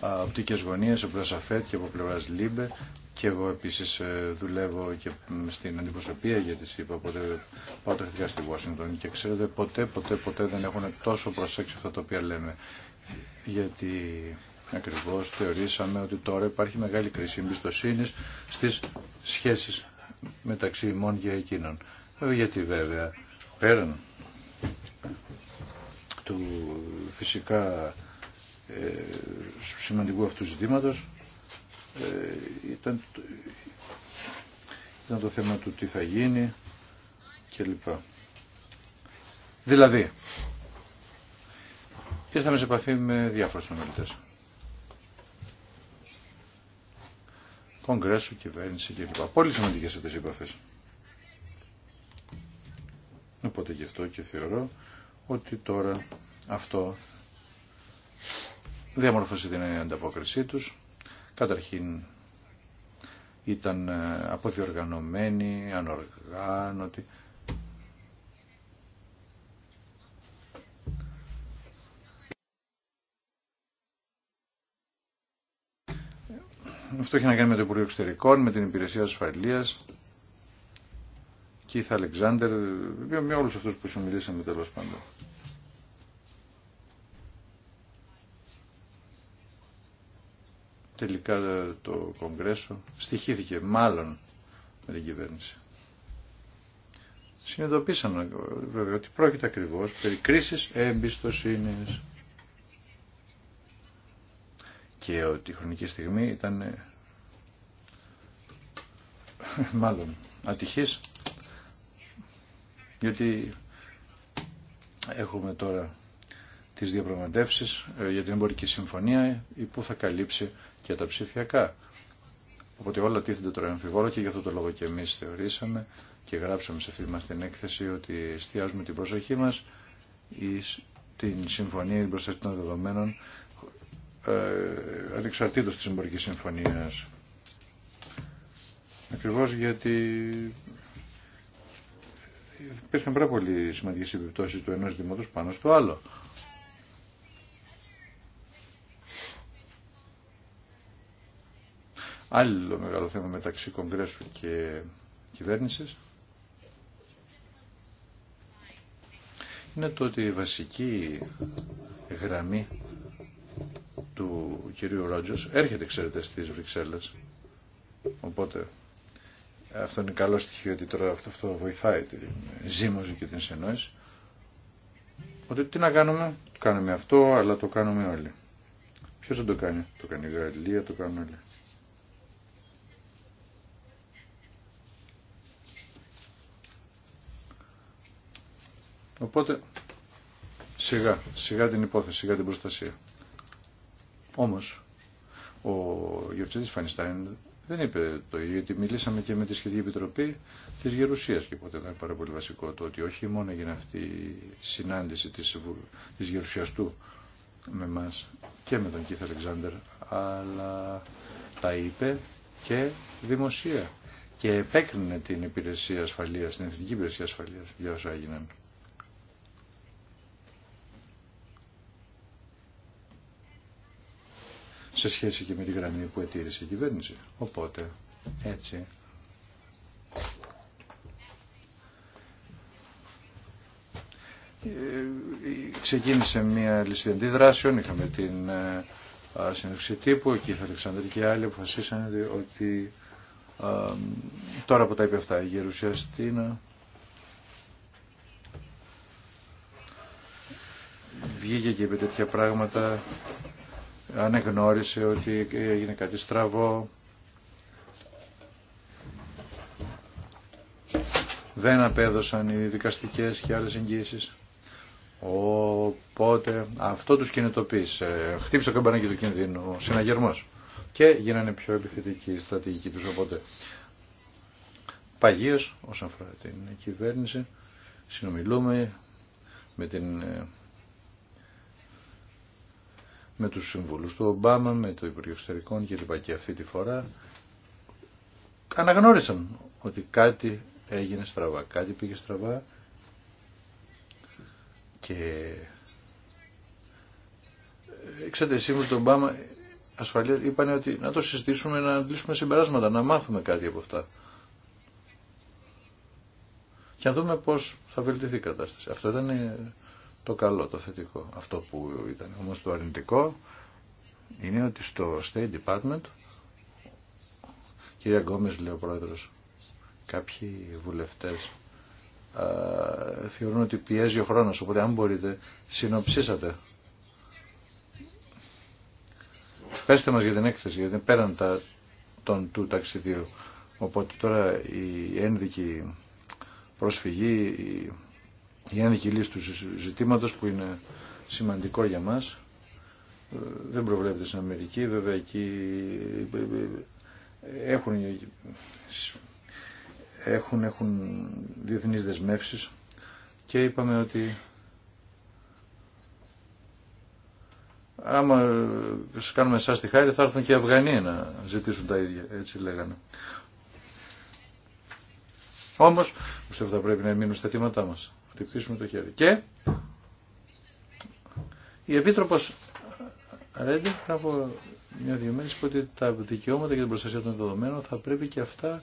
ε, οπτικές γωνίες από τα ΣΑΦΕΤ και από πλευράς ΛΥΜΠΕ και εγώ επίσης ε, δουλεύω και στην αντιπροσωπεία για τις είπα, πότε πάω τεχνικά στη Washington και ξέρετε ποτέ, ποτέ, ποτέ δεν έχουν τόσο προσέξει αυτά τα οποία λέμε. Γιατί ακριβώς θεωρήσαμε ότι τώρα υπάρχει μεγάλη κρίση εμπιστοσύνη στις σχέσεις μεταξύ ημών και εκείνων. Ε, γιατί βέβαια πέραν του φυσικά ε, σημαντικού αυτού ζητήματος ε, ήταν, το θέμα του τι θα γίνει κλπ. Δηλαδή, ήρθαμε σε επαφή με διάφορους ομιλητές. Κογκρέσου, κυβέρνηση κλπ. Πολύ σημαντικές αυτές οι επαφές. Οπότε γι' αυτό και θεωρώ ότι τώρα αυτό διαμορφώσει την ανταπόκρισή τους Καταρχήν ήταν ε, αποδιοργανωμένοι, ανοργάνωτοι. Αυτό έχει να κάνει με το Υπουργείο Εξωτερικών, με την Υπηρεσία Ασφαλείας, Κίθα Αλεξάνδρ, με όλους αυτούς που σου μιλήσαμε τέλος πάντων. τελικά το Κογκρέσο στοιχήθηκε μάλλον με την κυβέρνηση. Συνειδητοποίησαν βέβαια ότι πρόκειται ακριβώς περί κρίσης εμπιστοσύνης και ότι η χρονική στιγμή ήταν μάλλον ατυχής γιατί έχουμε τώρα τις διαπραγματεύσει ε, για την εμπορική συμφωνία ή που θα καλύψει και τα ψηφιακά. Οπότε όλα τίθενται τώρα αμφιβόλα και γι' αυτό το λόγο και εμεί θεωρήσαμε και γράψαμε σε αυτή μας την έκθεση ότι εστιάζουμε την προσοχή μας ή την συμφωνία την προστασία των δεδομένων ε, ανεξαρτήτως της συμφωνία. συμφωνίας. Ακριβώς γιατί υπήρχαν πάρα πολύ σημαντικέ επιπτώσει του ενός δημότος πάνω στο άλλο. Άλλο μεγάλο θέμα μεταξύ Κογκρέσου και κυβέρνησης είναι το ότι η βασική γραμμή του κυρίου Ρότζος έρχεται, ξέρετε, στις Βρυξέλλες. Οπότε αυτό είναι καλό στοιχείο ότι τώρα αυτό, αυτό βοηθάει τη ζήμωση και την συνόηση. Ότι τι να κάνουμε, το κάνουμε αυτό, αλλά το κάνουμε όλοι. Ποιος δεν το κάνει, το κάνει η Γαλλία, το κάνουν όλοι. Οπότε σιγά, σιγά την υπόθεση, σιγά την προστασία. Όμως, ο Γιωτσέτης Φανιστάιν δεν είπε το ίδιο, γιατί μιλήσαμε και με τη Σχετική Επιτροπή της Γερουσίας και όποτε ήταν πάρα πολύ βασικό το ότι όχι μόνο έγινε αυτή η συνάντηση της, της Γερουσίας με μας και με τον Κίθα Αλεξάνδερ, αλλά τα είπε και δημοσία και επέκρινε την υπηρεσία ασφαλείας, την Εθνική Υπηρεσία Ασφαλείας για όσα έγιναν. σε σχέση και με τη γραμμή που ετήρησε η κυβέρνηση. Οπότε, έτσι. Ε, ξεκίνησε μια λυσιδεντή δράσεων, είχαμε την ε, συνέντευξη τύπου, εκεί η Αλεξανδρή και άλλοι αποφασίσαν ότι τώρα που τα είπε αυτά η στην βγήκε και είπε τέτοια πράγματα Ανεγνώρισε ότι έγινε κάτι στραβό. Δεν απέδωσαν οι δικαστικές και άλλες εγγύσεις. Οπότε αυτό τους κινητοποίησε. Χτύπησε το καμπανάκι του κινδύνου, ο συναγερμός. Και γίνανε πιο επιθετικοί οι στρατηγικοί τους. Οπότε παγίως όσον αφορά την κυβέρνηση συνομιλούμε με την ε, με τους συμβούλους του Ομπάμα, με το Υπουργείο Εξωτερικών και λοιπά Και αυτή τη φορά αναγνώρισαν ότι κάτι έγινε στραβά, κάτι πήγε στραβά και ε, ξέρετε, μου τον Ομπάμα ασφαλεία είπανε ότι να το συζητήσουμε, να αντλήσουμε συμπεράσματα, να μάθουμε κάτι από αυτά. Και να δούμε πώς θα βελτιθεί η κατάσταση. Αυτό ήταν ε, το καλό, το θετικό. Αυτό που ήταν όμως το αρνητικό είναι ότι στο State Department, κυρία Γκόμες λέει ο πρόεδρος, κάποιοι βουλευτές θεωρούν ότι πιέζει ο χρόνος, οπότε αν μπορείτε συνοψίσατε. Πέστε μας για την έκθεση, γιατί πέραν τα, των του ταξιδίου. Οπότε τώρα η ένδικη προσφυγή, η η να λύση του ζητήματος που είναι σημαντικό για μας ε, δεν προβλέπεται στην Αμερική βέβαια εκεί ε, ε, έχουν έχουν, έχουν διεθνείς δεσμεύσεις και είπαμε ότι άμα κάνουμε εσάς τη χάρη θα έρθουν και οι Αφγανοί να ζητήσουν τα ίδια, έτσι λέγανε. Όμως, πιστεύω θα πρέπει να μείνουν στα αιτήματά μας χτυπήσουμε το χέρι. Και η Επίτροπος Ρέντε πριν από μια δύο μέρες είπε ότι τα δικαιώματα για την προστασία των δεδομένων θα πρέπει και αυτά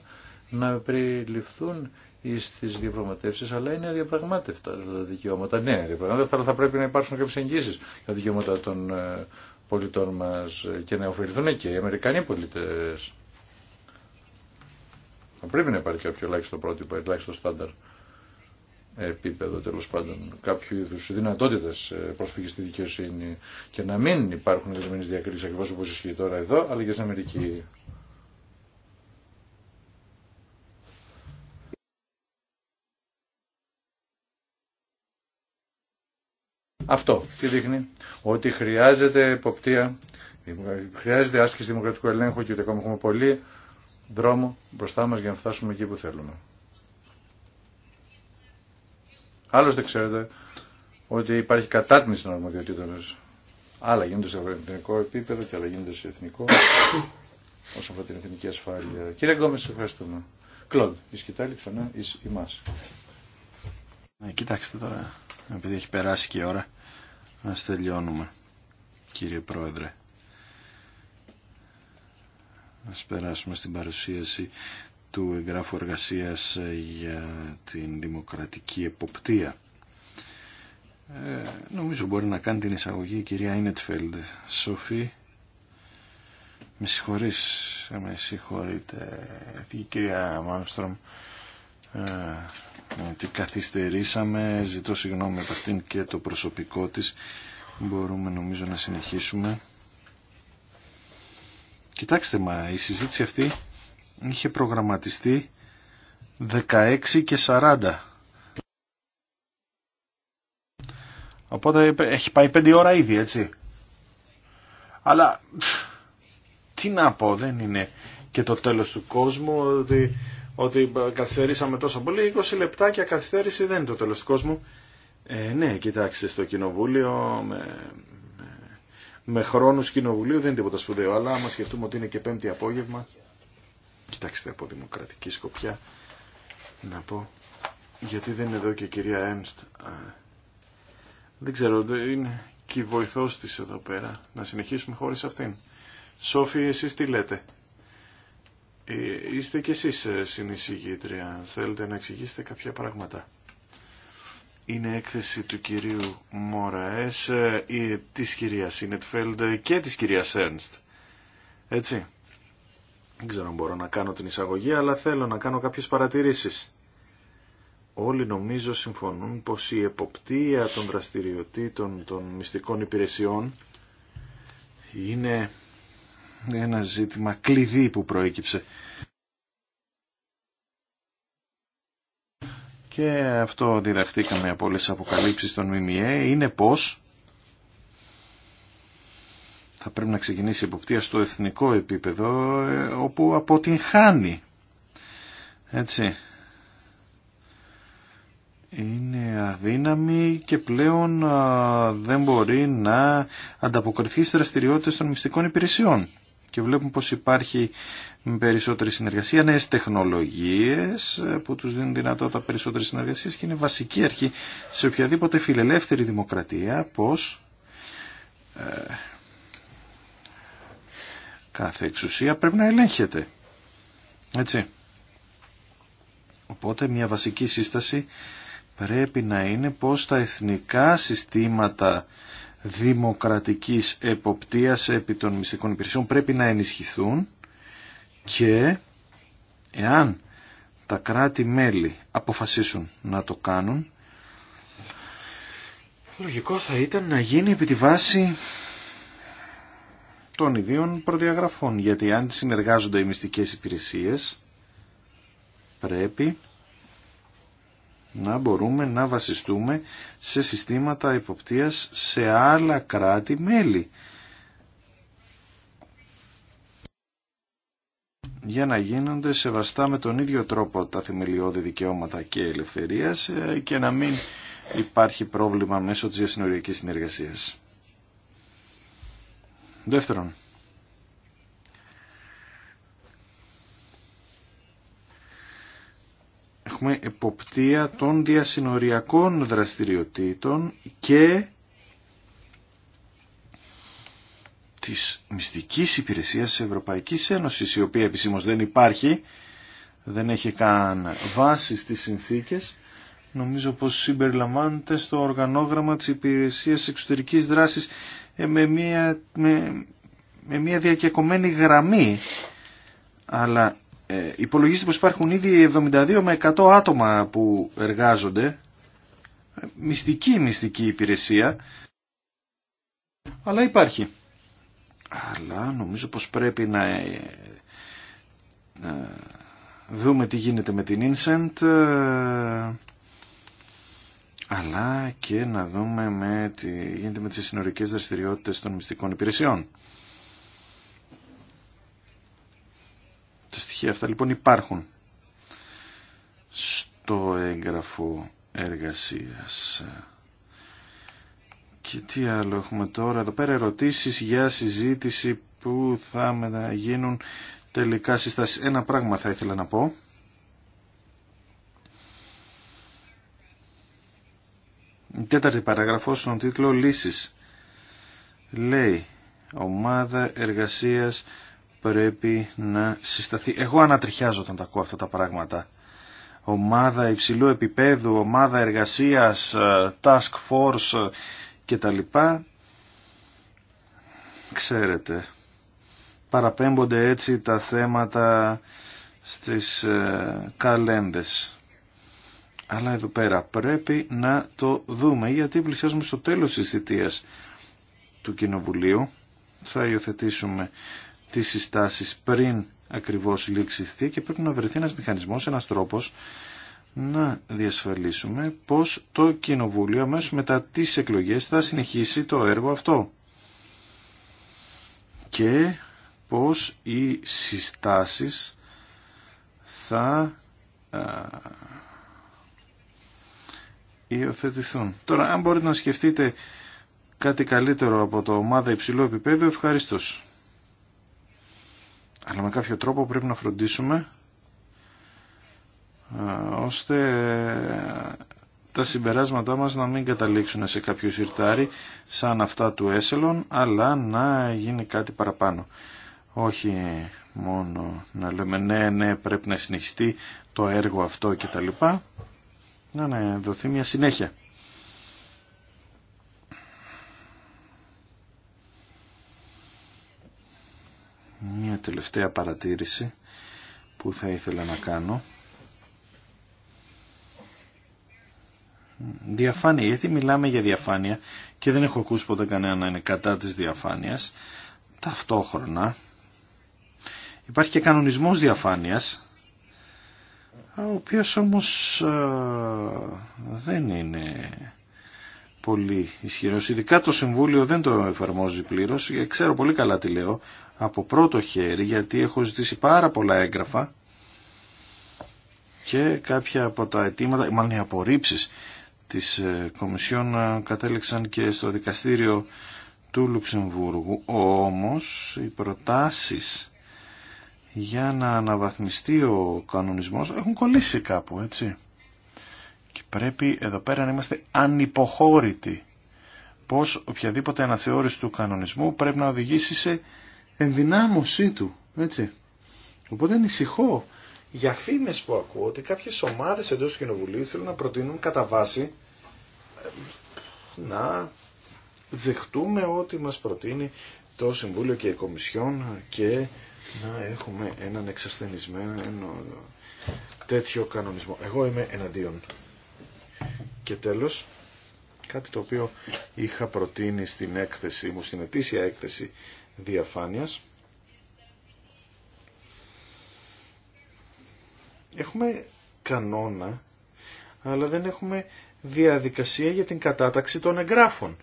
να περιληφθούν στι διαπραγματεύσει, αλλά είναι αδιαπραγμάτευτα τα δικαιώματα. Ναι, αδιαπραγμάτευτα, αλλά θα πρέπει να υπάρξουν κάποιε εγγύσει για τα δικαιώματα των ε, πολιτών μα και να ωφεληθούν και οι Αμερικανοί πολίτε Θα πρέπει να υπάρχει κάποιο ελάχιστο πρότυπο, ελάχιστο στάνταρ επίπεδο τέλο πάντων κάποιου είδου δυνατότητα ε, προσφυγή στη δικαιοσύνη και να μην υπάρχουν ορισμένε διακρίσει ακριβώ όπω ισχύει τώρα εδώ, αλλά και στην Αμερική. Αυτό τι δείχνει, ότι χρειάζεται εποπτεία, χρειάζεται άσκηση δημοκρατικού ελέγχου και ότι ακόμα έχουμε πολύ δρόμο μπροστά μας για να φτάσουμε εκεί που θέλουμε. Άλλωστε ξέρετε ότι υπάρχει κατάτμιση των αρμοδιοτήτων. Άλλα γίνονται σε εθνικό επίπεδο και άλλα γίνονται σε εθνικό [coughs] όσον αφορά την εθνική ασφάλεια. Κύριε Γκόμε, σα ευχαριστούμε. Κλοντ, η σκητάλη ξανά ει εμά. Ναι, κοιτάξτε τώρα, επειδή έχει περάσει και η ώρα, α τελειώνουμε, κύριε Πρόεδρε. Ας περάσουμε στην παρουσίαση του εγγράφου εργασίας ε, για την δημοκρατική εποπτεία. Ε, νομίζω μπορεί να κάνει την εισαγωγή η κυρία Ίνετφελντ. Σοφή, με συγχωρείς, ε, με συγχωρείτε, η κυρία Μάνστρομ. ε, ότι καθυστερήσαμε, ζητώ συγγνώμη από αυτήν και το προσωπικό της. Μπορούμε νομίζω να συνεχίσουμε. Κοιτάξτε μα, η συζήτηση αυτή είχε προγραμματιστεί 16 και 40. Οπότε έχει πάει 5 ώρα ήδη, έτσι. Αλλά τι να πω, δεν είναι και το τέλος του κόσμου ότι, ότι καθυστερήσαμε τόσο πολύ. 20 λεπτάκια καθυστέρηση δεν είναι το τέλος του κόσμου. Ε, ναι, κοιτάξτε, στο κοινοβούλιο με, με χρόνους κοινοβουλίου δεν είναι τίποτα σπουδαίο, αλλά άμα σκεφτούμε ότι είναι και πέμπτη απόγευμα, Κοιτάξτε από δημοκρατική σκοπιά να πω. Γιατί δεν είναι εδώ και η κυρία Ένστ. Δεν ξέρω, είναι και η βοηθός της εδώ πέρα. Να συνεχίσουμε χωρίς αυτήν. Σόφι, εσείς τι λέτε. Ε, είστε και εσείς ε, συνεισηγήτρια. Θέλετε να εξηγήσετε κάποια πράγματα. Είναι έκθεση του κυρίου Μωραές, ε, της κυρίας Σίνετφέλντ και της κυρίας Ένστ. Έτσι. Δεν ξέρω αν μπορώ να κάνω την εισαγωγή, αλλά θέλω να κάνω κάποιες παρατηρήσεις. Όλοι νομίζω συμφωνούν πως η εποπτεία των δραστηριοτήτων των μυστικών υπηρεσιών είναι ένα ζήτημα κλειδί που προέκυψε. Και αυτό διδαχτήκαμε από όλες τις αποκαλύψεις των ΜΜΕ είναι πως θα πρέπει να ξεκινήσει η εποπτεία στο εθνικό επίπεδο ε, όπου αποτυγχάνει. Έτσι. Είναι αδύναμη και πλέον δεν μπορεί να ανταποκριθεί στις δραστηριότητες των μυστικών υπηρεσιών. Και βλέπουμε πως υπάρχει περισσότερη συνεργασία, νέες τεχνολογίες ε, που τους δίνουν δυνατότητα περισσότερη συνεργασία και είναι βασική αρχή σε οποιαδήποτε φιλελεύθερη δημοκρατία πως ε, κάθε εξουσία πρέπει να ελέγχεται. Έτσι. Οπότε μια βασική σύσταση πρέπει να είναι πως τα εθνικά συστήματα δημοκρατικής εποπτείας επί των μυστικών υπηρεσιών πρέπει να ενισχυθούν και εάν τα κράτη-μέλη αποφασίσουν να το κάνουν λογικό θα ήταν να γίνει επί τη βάση των ιδίων προδιαγραφών. Γιατί αν συνεργάζονται οι μυστικές υπηρεσίες πρέπει να μπορούμε να βασιστούμε σε συστήματα εποπτείας σε άλλα κράτη-μέλη. για να γίνονται σεβαστά με τον ίδιο τρόπο τα θεμελιώδη δικαιώματα και ελευθερίας ε, και να μην υπάρχει πρόβλημα μέσω της διασυνοριακής συνεργασίας. Δεύτερον, έχουμε εποπτεία των διασυνοριακών δραστηριοτήτων και της μυστικής υπηρεσίας της Ευρωπαϊκής Ένωσης, η οποία επισήμως δεν υπάρχει, δεν έχει καν βάση στις συνθήκες νομίζω πως συμπεριλαμβάνεται στο οργανόγραμμα της υπηρεσίας εξωτερικής δράσης ε, με μια, με, με μια διακεκομένη γραμμή. Αλλά ε, υπολογίζεται πως υπάρχουν ήδη 72 με 100 άτομα που εργάζονται. Ε, μυστική μυστική υπηρεσία. Αλλά υπάρχει. Αλλά νομίζω πως πρέπει να... Ε, δούμε τι γίνεται με την Incent αλλά και να δούμε με τι γίνεται με τις συνορικές δραστηριότητες των μυστικών υπηρεσιών. Τα στοιχεία αυτά λοιπόν υπάρχουν στο έγγραφο εργασίας. Και τι άλλο έχουμε τώρα, εδώ πέρα ερωτήσεις για συζήτηση που θα γίνουν τελικά συστάσεις. Ένα πράγμα θα ήθελα να πω τέταρτη παραγραφό στον τίτλο «Λύσεις». Λέει, ομάδα εργασίας πρέπει να συσταθεί. Εγώ ανατριχιάζω όταν τα ακούω αυτά τα πράγματα. Ομάδα υψηλού επίπεδου, ομάδα εργασίας, task force κτλ. Ξέρετε, παραπέμπονται έτσι τα θέματα στις ε, καλένδες. Αλλά εδώ πέρα πρέπει να το δούμε γιατί πλησιάζουμε στο τέλος της θητείας του Κοινοβουλίου. Θα υιοθετήσουμε τις συστάσεις πριν ακριβώς λήξει και πρέπει να βρεθεί ένας μηχανισμός, ένας τρόπος να διασφαλίσουμε πως το Κοινοβούλιο αμέσω μετά τις εκλογές θα συνεχίσει το έργο αυτό και πως οι συστάσεις θα υιοθετηθούν. Τώρα, αν μπορείτε να σκεφτείτε κάτι καλύτερο από το ομάδα υψηλού επίπεδου, ευχαριστώ. Αλλά με κάποιο τρόπο πρέπει να φροντίσουμε ε, ώστε ε, τα συμπεράσματά μας να μην καταλήξουν σε κάποιο σιρτάρι σαν αυτά του Έσελον, αλλά να γίνει κάτι παραπάνω. Όχι μόνο να λέμε ναι, ναι, πρέπει να συνεχιστεί το έργο αυτό κτλ να, ναι. δοθεί μια συνέχεια. Μια τελευταία παρατήρηση που θα ήθελα να κάνω. Διαφάνεια, γιατί μιλάμε για διαφάνεια και δεν έχω ακούσει ποτέ κανένα να είναι κατά της διαφάνειας. Ταυτόχρονα υπάρχει και κανονισμός διαφάνειας ο οποίος όμως ε, δεν είναι πολύ ισχυρός. Ειδικά το Συμβούλιο δεν το εφαρμόζει πλήρως. Ε, ξέρω πολύ καλά τι λέω από πρώτο χέρι γιατί έχω ζητήσει πάρα πολλά έγγραφα και κάποια από τα αιτήματα, μάλλον οι απορρίψεις της ε, Κομισιόν κατέληξαν και στο δικαστήριο του Λουξεμβούργου. Όμως οι προτάσεις για να αναβαθμιστεί ο κανονισμός έχουν κολλήσει κάπου, έτσι. Και πρέπει εδώ πέρα να είμαστε ανυποχώρητοι πως οποιαδήποτε αναθεώρηση του κανονισμού πρέπει να οδηγήσει σε ενδυνάμωσή του, έτσι. Οπότε ανησυχώ για φήμες που ακούω ότι κάποιες ομάδες εντός του Κοινοβουλίου θέλουν να προτείνουν κατά βάση ε, να δεχτούμε ό,τι μας προτείνει το Συμβούλιο και η Κομισιόν και να έχουμε έναν εξασθενισμένο τέτοιο κανονισμό. Εγώ είμαι εναντίον. Και τέλος, κάτι το οποίο είχα προτείνει στην έκθεση μου, στην ετήσια έκθεση διαφάνειας, έχουμε κανόνα, αλλά δεν έχουμε διαδικασία για την κατάταξη των εγγράφων.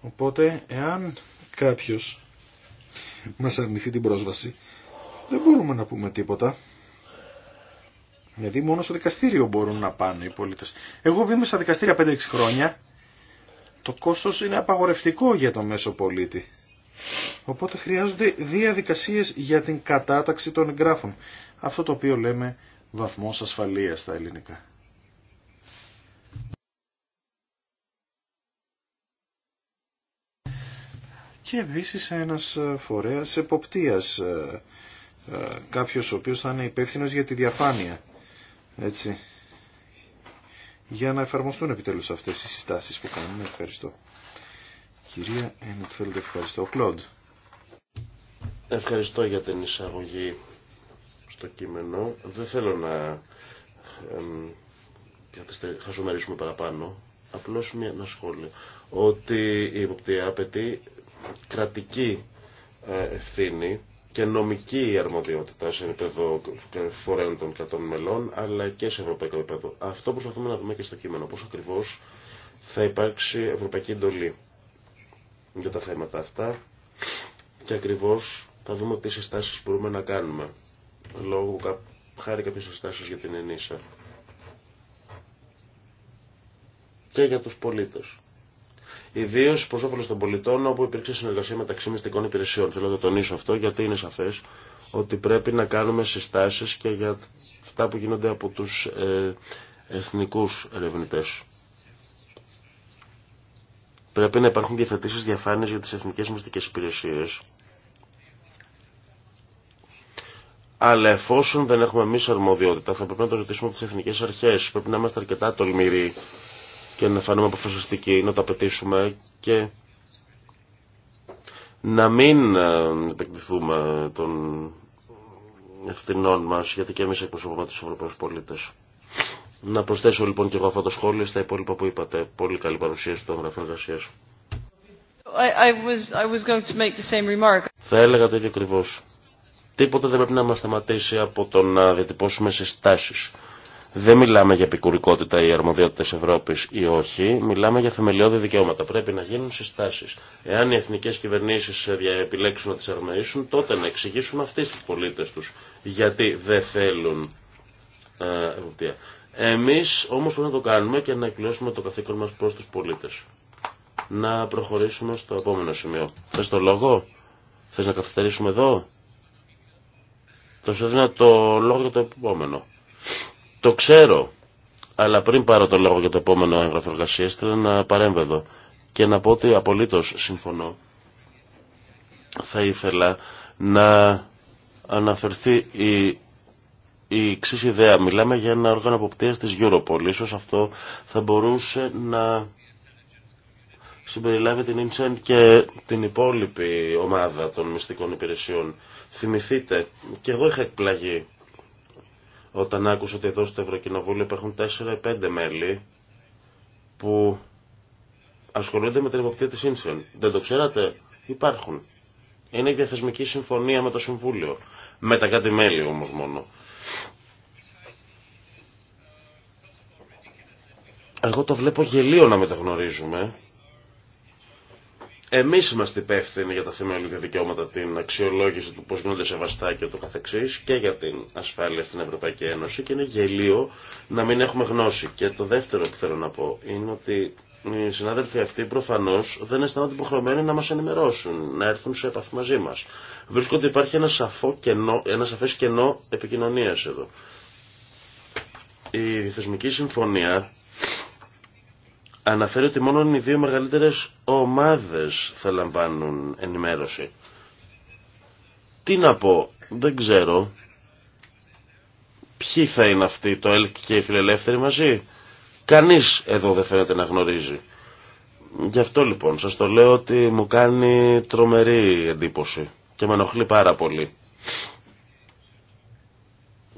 Οπότε, εάν κάποιος μας αρνηθεί την πρόσβαση. Δεν μπορούμε να πούμε τίποτα. Δηλαδή μόνο στο δικαστήριο μπορούν να πάνε οι πολίτες. Εγώ βήμαι στα δικαστήρια 5-6 χρόνια. Το κόστος είναι απαγορευτικό για το μέσο πολίτη. Οπότε χρειάζονται δικασίες για την κατάταξη των εγγράφων. Αυτό το οποίο λέμε βαθμός ασφαλείας στα ελληνικά. και επίσης ένας ε, φορέας εποπτείας, ε, ε, κάποιος ο οποίος θα είναι υπεύθυνο για τη διαφάνεια, έτσι, για να εφαρμοστούν επιτέλους αυτές οι συστάσεις που κάνουμε. Ευχαριστώ. Κυρία Ενετφέλντ, ευχαριστώ. Κλοντ. Ευχαριστώ για την εισαγωγή στο κείμενο. Δεν θέλω να χασομερίσουμε παραπάνω. Απλώς μια ένα σχόλιο. Ότι η υποπτία απαιτεί κρατική ε, ευθύνη και νομική αρμοδιότητα σε επίπεδο φορέων των κρατών μελών, αλλά και σε ευρωπαϊκό επίπεδο. Αυτό προσπαθούμε να δούμε και στο κείμενο, πώς ακριβώς θα υπάρξει ευρωπαϊκή εντολή για τα θέματα αυτά και ακριβώς θα δούμε τι συστάσεις μπορούμε να κάνουμε. Λόγω χάρη κάποιες συστάσεις για την ενίσα και για τους πολίτες ιδίω προ όφελο των πολιτών όπου υπήρξε συνεργασία μεταξύ μυστικών υπηρεσιών. Θέλω να το τονίσω αυτό γιατί είναι σαφέ ότι πρέπει να κάνουμε συστάσει και για αυτά που γίνονται από του ε, εθνικού ερευνητέ. Πρέπει να υπάρχουν διαθετήσει διαφάνεια για τι εθνικέ μυστικέ υπηρεσίε. Αλλά εφόσον δεν έχουμε εμεί αρμοδιότητα, θα πρέπει να το ζητήσουμε από τι εθνικέ αρχέ. Πρέπει να είμαστε αρκετά τολμηροί και να φανούμε αποφασιστικοί, να το απαιτήσουμε και να μην ε, επεκτηθούμε των ευθυνών μας, γιατί και εμείς εκπροσωπούμε τους Ευρωπαίους πολίτες. Να προσθέσω λοιπόν και εγώ αυτό το σχόλιο στα υπόλοιπα που είπατε. Πολύ καλή παρουσίαση των γραφών Εργασίας. Θα έλεγα το ίδιο ακριβώ. Τίποτα δεν πρέπει να μας σταματήσει από το να διατυπώσουμε συστάσεις. Δεν μιλάμε για επικουρικότητα ή αρμοδιότητε Ευρώπη ή όχι, μιλάμε για θεμελιώδη δικαιώματα. Πρέπει να γίνουν συστάσει. Εάν οι εθνικέ κυβερνήσει επιλέξουν να τι αρνοήσουν, τότε να εξηγήσουν αυτοί στου πολίτε του γιατί δεν θέλουν εποπτεία. Εμεί όμω πρέπει να το κάνουμε και να εκπληρώσουμε το καθήκον μα προ του πολίτε. Να προχωρήσουμε στο επόμενο σημείο. Θε το λόγο, θε να καθυστερήσουμε εδώ. Θα σου δίνω το λόγο για το επόμενο. Το ξέρω, αλλά πριν πάρω το λόγο για το επόμενο έγγραφο εργασία, θέλω να παρέμβω και να πω ότι απολύτω συμφωνώ. Θα ήθελα να αναφερθεί η η εξή ιδέα. Μιλάμε για ένα όργανο αποπτία της Europol. σω αυτό θα μπορούσε να συμπεριλάβει την Ίντσεν και την υπόλοιπη ομάδα των μυστικών υπηρεσιών. Θυμηθείτε, και εγώ είχα εκπλαγεί όταν άκουσα ότι εδώ στο Ευρωκοινοβούλιο υπάρχουν 4-5 μέλη που ασχολούνται με την υποπτία της Δεν το ξέρατε, υπάρχουν. Είναι η διαθεσμική συμφωνία με το Συμβούλιο. Με τα κάτι μέλη όμως μόνο. Εγώ το βλέπω γελίο να με γνωρίζουμε. Εμείς είμαστε υπεύθυνοι για τα θεμελιώδη δικαιώματα, την αξιολόγηση του πώς γίνονται σεβαστά και το καθεξής και για την ασφάλεια στην Ευρωπαϊκή Ένωση και είναι γελίο να μην έχουμε γνώση. Και το δεύτερο που θέλω να πω είναι ότι οι συνάδελφοι αυτοί προφανώς δεν αισθάνονται υποχρεωμένοι να μας ενημερώσουν, να έρθουν σε επαφή μαζί μα. Βρίσκω ότι υπάρχει ένα, σαφό κενό, ένα σαφές κενό επικοινωνίας εδώ. Η θεσμική συμφωνία αναφέρει ότι μόνο οι δύο μεγαλύτερες ομάδες θα λαμβάνουν ενημέρωση. Τι να πω, δεν ξέρω. Ποιοι θα είναι αυτοί, το ΕΛΚ και οι φιλελεύθεροι μαζί. Κανείς εδώ δεν φαίνεται να γνωρίζει. Γι' αυτό λοιπόν σας το λέω ότι μου κάνει τρομερή εντύπωση και με ενοχλεί πάρα πολύ.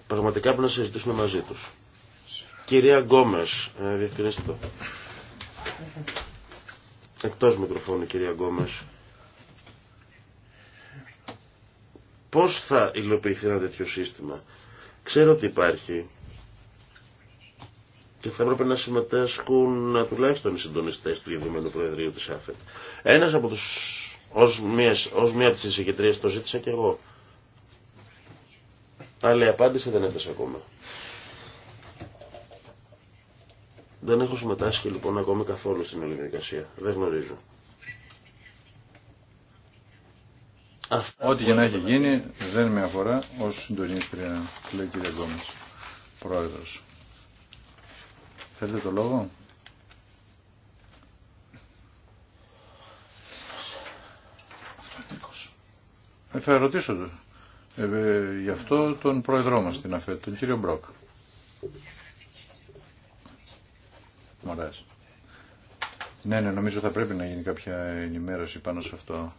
Πραγματικά πρέπει να συζητήσουμε μαζί τους. Κυρία Γκόμες, ε, διευκρινίστε το. Εκτός μικροφώνου κυρία Γκόμες. Πώς θα υλοποιηθεί ένα τέτοιο σύστημα. Ξέρω ότι υπάρχει και θα έπρεπε να συμμετέσχουν τουλάχιστον οι συντονιστές του Γεδομένου Προεδρείου της ΑΦΕΤ. Ένας από τους, ως, μίας, ως μία από τις εισηγητρίες το ζήτησα και εγώ. Αλλά η απάντηση δεν έφτασε ακόμα. Δεν έχω συμμετάσχει λοιπόν ακόμη καθόλου στην όλη διαδικασία. Δεν γνωρίζω. Ό,τι για να έχει γίνει δεν με αφορά ω συντονίστρια, λέει η κυρία Γκόμε, πρόεδρο. Θέλετε το λόγο. Ε, θα ρωτήσω ε, ε, γι' αυτό τον πρόεδρό μας την ΑΦΕΤ, τον κύριο Μπρόκ. Ναι, ναι, νομίζω θα πρέπει να γίνει κάποια ενημέρωση πάνω σε αυτό.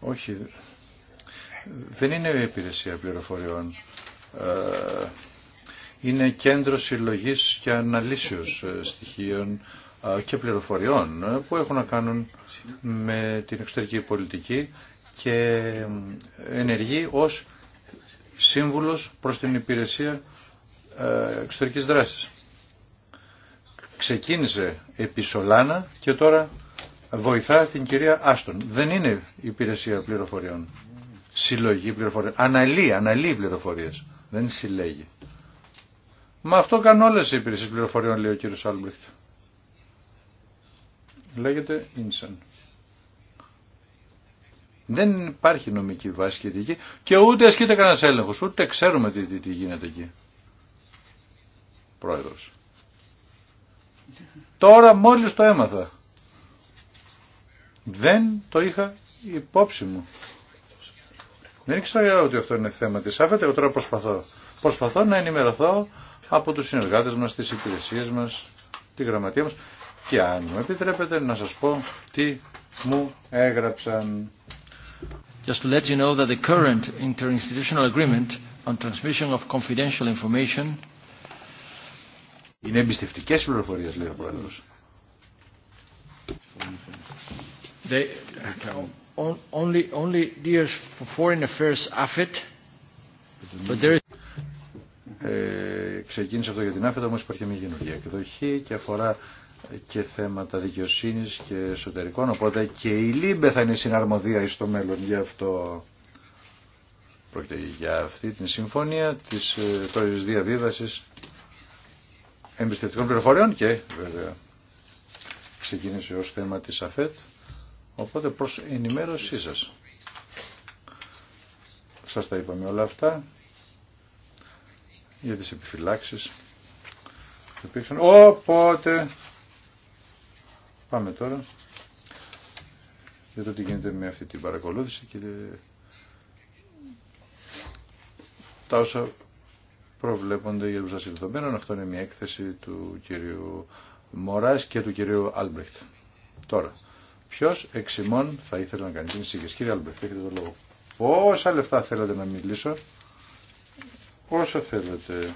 Όχι, δεν είναι υπηρεσία πληροφοριών. Ε, είναι κέντρο συλλογής και αναλύσεως ε, στοιχείων ε, και πληροφοριών που έχουν να κάνουν με την εξωτερική πολιτική και ενεργεί ως σύμβουλος προς την υπηρεσία ε, εξωτερικής δράσης. Ξεκίνησε επί Σολάνα και τώρα βοηθά την κυρία Άστον. Δεν είναι υπηρεσία πληροφοριών. Συλλογή πληροφοριών. Αναλύει, αναλύει πληροφορίες. Δεν συλλέγει. Μα αυτό κάνουν όλες οι υπηρεσίες πληροφοριών, λέει ο κύριος Άλμπριχτ. Λέγεται Ίνσεν. Δεν υπάρχει νομική βάση σχετική και ούτε ασκείται κανένα έλεγχο, ούτε ξέρουμε τι, τι, γίνεται εκεί. Πρόεδρο. Τώρα μόλι το έμαθα. Δεν το είχα υπόψη μου. Δεν ήξερα ότι αυτό είναι θέμα της ΑΦΕΤ, εγώ τώρα προσπαθώ. Προσπαθώ να ενημερωθώ από τους συνεργάτες μας, τις υπηρεσίες μας, τη γραμματεία μας και αν μου επιτρέπετε να σα πω τι μου έγραψαν. Just to let you know that the current interinstitutional agreement on transmission of confidential information είναι εμπιστευτικέ πληροφορίε, λέει ο πρόεδρο. They only only deals for foreign affairs AFET, but there is ε, ξεκίνησε αυτό για την άφετα, όμως υπάρχει μια γενοργία εκδοχή και αφορά και θέματα δικαιοσύνης και εσωτερικών, οπότε και η ΛΥΜΠΕ θα είναι συναρμοδία το μέλλον για αυτό. Πρόκειται για αυτή την συμφωνία της ε, τόρης διαβίβασης εμπιστευτικών πληροφοριών και βέβαια ξεκίνησε ως θέμα της ΑΦΕΤ, οπότε προς ενημέρωσή σας. Σας τα είπαμε όλα αυτά για τις επιφυλάξεις Οπότε Πάμε τώρα για το τι γίνεται με αυτή την παρακολούθηση και τα όσα προβλέπονται για τους ασυνδεδομένων. Αυτό είναι μια έκθεση του κυρίου Μωράς και του κυρίου Άλμπρεχτ. Τώρα, ποιο ημών θα ήθελε να κάνει την εισήγηση. Κύριε Άλμπρεχτ, έχετε το λόγο. Πόσα λεφτά θέλετε να μιλήσω, Πόσα θέλετε.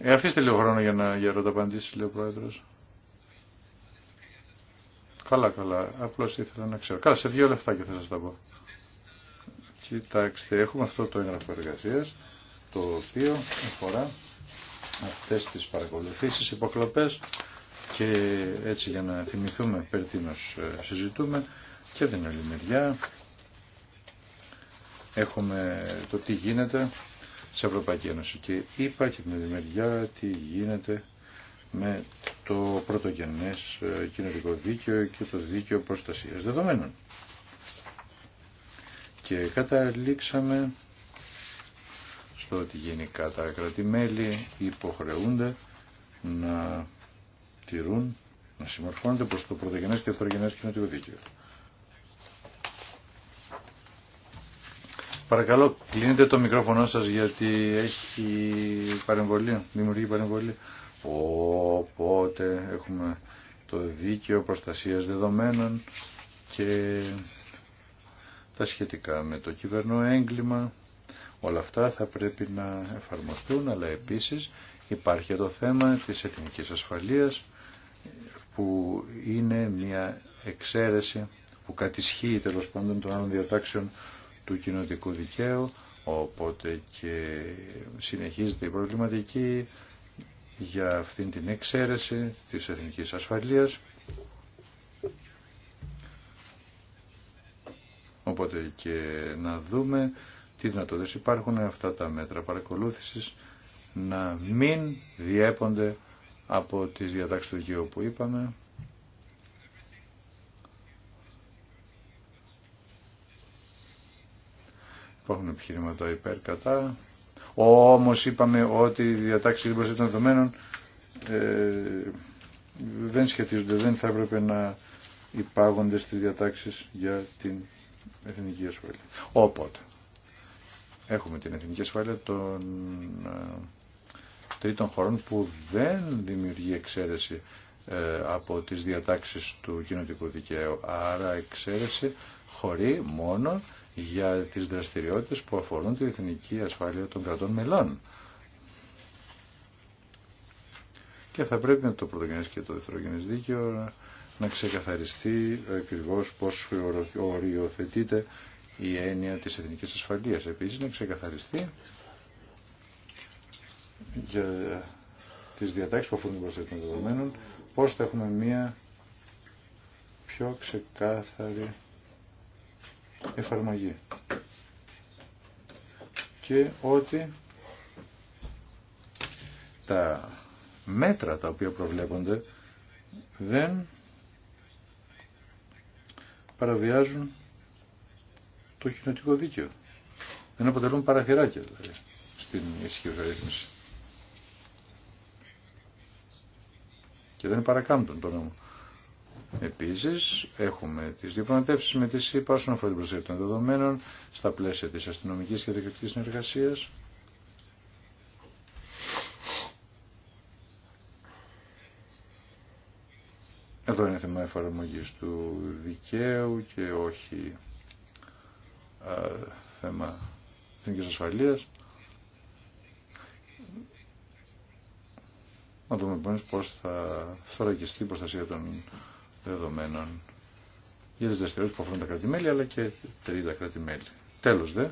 Ε, αφήστε λίγο χρόνο για να για απαντήσεις, λέει ο Πρόεδρος. Καλά, καλά. Απλώς ήθελα να ξέρω. Καλά, σε δύο και θα σας τα πω. Κοιτάξτε, έχουμε αυτό το έγγραφο εργασία, το οποίο αφορά αυτές τις παρακολουθήσεις, υποκλοπές και έτσι για να θυμηθούμε περί τίνος ε, συζητούμε και την άλλη μεριά έχουμε το τι γίνεται σε Ευρωπαϊκή Ένωση. Και είπα και την άλλη μεριά τι γίνεται με το πρωτογενές ε, κοινωνικό δίκαιο και το δίκαιο προστασία δεδομένων. Και καταλήξαμε στο ότι γενικά τα κρατημέλη υποχρεούνται να τηρούν, να συμμορφώνονται προς το πρωτογενές και το δευτερογενές κοινωνικό δίκαιο. Παρακαλώ, κλείνετε το μικρόφωνο σας γιατί έχει παρεμβολή, δημιουργεί παρεμβολή. Οπότε έχουμε το δίκαιο προστασίας δεδομένων και τα σχετικά με το κυβερνό έγκλημα. Όλα αυτά θα πρέπει να εφαρμοστούν, αλλά επίσης υπάρχει το θέμα της εθνικής ασφαλείας που είναι μια εξαίρεση που κατησχύει τέλος πάντων των άλλων διατάξεων του κοινοτικού δικαίου, οπότε και συνεχίζεται η προβληματική για αυτήν την εξαίρεση της εθνικής ασφαλείας. Οπότε και να δούμε τι δυνατότητες υπάρχουν αυτά τα μέτρα παρακολούθησης να μην διέπονται από τις διατάξεις του δικαίου που είπαμε. Υπάρχουν επιχειρήματα υπέρ κατά. Όμω είπαμε ότι οι διατάξει λίγο των δεδομένων ε, δεν σχετίζονται, δεν θα έπρεπε να υπάγονται στι διατάξεις για την εθνική ασφάλεια. Όποτε έχουμε την εθνική ασφάλεια των ε, τρίτων χωρών που δεν δημιουργεί εξαίρεση ε, από τις διατάξεις του κοινωτικού δικαίου. Άρα εξαίρεση χωρί μόνο για τις δραστηριότητες που αφορούν την εθνική ασφάλεια των κρατών μελών. Και θα πρέπει με το πρωτογενές και το δευτερογενές δίκαιο να ξεκαθαριστεί ακριβώς πώς οριοθετείται η έννοια της εθνικής ασφαλείας. Επίσης να ξεκαθαριστεί για τις διατάξεις που αφορούν την προστασία των δεδομένων, πώς θα έχουμε μία πιο ξεκάθαρη εφαρμογή. Και ότι τα μέτρα τα οποία προβλέπονται δεν παραβιάζουν το κοινωτικό δίκαιο. Δεν αποτελούν παραθυράκια δηλαδή, στην ισχυρή ρύθμιση. Και δεν παρακάμπτουν το νόμο. Επίσης, έχουμε τις διαπραγματεύσεις με τη ΣΥΠΑ όσον αφορά την προστασία των δεδομένων στα πλαίσια της αστυνομικής και διοικητικής συνεργασίας. Εδώ είναι θέμα εφαρμογής του δικαίου και όχι α, θέμα εθνικής ασφαλείας. Να δούμε πώς θα θωρακιστεί η προστασία των δεδομένων για τις δραστηριότητες που αφορούν τα κράτη-μέλη αλλά και τρίτα κράτη-μέλη. Τέλος δε,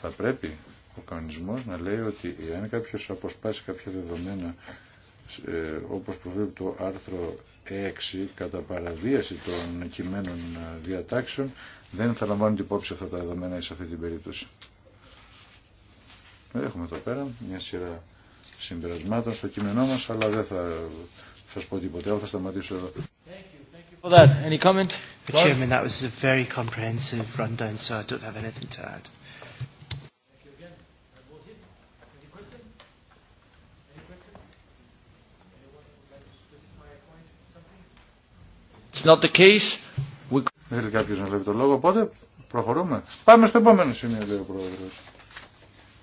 θα πρέπει ο κανονισμός να λέει ότι αν κάποιος αποσπάσει κάποια δεδομένα ε, όπως προβλέπει το άρθρο 6 κατά παραβίαση των κειμένων διατάξεων δεν θα λαμβάνουν υπόψη αυτά τα δεδομένα σε αυτή την περίπτωση. Έχουμε εδώ πέρα μια σειρά συμπερασμάτων στο κείμενό μας, αλλά δεν θα σας πω τίποτε άλλο, θα σταματήσω εδώ. Δεν θέλει κάποιος να λέει το λόγο, οπότε προχωρούμε. Πάμε στο επόμενο σημείο, λέει ο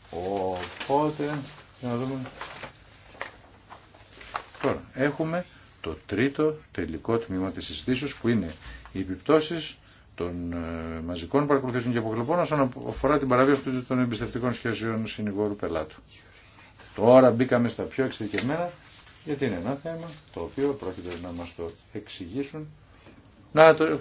Οπότε... Τώρα, έχουμε το τρίτο τελικό τμήμα της συστήσεως που είναι οι επιπτώσεις των ε, μαζικών παρακολουθήσεων και αποκλοπών όσον αφορά την παραβίαση των εμπιστευτικών σχέσεων συνηγόρου πελάτου. Τώρα μπήκαμε στα πιο εξειδικευμένα γιατί είναι ένα θέμα το οποίο πρόκειται να μας το εξηγήσουν. Να το...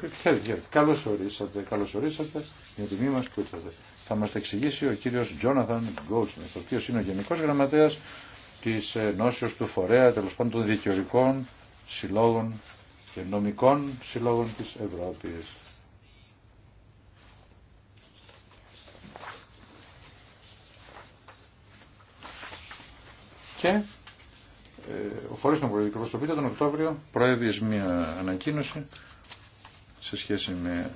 Καλώς ορίσατε, καλώς ορίσατε. τιμή μας που ήρθατε θα μας τα εξηγήσει ο κύριος Jonathan Goldsmith, ο οποίος είναι ο Γενικός Γραμματέας της νόσεως του Φορέα, τέλο πάντων των Δικαιωρικών Συλλόγων και Νομικών Συλλόγων της Ευρώπης. Και ε, ο φορέας των προεδρικών τον Οκτώβριο προέβη μια ανακοίνωση σε σχέση με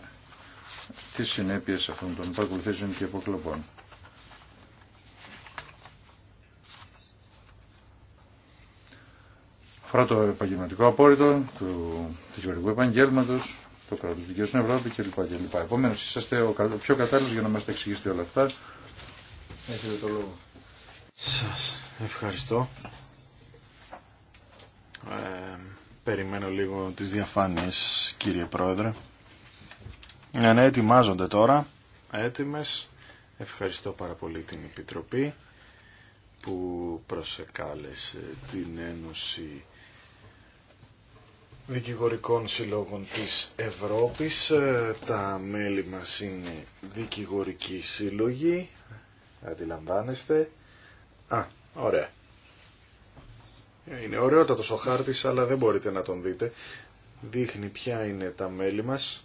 τις συνέπειες αυτών των παρακολουθήσεων και υποκλοπών. Αφορά το επαγγελματικό απόρριτο του δικαιωρικού επαγγέλματος, το κράτο δικαίου στην Ευρώπη κλπ. κλπ. Επομένω, είσαστε ο πιο κατάλληλο για να μα τα εξηγήσετε όλα αυτά. Έχετε το λόγο. Σα ευχαριστώ. Ε, περιμένω λίγο τις διαφάνειες κύριε Πρόεδρε. Ναι, ναι, ετοιμάζονται τώρα. Έτοιμες. Ευχαριστώ πάρα πολύ την Επιτροπή που προσεκάλεσε την Ένωση Δικηγορικών Συλλόγων της Ευρώπης. Ε, τα μέλη μας είναι δικηγορικοί σύλλογοι. Αντιλαμβάνεστε. Α, ωραία. Είναι το ο χάρτης, αλλά δεν μπορείτε να τον δείτε. Δείχνει ποια είναι τα μέλη μας.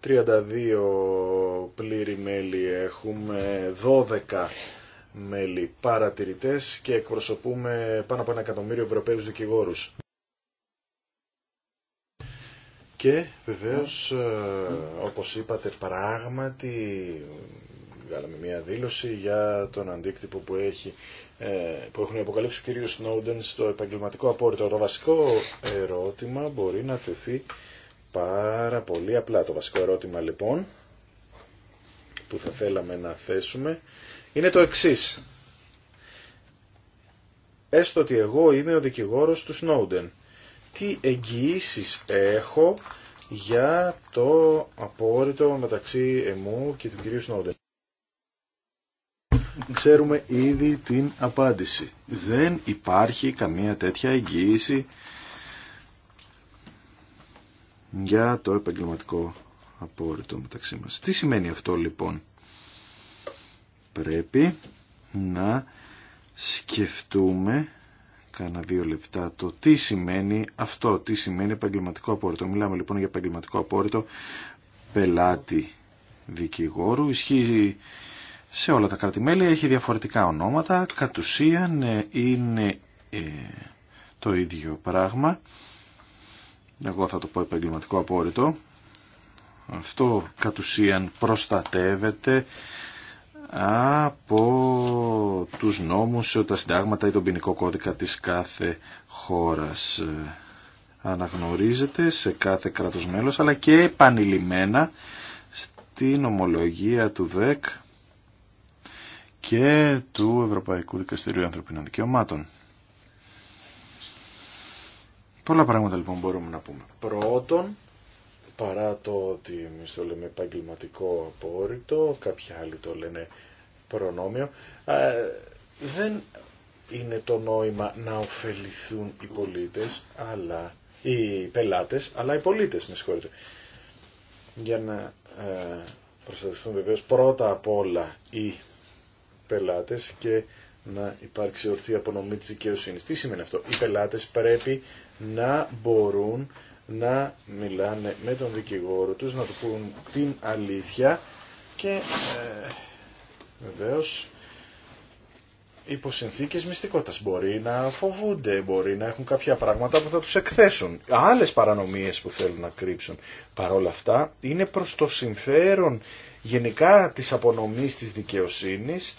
32 πλήρη μέλη έχουμε, 12 μέλη παρατηρητές και εκπροσωπούμε πάνω από ένα εκατομμύριο Ευρωπαίους δικηγόρους. Και βεβαίως, ε, όπως είπατε, πράγματι βγάλαμε μια δήλωση για τον αντίκτυπο που, έχει, ε, που έχουν αποκαλύψει ο κ. Σνόντεν στο επαγγελματικό απόρριτο. Το βασικό ερώτημα μπορεί να τεθεί πάρα πολύ απλά. Το βασικό ερώτημα λοιπόν που θα θέλαμε να θέσουμε είναι το εξής. Έστω ότι εγώ είμαι ο δικηγόρος του Σνόντεν. Τι εγγυήσει έχω για το απόρριτο μεταξύ εμού και του κυρίου Σνόντεν. Ξέρουμε ήδη την απάντηση. Δεν υπάρχει καμία τέτοια εγγύηση για το επαγγελματικό απόρριτο μεταξύ μας. Τι σημαίνει αυτό λοιπόν. Πρέπει να σκεφτούμε κάνα δύο λεπτά το τι σημαίνει αυτό, τι σημαίνει επαγγελματικό απόρριτο. Μιλάμε λοιπόν για επαγγελματικό απόρριτο πελάτη δικηγόρου. Ισχύει σε όλα τα κρατη έχει διαφορετικά ονόματα, κατ' ουσίαν ε, είναι ε, το ίδιο πράγμα εγώ θα το πω επαγγελματικό απόρριτο, αυτό κατ' ουσίαν προστατεύεται από τους νόμους, τα συντάγματα ή τον ποινικό κώδικα της κάθε χώρας. Αναγνωρίζεται σε κάθε κράτος μέλος, αλλά και επανειλημμένα στην ομολογία του ΔΕΚ και του Ευρωπαϊκού Δικαστηρίου Ανθρωπίνων Δικαιωμάτων. Πολλά πράγματα λοιπόν μπορούμε να πούμε. Πρώτον, παρά το ότι εμεί το λέμε επαγγελματικό απόρριτο, κάποιοι άλλοι το λένε προνόμιο, ε, δεν είναι το νόημα να ωφεληθούν οι πολίτες, αλλά οι πελάτες, αλλά οι πολίτες, με συγχωρείτε. Για να ε, προστατευτούν βεβαίως πρώτα απ' όλα οι πελάτες και να υπάρξει ορθή απονομή της δικαιοσύνης. Τι σημαίνει αυτό. Οι πελάτες πρέπει να μπορούν να μιλάνε με τον δικηγόρο τους, να του πούν την αλήθεια και ε, βεβαίως υπό μυστικότητας. Μπορεί να φοβούνται, μπορεί να έχουν κάποια πράγματα που θα τους εκθέσουν. Άλλες παρανομίες που θέλουν να κρύψουν. Παρ' όλα αυτά είναι προ το συμφέρον γενικά της απονομή της δικαιοσύνης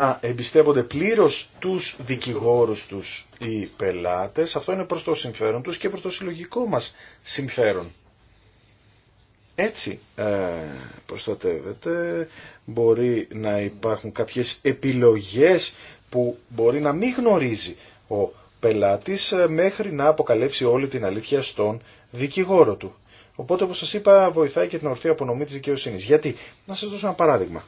Α, εμπιστεύονται πλήρως τους δικηγόρους τους οι πελάτες, αυτό είναι προς το συμφέρον τους και προς το συλλογικό μας συμφέρον. Έτσι ε, προστατεύεται, μπορεί να υπάρχουν κάποιες επιλογές που μπορεί να μην γνωρίζει ο πελάτης ε, μέχρι να αποκαλύψει όλη την αλήθεια στον δικηγόρο του. Οπότε όπως σας είπα βοηθάει και την ορθή απονομή της δικαιοσύνης. Γιατί, να σας δώσω ένα παράδειγμα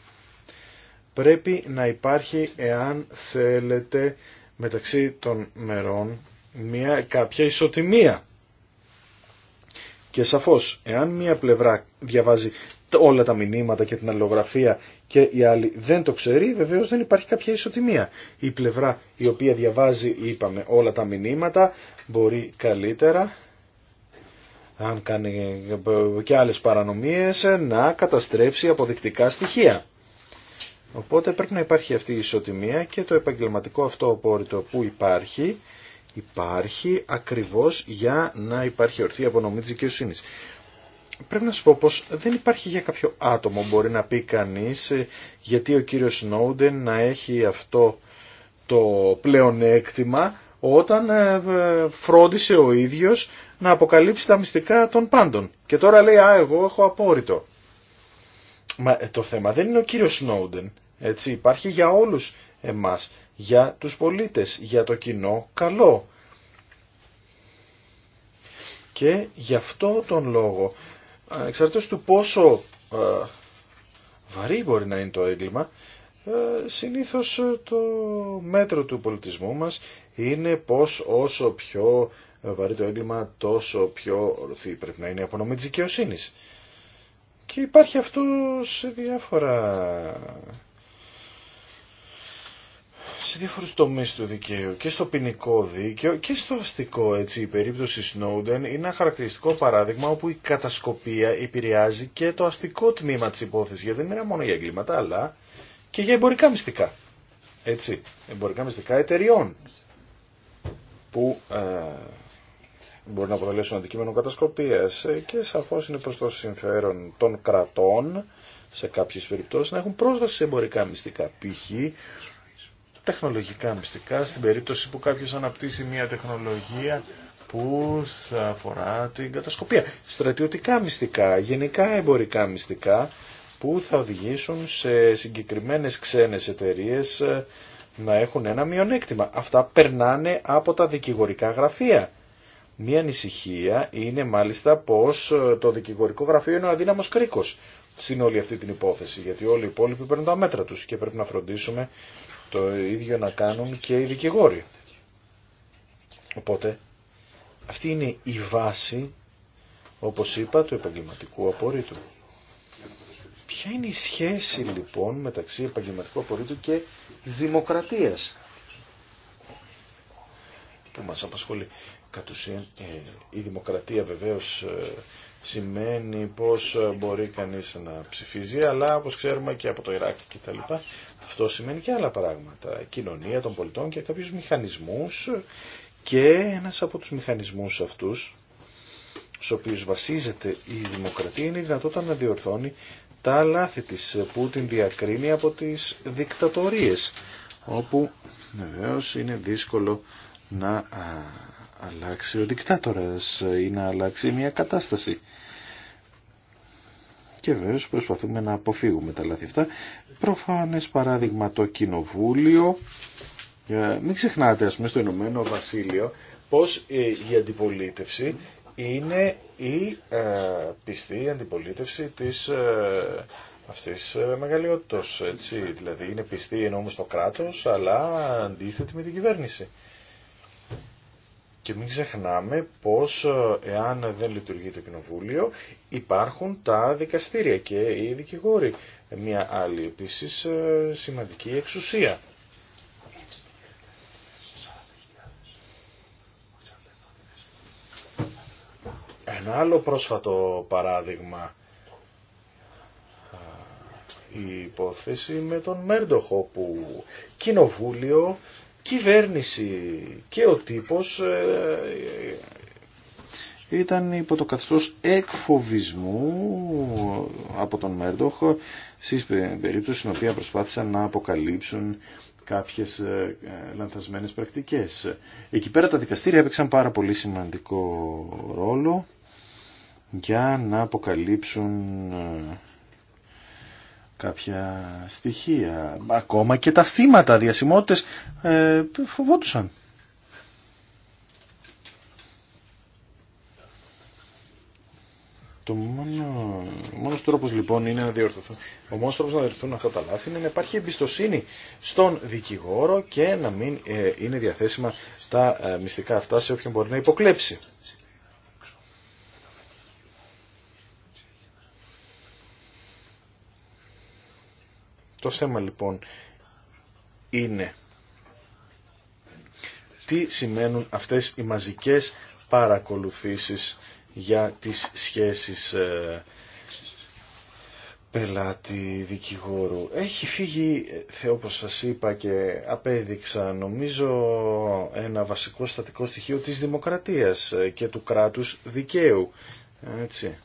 πρέπει να υπάρχει εάν θέλετε μεταξύ των μερών μια κάποια ισοτιμία. Και σαφώς, εάν μία πλευρά διαβάζει όλα τα μηνύματα και την αλληλογραφία και η άλλη δεν το ξέρει, βεβαίως δεν υπάρχει κάποια ισοτιμία. Η πλευρά η οποία διαβάζει, είπαμε, όλα τα μηνύματα μπορεί καλύτερα, αν κάνει ε, και άλλες παρανομίες, ε, να καταστρέψει αποδεικτικά στοιχεία. Οπότε πρέπει να υπάρχει αυτή η ισοτιμία και το επαγγελματικό αυτό απόρριτο που υπάρχει, υπάρχει ακριβώς για να υπάρχει ορθή απονομή της δικαιοσύνη. Πρέπει να σου πω πως δεν υπάρχει για κάποιο άτομο μπορεί να πει κανείς ε, γιατί ο κύριος Σνόουντεν να έχει αυτό το πλεονέκτημα όταν ε, ε, φρόντισε ο ίδιος να αποκαλύψει τα μυστικά των πάντων. Και τώρα λέει «Α, εγώ έχω απόρριτο». Μα ε, το θέμα δεν είναι ο κύριος Σνόντεν, έτσι, υπάρχει για όλους εμάς, για τους πολίτες, για το κοινό καλό. Και γι' αυτό τον λόγο, εξαρτήτως του πόσο ε, βαρύ μπορεί να είναι το έγκλημα, ε, συνήθως ε, το μέτρο του πολιτισμού μας είναι πως όσο πιο βαρύ το έγκλημα, τόσο πιο ορθή πρέπει να είναι η απονομή της δικαιοσύνης. Και υπάρχει αυτό σε διάφορα σε διάφορους τομείς του δικαίου και στο ποινικό δίκαιο και στο αστικό έτσι η περίπτωση Snowden είναι ένα χαρακτηριστικό παράδειγμα όπου η κατασκοπία επηρεάζει και το αστικό τμήμα της υπόθεσης γιατί δεν είναι μόνο για εγκλήματα αλλά και για εμπορικά μυστικά έτσι εμπορικά μυστικά εταιριών που ε, Μπορεί να αποτελέσουν αντικείμενο κατασκοπίας ε, και σαφώς είναι προς το συμφέρον των κρατών σε κάποιες περιπτώσεις να έχουν πρόσβαση σε εμπορικά μυστικά π.χ. τεχνολογικά μυστικά στην περίπτωση που κάποιος αναπτύσσει μια τεχνολογία που θα αφορά την κατασκοπία. Στρατιωτικά μυστικά, γενικά εμπορικά μυστικά που θα οδηγήσουν σε συγκεκριμένες ξένες εταιρείες ε, να έχουν ένα μειονέκτημα. Αυτά περνάνε από τα δικηγορικά γραφεία Μία ανησυχία είναι μάλιστα πως ε, το δικηγορικό γραφείο είναι ο αδύναμος κρίκος στην όλη αυτή την υπόθεση, γιατί όλοι οι υπόλοιποι παίρνουν τα μέτρα τους και πρέπει να φροντίσουμε το ίδιο να κάνουν και οι δικηγόροι. Οπότε, αυτή είναι η βάση, όπως είπα, του επαγγελματικού απορρίτου. Ποια είναι η σχέση λοιπόν μεταξύ επαγγελματικού απορρίτου και δημοκρατίας που μας απασχολεί. Κατ' ουσίαν ε, η δημοκρατία βεβαίως ε, σημαίνει πως ε, μπορεί κανείς να ψηφίζει, αλλά όπως ξέρουμε και από το Ιράκ και τα λοιπά, αυτό σημαίνει και άλλα πράγματα. Κοινωνία των πολιτών και κάποιους μηχανισμούς και ένας από τους μηχανισμούς αυτούς, στους οποίους βασίζεται η δημοκρατία, είναι η δυνατότητα να διορθώνει τα λάθη της που την διακρίνει από τις δικτατορίες, όπου βεβαίω είναι δύσκολο να αλλάξει ο δικτάτορας ή να αλλάξει μια κατάσταση. Και βέβαια προσπαθούμε να αποφύγουμε τα λάθη αυτά. Προφανές παράδειγμα το κοινοβούλιο. Ε, μην ξεχνάτε ας πούμε στο Ηνωμένο Βασίλειο πως ε, η αντιπολίτευση είναι η ε, πιστή αντιπολίτευση της ε, αυτής ε, έτσι, δηλαδή είναι πιστή ενώ στο κράτος, αλλά αντίθετη με την κυβέρνηση. Και μην ξεχνάμε πως ε, εάν δεν λειτουργεί το κοινοβούλιο υπάρχουν τα δικαστήρια και οι δικηγόροι. Μια άλλη επίσης ε, σημαντική εξουσία. Ένα άλλο πρόσφατο παράδειγμα ε, η υπόθεση με τον Μέρντοχο που κοινοβούλιο κυβέρνηση και ο τύπος ε, ήταν υπό το καθώς εκφοβισμού από τον Μέρντοχ στις περίπτωση στην οποία προσπάθησαν να αποκαλύψουν κάποιες ε, λανθασμένες πρακτικές. Εκεί πέρα τα δικαστήρια έπαιξαν πάρα πολύ σημαντικό ρόλο για να αποκαλύψουν ε, κάποια στοιχεία. Ακόμα και τα θύματα διασημότητες ε, φοβόντουσαν. Το μόνο, μόνος τρόπος λοιπόν είναι να διορθωθούν. Ο μόνος τρόπος να διορθωθούν αυτά τα λάθη είναι να υπάρχει εμπιστοσύνη στον δικηγόρο και να μην ε, είναι διαθέσιμα τα ε, μυστικά αυτά σε όποιον μπορεί να υποκλέψει. Το θέμα λοιπόν είναι τι σημαίνουν αυτές οι μαζικές παρακολουθήσεις για τις σχέσεις ε, πελάτη δικηγόρου. Έχει φύγει, ε, όπως σας είπα και απέδειξα, νομίζω ένα βασικό στατικό στοιχείο της δημοκρατίας ε, και του κράτους δικαίου. Έτσι.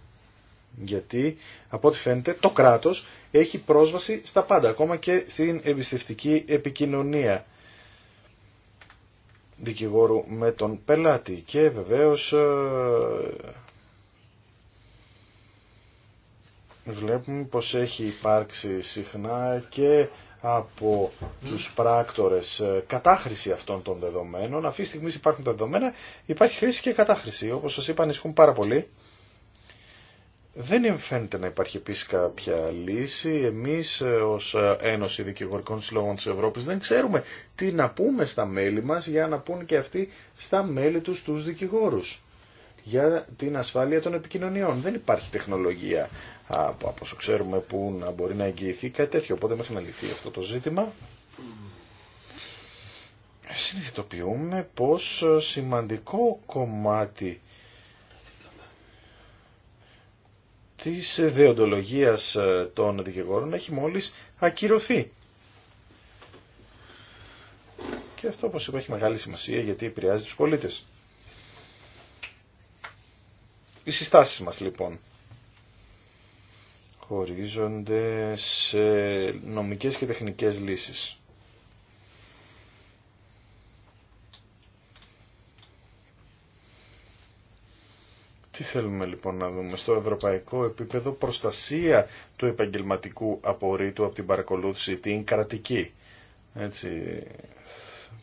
Γιατί, από ό,τι φαίνεται, το κράτος έχει πρόσβαση στα πάντα, ακόμα και στην εμπιστευτική επικοινωνία δικηγόρου με τον πελάτη. Και βεβαίως ε, βλέπουμε πως έχει υπάρξει συχνά και από τους πράκτορες ε, κατάχρηση αυτών των δεδομένων. Αυτή τη στιγμή υπάρχουν τα δεδομένα, υπάρχει χρήση και κατάχρηση. Όπως σας είπα, ανησυχούν πάρα πολύ. Δεν φαίνεται να υπάρχει επίση κάποια λύση. Εμείς ε, ως ε, Ένωση Δικηγορικών Συλλόγων της Ευρώπης δεν ξέρουμε τι να πούμε στα μέλη μας για να πούν και αυτοί στα μέλη τους του δικηγόρους για την ασφάλεια των επικοινωνιών. Δεν υπάρχει τεχνολογία από όσο ξέρουμε που να μπορεί να εγγυηθεί κάτι τέτοιο. Οπότε μέχρι να λυθεί αυτό το ζήτημα συνειδητοποιούμε πως ε, σημαντικό κομμάτι της δεοντολογίας ε, των δικηγόρων έχει μόλις ακυρωθεί. Και αυτό, όπως είπα, έχει μεγάλη σημασία γιατί επηρεάζει τους πολίτες. Οι συστάσεις μας, λοιπόν, χωρίζονται σε νομικές και τεχνικές λύσεις. Τι θέλουμε λοιπόν να δούμε στο ευρωπαϊκό επίπεδο προστασία του επαγγελματικού απορρίτου από την παρακολούθηση, την κρατική. Έτσι,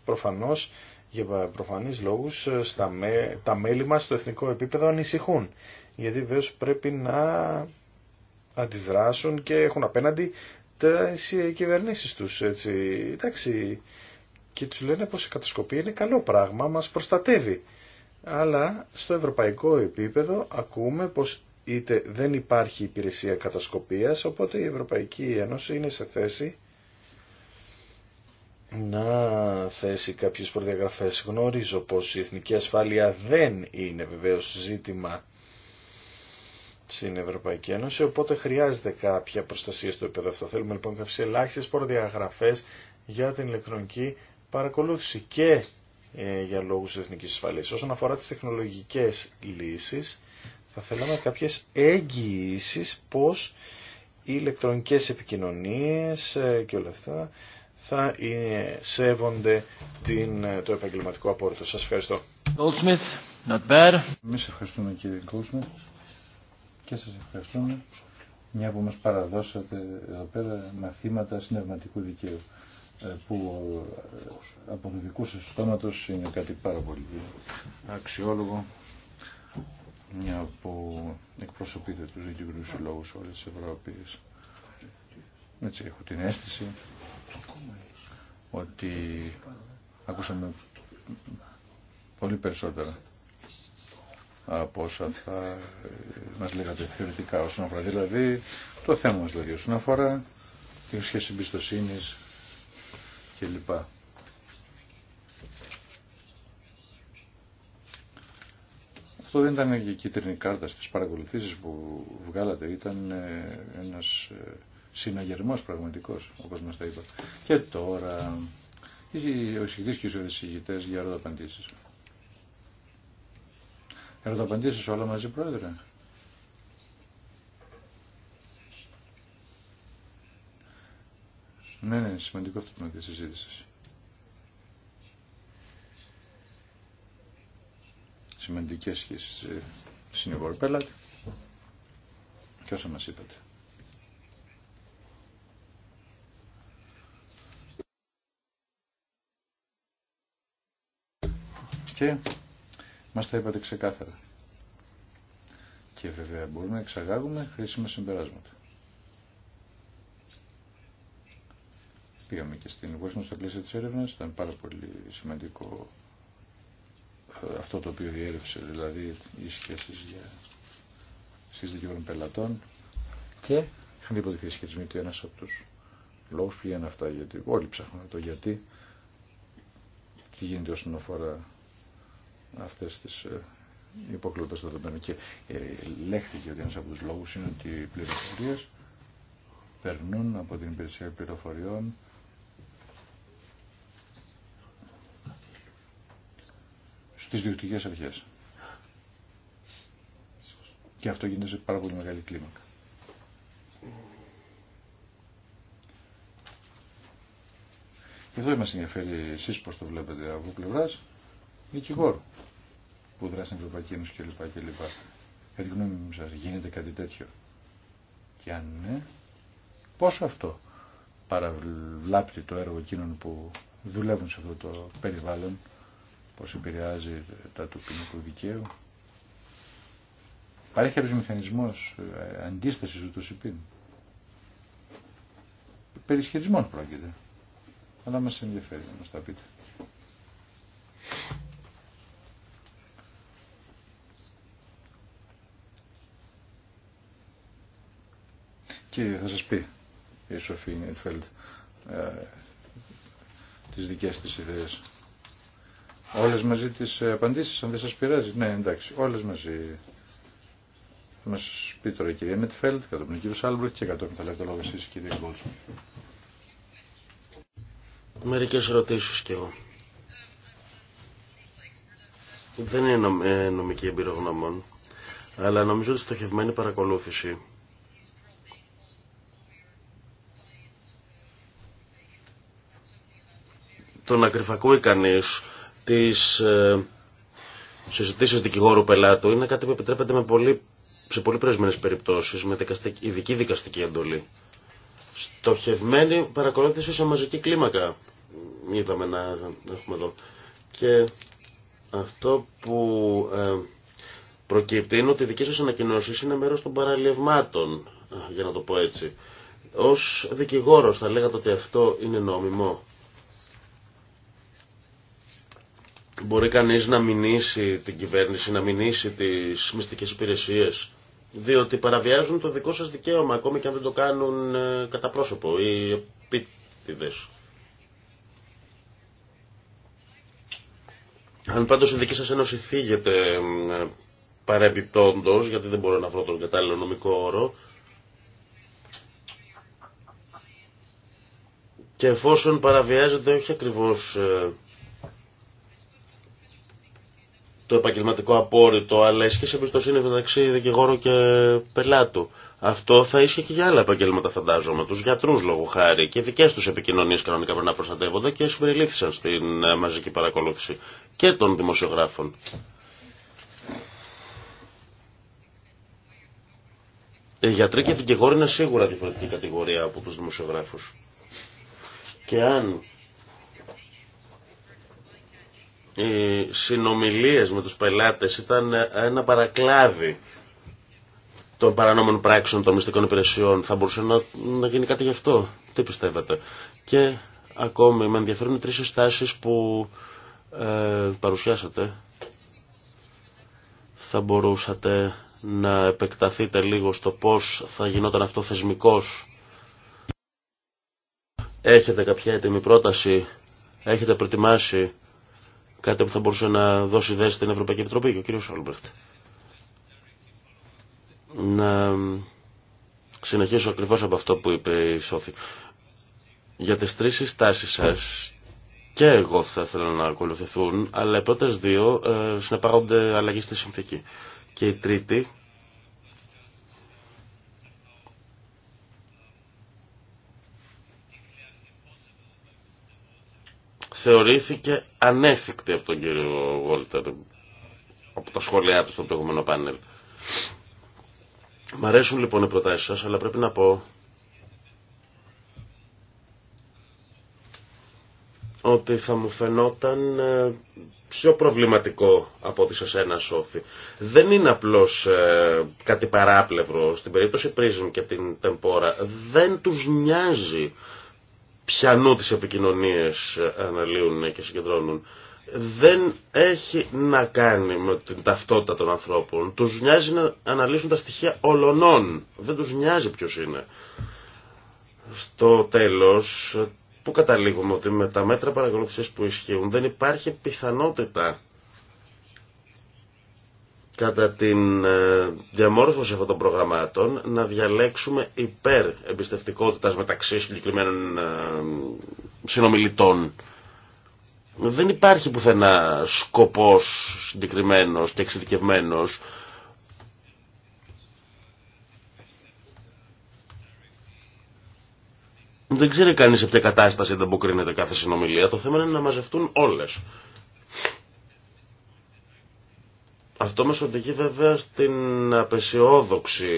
προφανώς, για προφανείς λόγους, τα μέλη μας στο εθνικό επίπεδο ανησυχούν. Γιατί βέβαια πρέπει να αντιδράσουν και έχουν απέναντι τις κυβερνήσεις τους. Έτσι. Εντάξει, και τους λένε πως η κατασκοπία είναι καλό πράγμα, μας προστατεύει αλλά στο ευρωπαϊκό επίπεδο ακούμε πως είτε δεν υπάρχει υπηρεσία κατασκοπίας, οπότε η Ευρωπαϊκή Ένωση είναι σε θέση να θέσει κάποιες προδιαγραφές. Γνωρίζω πως η εθνική ασφάλεια δεν είναι βεβαίως ζήτημα στην Ευρωπαϊκή Ένωση, οπότε χρειάζεται κάποια προστασία στο επίπεδο αυτό. Θέλουμε λοιπόν κάποιες ελάχιστες προδιαγραφές για την ηλεκτρονική παρακολούθηση και ε, για λόγους εθνικής ασφαλείας. Όσον αφορά τις τεχνολογικές λύσεις, θα θέλαμε κάποιες εγγυήσεις πως οι ηλεκτρονικές επικοινωνίες ε, και όλα αυτά θα ε, σέβονται την, το επαγγελματικό απόρριτο. Σας ευχαριστώ. Goldsmith, not bad. Εμείς ευχαριστούμε κύριε Goldsmith και σας ευχαριστούμε μια που μας παραδώσατε εδώ πέρα μαθήματα συνευματικού δικαίου που ε, από δικού σας στόματος είναι κάτι πάρα πολύ αξιόλογο μια που εκπροσωπείται τους δικηγορούς λόγους όλες της Ευρώπης. Έτσι έχω την αίσθηση ότι ακούσαμε πολύ περισσότερα από όσα θα ε, μας λέγατε θεωρητικά όσον αφορά δηλαδή το θέμα μας δηλαδή όσον αφορά τη σχέση εμπιστοσύνη αυτό δεν ήταν η κίτρινη κάρτα στις παρακολουθήσεις που βγάλατε. Ήταν ε, ένας ε, συναγερμός πραγματικός, όπως μας τα είπα. Και τώρα, ο εισηγητής και οι εισηγητές για ερωταπαντήσεις. Ερωταπαντήσεις όλα μαζί, Πρόεδρε. Ναι, ναι, σημαντικό αυτό που με τη συζήτηση. Σημαντικές σχέσεις ε, πελάτ και όσα μας είπατε. Και μας τα είπατε ξεκάθαρα. Και βέβαια μπορούμε να εξαγάγουμε χρήσιμα συμπεράσματα. πήγαμε και στην Washington στα πλαίσια τη έρευνα, ήταν πάρα πολύ σημαντικό ε, αυτό το οποίο διέρευσε, δηλαδή οι σχέσει για σχέσεις πελατών και είχαν υποτιθεί σχετισμοί ότι ένα από τους λόγους πήγαινε αυτά, γιατί όλοι ψάχνουν το γιατί, τι γίνεται όσον αφορά αυτές τις ε, υποκλοπές των δεδομένων και ε, λέχθηκε ότι ένας από τους λόγους είναι ότι οι πληροφορίες περνούν από την υπηρεσία πληροφοριών στις διοικητικές αρχές. Και αυτό γίνεται σε πάρα πολύ μεγάλη κλίμακα. Και εδώ μας ενδιαφέρει εσείς πώς το βλέπετε από πλευράς δικηγόρου που δράσει στην Ευρωπαϊκή Ένωση κλπ. Κατά τη γνώμη μου σας γίνεται κάτι τέτοιο. Και αν ναι, πόσο αυτό παραβλάπτει το έργο εκείνων που δουλεύουν σε αυτό το περιβάλλον πώς επηρεάζει τα του ποινικού δικαίου. Υπάρχει κάποιος μηχανισμός ε, αντίστασης του ΣΥΠΗΝ. Περισχυρισμών πρόκειται. Αλλά μας ενδιαφέρει να μας τα πείτε. Και θα σας πει η Σοφία Νιτφέλτ ε, τις δικές της ιδέες. Όλες μαζί τις ε, απαντήσεις, αν δεν σας πειράζει. Ναι, εντάξει, όλες μαζί. Θα μας πει τώρα η κυρία Μετφέλτ, κατόπιν ο κύριος Άλμπρουκ και κατόπιν θα λέτε λόγο εσείς κύριε Γκολ. Μερικές ερωτήσεις κι εγώ. Δεν είναι ε, νομική εμπειρογνωμών, αλλά νομίζω ότι στοχευμένη παρακολούθηση τον ακριφακούει κανείς ε, τις συζητήσεις δικηγόρου πελάτου είναι κάτι που επιτρέπεται με πολύ, σε πολύ πρεσμένες περιπτώσεις με δικαστική, ειδική δικαστική εντολή. Στοχευμένη παρακολούθηση σε μαζική κλίμακα είδαμε να έχουμε εδώ. Και αυτό που ε, προκύπτει είναι ότι οι δικές σας ανακοινώσεις είναι μέρος των παραλευμάτων, ε, για να το πω έτσι. Ως δικηγόρος θα λέγατε ότι αυτό είναι νόμιμο. Μπορεί κανείς να μηνύσει την κυβέρνηση, να μηνύσει τις μυστικές υπηρεσίες, διότι παραβιάζουν το δικό σας δικαίωμα, ακόμη και αν δεν το κάνουν ε, κατά πρόσωπο ή επίτηδες. Αν πάντως η δική σας ένωση θίγεται ε, παρεμπιπτόντος, γιατί δεν μπορώ να βρω τον κατάλληλο νομικό όρο, και εφόσον παραβιάζεται όχι ακριβώς ε, το επαγγελματικό απόρριτο, αλλά ισχύει εμπιστοσύνη μεταξύ δικηγόρου και πελάτου. Αυτό θα ίσχυε και για άλλα επαγγέλματα, φαντάζομαι. Του γιατρού, λόγω χάρη, και δικέ του επικοινωνίε κανονικά πρέπει να προστατεύονται και συμπεριλήφθησαν στην ε, μαζική παρακολούθηση και των δημοσιογράφων. Οι ε, γιατροί και δικηγόροι είναι σίγουρα διαφορετική κατηγορία από του δημοσιογράφου. Και αν οι συνομιλίες με τους πελάτες ήταν ένα παρακλάδι των παρανόμων πράξεων των μυστικών υπηρεσιών. Θα μπορούσε να, να γίνει κάτι γι' αυτό. Τι πιστεύετε. Και ακόμη με ενδιαφέρουν τρεις συστάσεις που ε, παρουσιάσατε. Θα μπορούσατε να επεκταθείτε λίγο στο πώς θα γινόταν αυτό θεσμικός. Έχετε κάποια έτοιμη πρόταση. Έχετε προετοιμάσει Κάτι που θα μπορούσε να δώσει ιδέες στην Ευρωπαϊκή Επιτροπή και ο κ. Σόλμπρεχτ. Να συνεχίσω ακριβώς από αυτό που είπε η Σόφη. Για τις τρεις συστάσεις σας και εγώ θα ήθελα να ακολουθηθούν, αλλά οι πρώτες δύο ε, συνεπάγονται αλλαγή στη συνθήκη. Και η τρίτη θεωρήθηκε ανέφικτη από τον κύριο Γόλτερ από τα σχόλιά του στο προηγούμενο πάνελ. Μ' αρέσουν λοιπόν οι προτάσεις σας, αλλά πρέπει να πω ότι θα μου φαινόταν ε, πιο προβληματικό από ό,τι σε ένα σώθη. Δεν είναι απλώς ε, κάτι παράπλευρο. Στην περίπτωση Prism και την Tempora δεν τους νοιάζει πιανού τις επικοινωνίες αναλύουν ναι, και συγκεντρώνουν δεν έχει να κάνει με την ταυτότητα των ανθρώπων. Τους νοιάζει να αναλύσουν τα στοιχεία ολονών. Δεν τους νοιάζει ποιος είναι. Στο τέλος, που καταλήγουμε ότι με τα μέτρα παρακολουθήσεις που ισχύουν δεν υπάρχει πιθανότητα κατά την ε, διαμόρφωση αυτών των προγραμμάτων να διαλέξουμε υπέρ εμπιστευτικότητας μεταξύ συγκεκριμένων ε, συνομιλητών. Δεν υπάρχει πουθενά σκοπός συγκεκριμένος και εξειδικευμένος Δεν ξέρει κανεί σε ποια κατάσταση ανταποκρίνεται κάθε συνομιλία. Το θέμα είναι να μαζευτούν όλε. Αυτό μας οδηγεί βέβαια στην απεσιόδοξη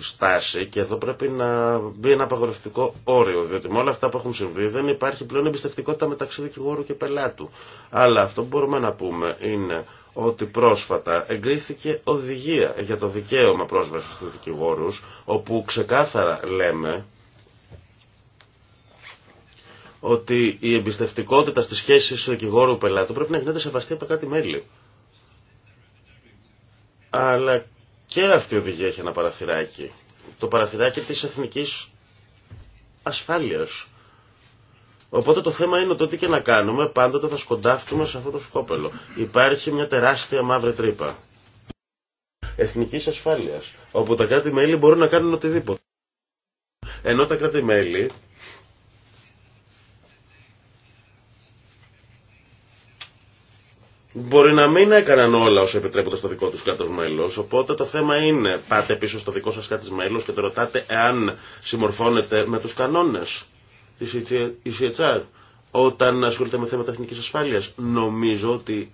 στάση και εδώ πρέπει να μπει ένα απαγορευτικό όριο, διότι με όλα αυτά που έχουν συμβεί δεν υπάρχει πλέον εμπιστευτικότητα μεταξύ δικηγόρου και πελάτου. Αλλά αυτό που μπορούμε να πούμε είναι ότι πρόσφατα εγκρίθηκε οδηγία για το δικαίωμα πρόσβασης στους δικηγόρους, όπου ξεκάθαρα λέμε ότι η εμπιστευτικότητα στις σχέσεις δικηγόρου-πελάτου πρέπει να γίνεται σεβαστή από κάτι μέλη αλλά και αυτή η οδηγία έχει ένα παραθυράκι. Το παραθυράκι της εθνικής ασφάλειας. Οπότε το θέμα είναι ότι τι και να κάνουμε, πάντοτε θα σκοντάφτουμε σε αυτό το σκόπελο. Υπάρχει μια τεράστια μαύρη τρύπα. Εθνικής ασφάλειας, όπου τα κράτη-μέλη μπορούν να κάνουν οτιδήποτε. Ενώ τα κράτη-μέλη Μπορεί να μην έκαναν όλα όσα επιτρέπονται στο δικό του κράτο μέλο. Οπότε το θέμα είναι, πάτε πίσω στο δικό σα κράτο μέλο και το ρωτάτε εάν συμμορφώνεται με του κανόνε τη ECHR όταν ασχολείται με θέματα εθνική ασφάλεια. Νομίζω ότι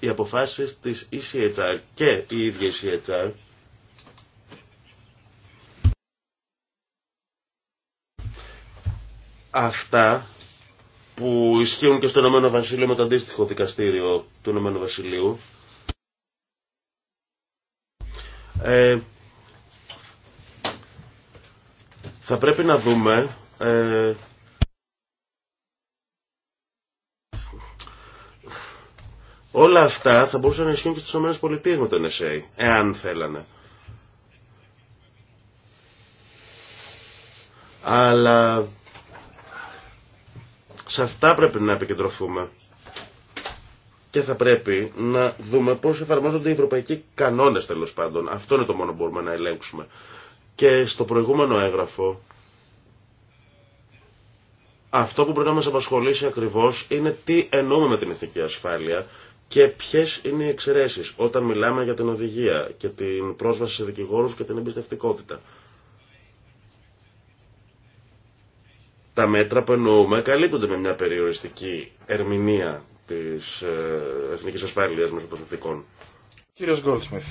οι αποφάσει τη ECHR και η ίδια ECHR αυτά που ισχύουν και στο Ηνωμένο Βασίλειο με το αντίστοιχο δικαστήριο του Ηνωμένου Βασιλείου. Ε, θα πρέπει να δούμε ε, όλα αυτά θα μπορούσαν να ισχύουν και στις πολιτείες με το NSA, εάν θέλανε. Αλλά σε αυτά πρέπει να επικεντρωθούμε. Και θα πρέπει να δούμε πώς εφαρμόζονται οι ευρωπαϊκοί κανόνες τέλο πάντων. Αυτό είναι το μόνο που μπορούμε να ελέγξουμε. Και στο προηγούμενο έγγραφο, αυτό που πρέπει να μα απασχολήσει ακριβώς είναι τι εννοούμε με την ηθική ασφάλεια και ποιε είναι οι εξαιρεσει όταν μιλάμε για την οδηγία και την πρόσβαση σε δικηγόρου και την εμπιστευτικότητα. τα μέτρα που εννοούμε καλύπτονται με μια περιοριστική ερμηνεία της ε, εθνικής ασφάλειας μέσω των συνθήκων. Κύριος Γκόλτσμιθ,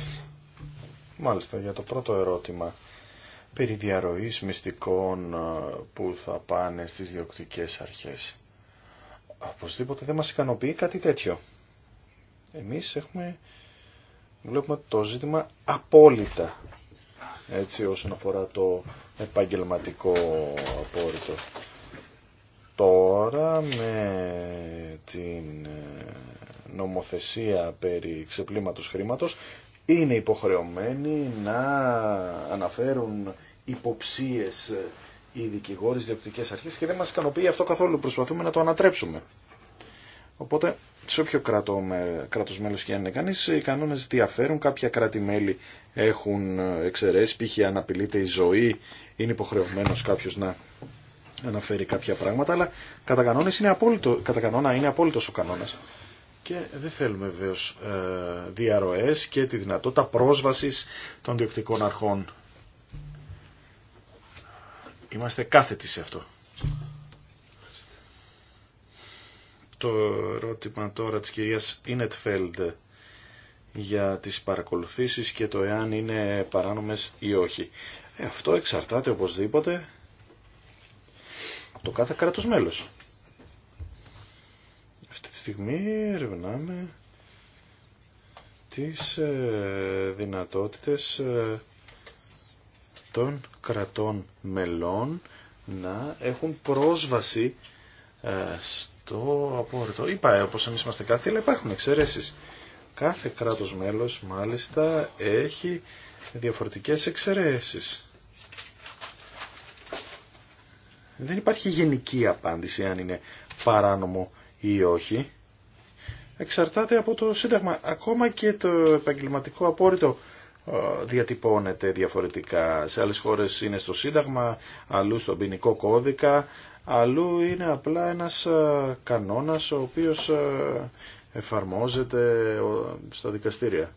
μάλιστα για το πρώτο ερώτημα περί διαρροής μυστικών ε, που θα πάνε στις διοκτικές αρχές. Οπωσδήποτε δεν μας ικανοποιεί κάτι τέτοιο. Εμείς έχουμε, βλέπουμε το ζήτημα απόλυτα, έτσι όσον αφορά το επαγγελματικό απόρριτο τώρα με την ε, νομοθεσία περί ξεπλήματος χρήματος είναι υποχρεωμένοι να αναφέρουν υποψίες ε, οι δικηγόροι, στις διοκτικές αρχές και δεν μας ικανοποιεί αυτό καθόλου. Προσπαθούμε να το ανατρέψουμε. Οπότε, σε όποιο κράτο, κράτος μέλος και αν είναι κανείς, οι κανόνες διαφέρουν. Κάποια κράτη-μέλη έχουν ε, εξαιρέσει, π.χ. αν η ζωή, είναι υποχρεωμένος κάποιος να αναφέρει κάποια πράγματα, αλλά κατά, είναι απόλυτο, κατά κανόνα είναι απόλυτος ο κανόνας. Και δεν θέλουμε βεβαίω ε, και τη δυνατότητα πρόσβασης των διοκτικών αρχών. Είμαστε κάθετοι σε αυτό. Το ερώτημα τώρα της κυρίας Ινετφέλντ για τις παρακολουθήσεις και το εάν είναι παράνομες ή όχι. Ε, αυτό εξαρτάται οπωσδήποτε το κάθε κράτος μέλος. Αυτή τη στιγμή ερευνάμε τις ε, δυνατότητες ε, των κρατών μελών να έχουν πρόσβαση ε, στο απόρριτο. Είπα, όπως εμείς είμαστε κάθε, αλλά υπάρχουν εξαιρέσεις. Κάθε κράτος μέλος, μάλιστα, έχει διαφορετικές εξαιρέσεις. Δεν υπάρχει γενική απάντηση αν είναι παράνομο ή όχι. Εξαρτάται από το Σύνταγμα. Ακόμα και το επαγγελματικό απόρριτο ε, διατυπώνεται διαφορετικά. Σε άλλες χώρες είναι στο Σύνταγμα, αλλού στον ποινικό κώδικα, αλλού είναι απλά ένας ε, κανόνας ο οποίος ε, εφαρμόζεται στα δικαστήρια.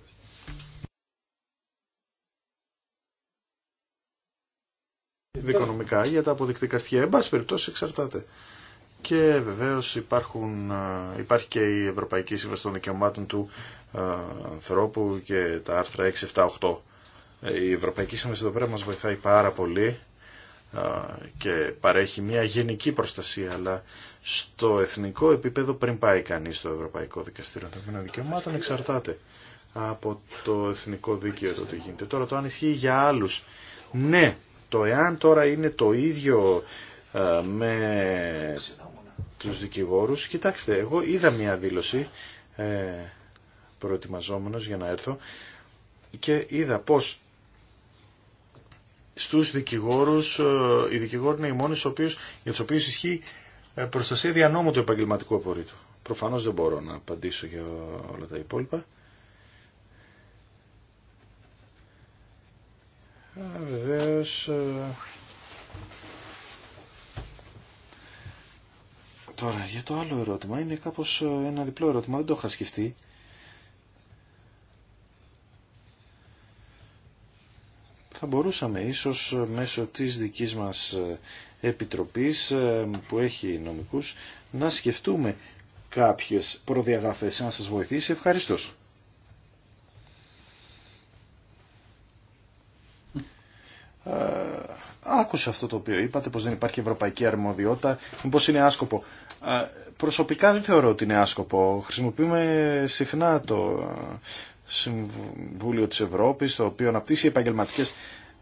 δικονομικά για τα αποδεικτικά στοιχεία. Εν πάση περιπτώσει εξαρτάται. Και βεβαίως υπάρχουν, υπάρχει και η Ευρωπαϊκή Σύμβαση των Δικαιωμάτων του Ανθρώπου και τα άρθρα 6, 7, 8. Η Ευρωπαϊκή Σύμβαση εδώ πέρα μας βοηθάει πάρα πολύ και παρέχει μια γενική προστασία, αλλά στο εθνικό επίπεδο πριν πάει κανείς στο Ευρωπαϊκό Δικαστήριο των Δικαιωμάτων εξαρτάται από το εθνικό δίκαιο το τι γίνεται. Τώρα το αν ισχύει για άλλους, ναι, το εάν τώρα είναι το ίδιο με τους δικηγόρους, κοιτάξτε, εγώ είδα μια δήλωση ε, προετοιμαζόμενος για να έρθω και είδα πως στους δικηγόρους, ε, οι δικηγόροι είναι οι μόνοι στους οποίους, για τους οποίους ισχύει ε, προστασία διανόμου του επαγγελματικού απορρίτου. Προφανώς δεν μπορώ να απαντήσω για όλα τα υπόλοιπα. Ε, τώρα, για το άλλο ερώτημα, είναι κάπως ε, ένα διπλό ερώτημα, δεν το είχα σκεφτεί. Θα μπορούσαμε ίσως ε, μέσω της δικής μας επιτροπής που έχει νομικούς να σκεφτούμε κάποιες προδιαγραφές. να σας βοηθήσει, ευχαριστώ. Ε, άκουσα αυτό το οποίο είπατε, πως δεν υπάρχει ευρωπαϊκή αρμοδιότητα, πως είναι άσκοπο. Ε, προσωπικά δεν θεωρώ ότι είναι άσκοπο. Χρησιμοποιούμε συχνά το ε, Συμβούλιο της Ευρώπης, το οποίο αναπτύσσει επαγγελματικές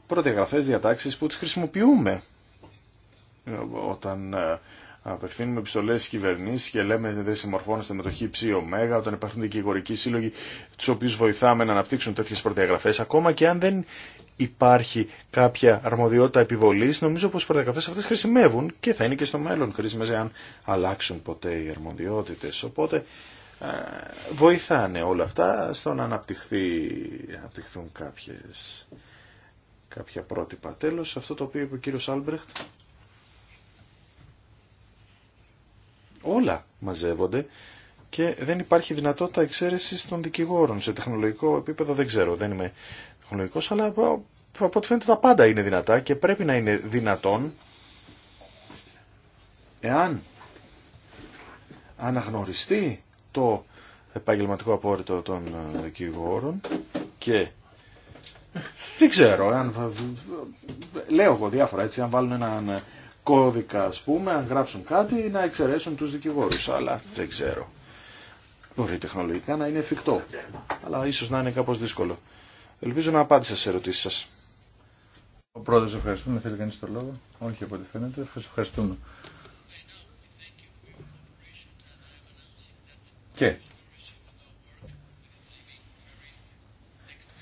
πρωτεγραφές διατάξεις που τις χρησιμοποιούμε όταν απευθύνουμε επιστολέ στι κυβερνήσει και λέμε δεν συμμορφώνεστε με το ΧΙΨΙ ΜΕΓΑ, όταν υπάρχουν δικηγορικοί σύλλογοι του οποίου βοηθάμε να αναπτύξουν τέτοιε πρωτεγραφές, ακόμα και αν δεν υπάρχει κάποια αρμοδιότητα επιβολής, νομίζω πως οι προδιαγραφέ αυτές χρησιμεύουν και θα είναι και στο μέλλον χρήσιμε αν αλλάξουν ποτέ οι αρμοδιότητες. Οπότε ε, βοηθάνε όλα αυτά στο να αναπτυχθεί, αναπτυχθούν κάποιες, κάποια πρότυπα. Τέλος, αυτό το οποίο είπε ο κύριος Άλμπρεχτ, όλα μαζεύονται και δεν υπάρχει δυνατότητα εξαίρεση των δικηγόρων. Σε τεχνολογικό επίπεδο δεν ξέρω, δεν είμαι τεχνολογικός, αλλά από ό,τι φαίνεται τα πάντα είναι δυνατά και πρέπει να είναι δυνατόν εάν αναγνωριστεί το επαγγελματικό απόρριτο των ε, δικηγόρων και δεν ξέρω, αν, λέω εγώ διάφορα έτσι, αν βάλουν έναν ε, κώδικα ας πούμε, αν γράψουν κάτι να εξαιρέσουν τους δικηγόρους, αλλά δεν ξέρω. Μπορεί τεχνολογικά να είναι εφικτό, αλλά ίσως να είναι κάπως δύσκολο. Ελπίζω να απάντησα σε ερωτήσεις σας. Ο πρόεδρος ευχαριστούμε. Θέλει κανείς το λόγο. Όχι από ό,τι φαίνεται. Ευχαριστούμε. Και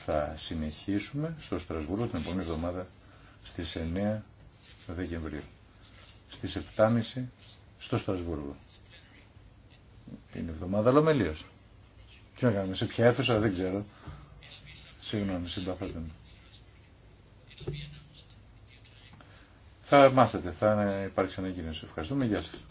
θα συνεχίσουμε στο Στρασβούργο την επόμενη εβδομάδα στις 9 Δεκεμβρίου. Στις 7.30 στο Στρασβούργο. Είναι εβδομάδα Λομελίας. Τι να κάνουμε, σε ποια αίθουσα δεν ξέρω. Συγγνώμη, συμπαθέτε μου. Θα μάθετε, θα υπάρξει ανακοίνωση. Ευχαριστούμε, γεια σας.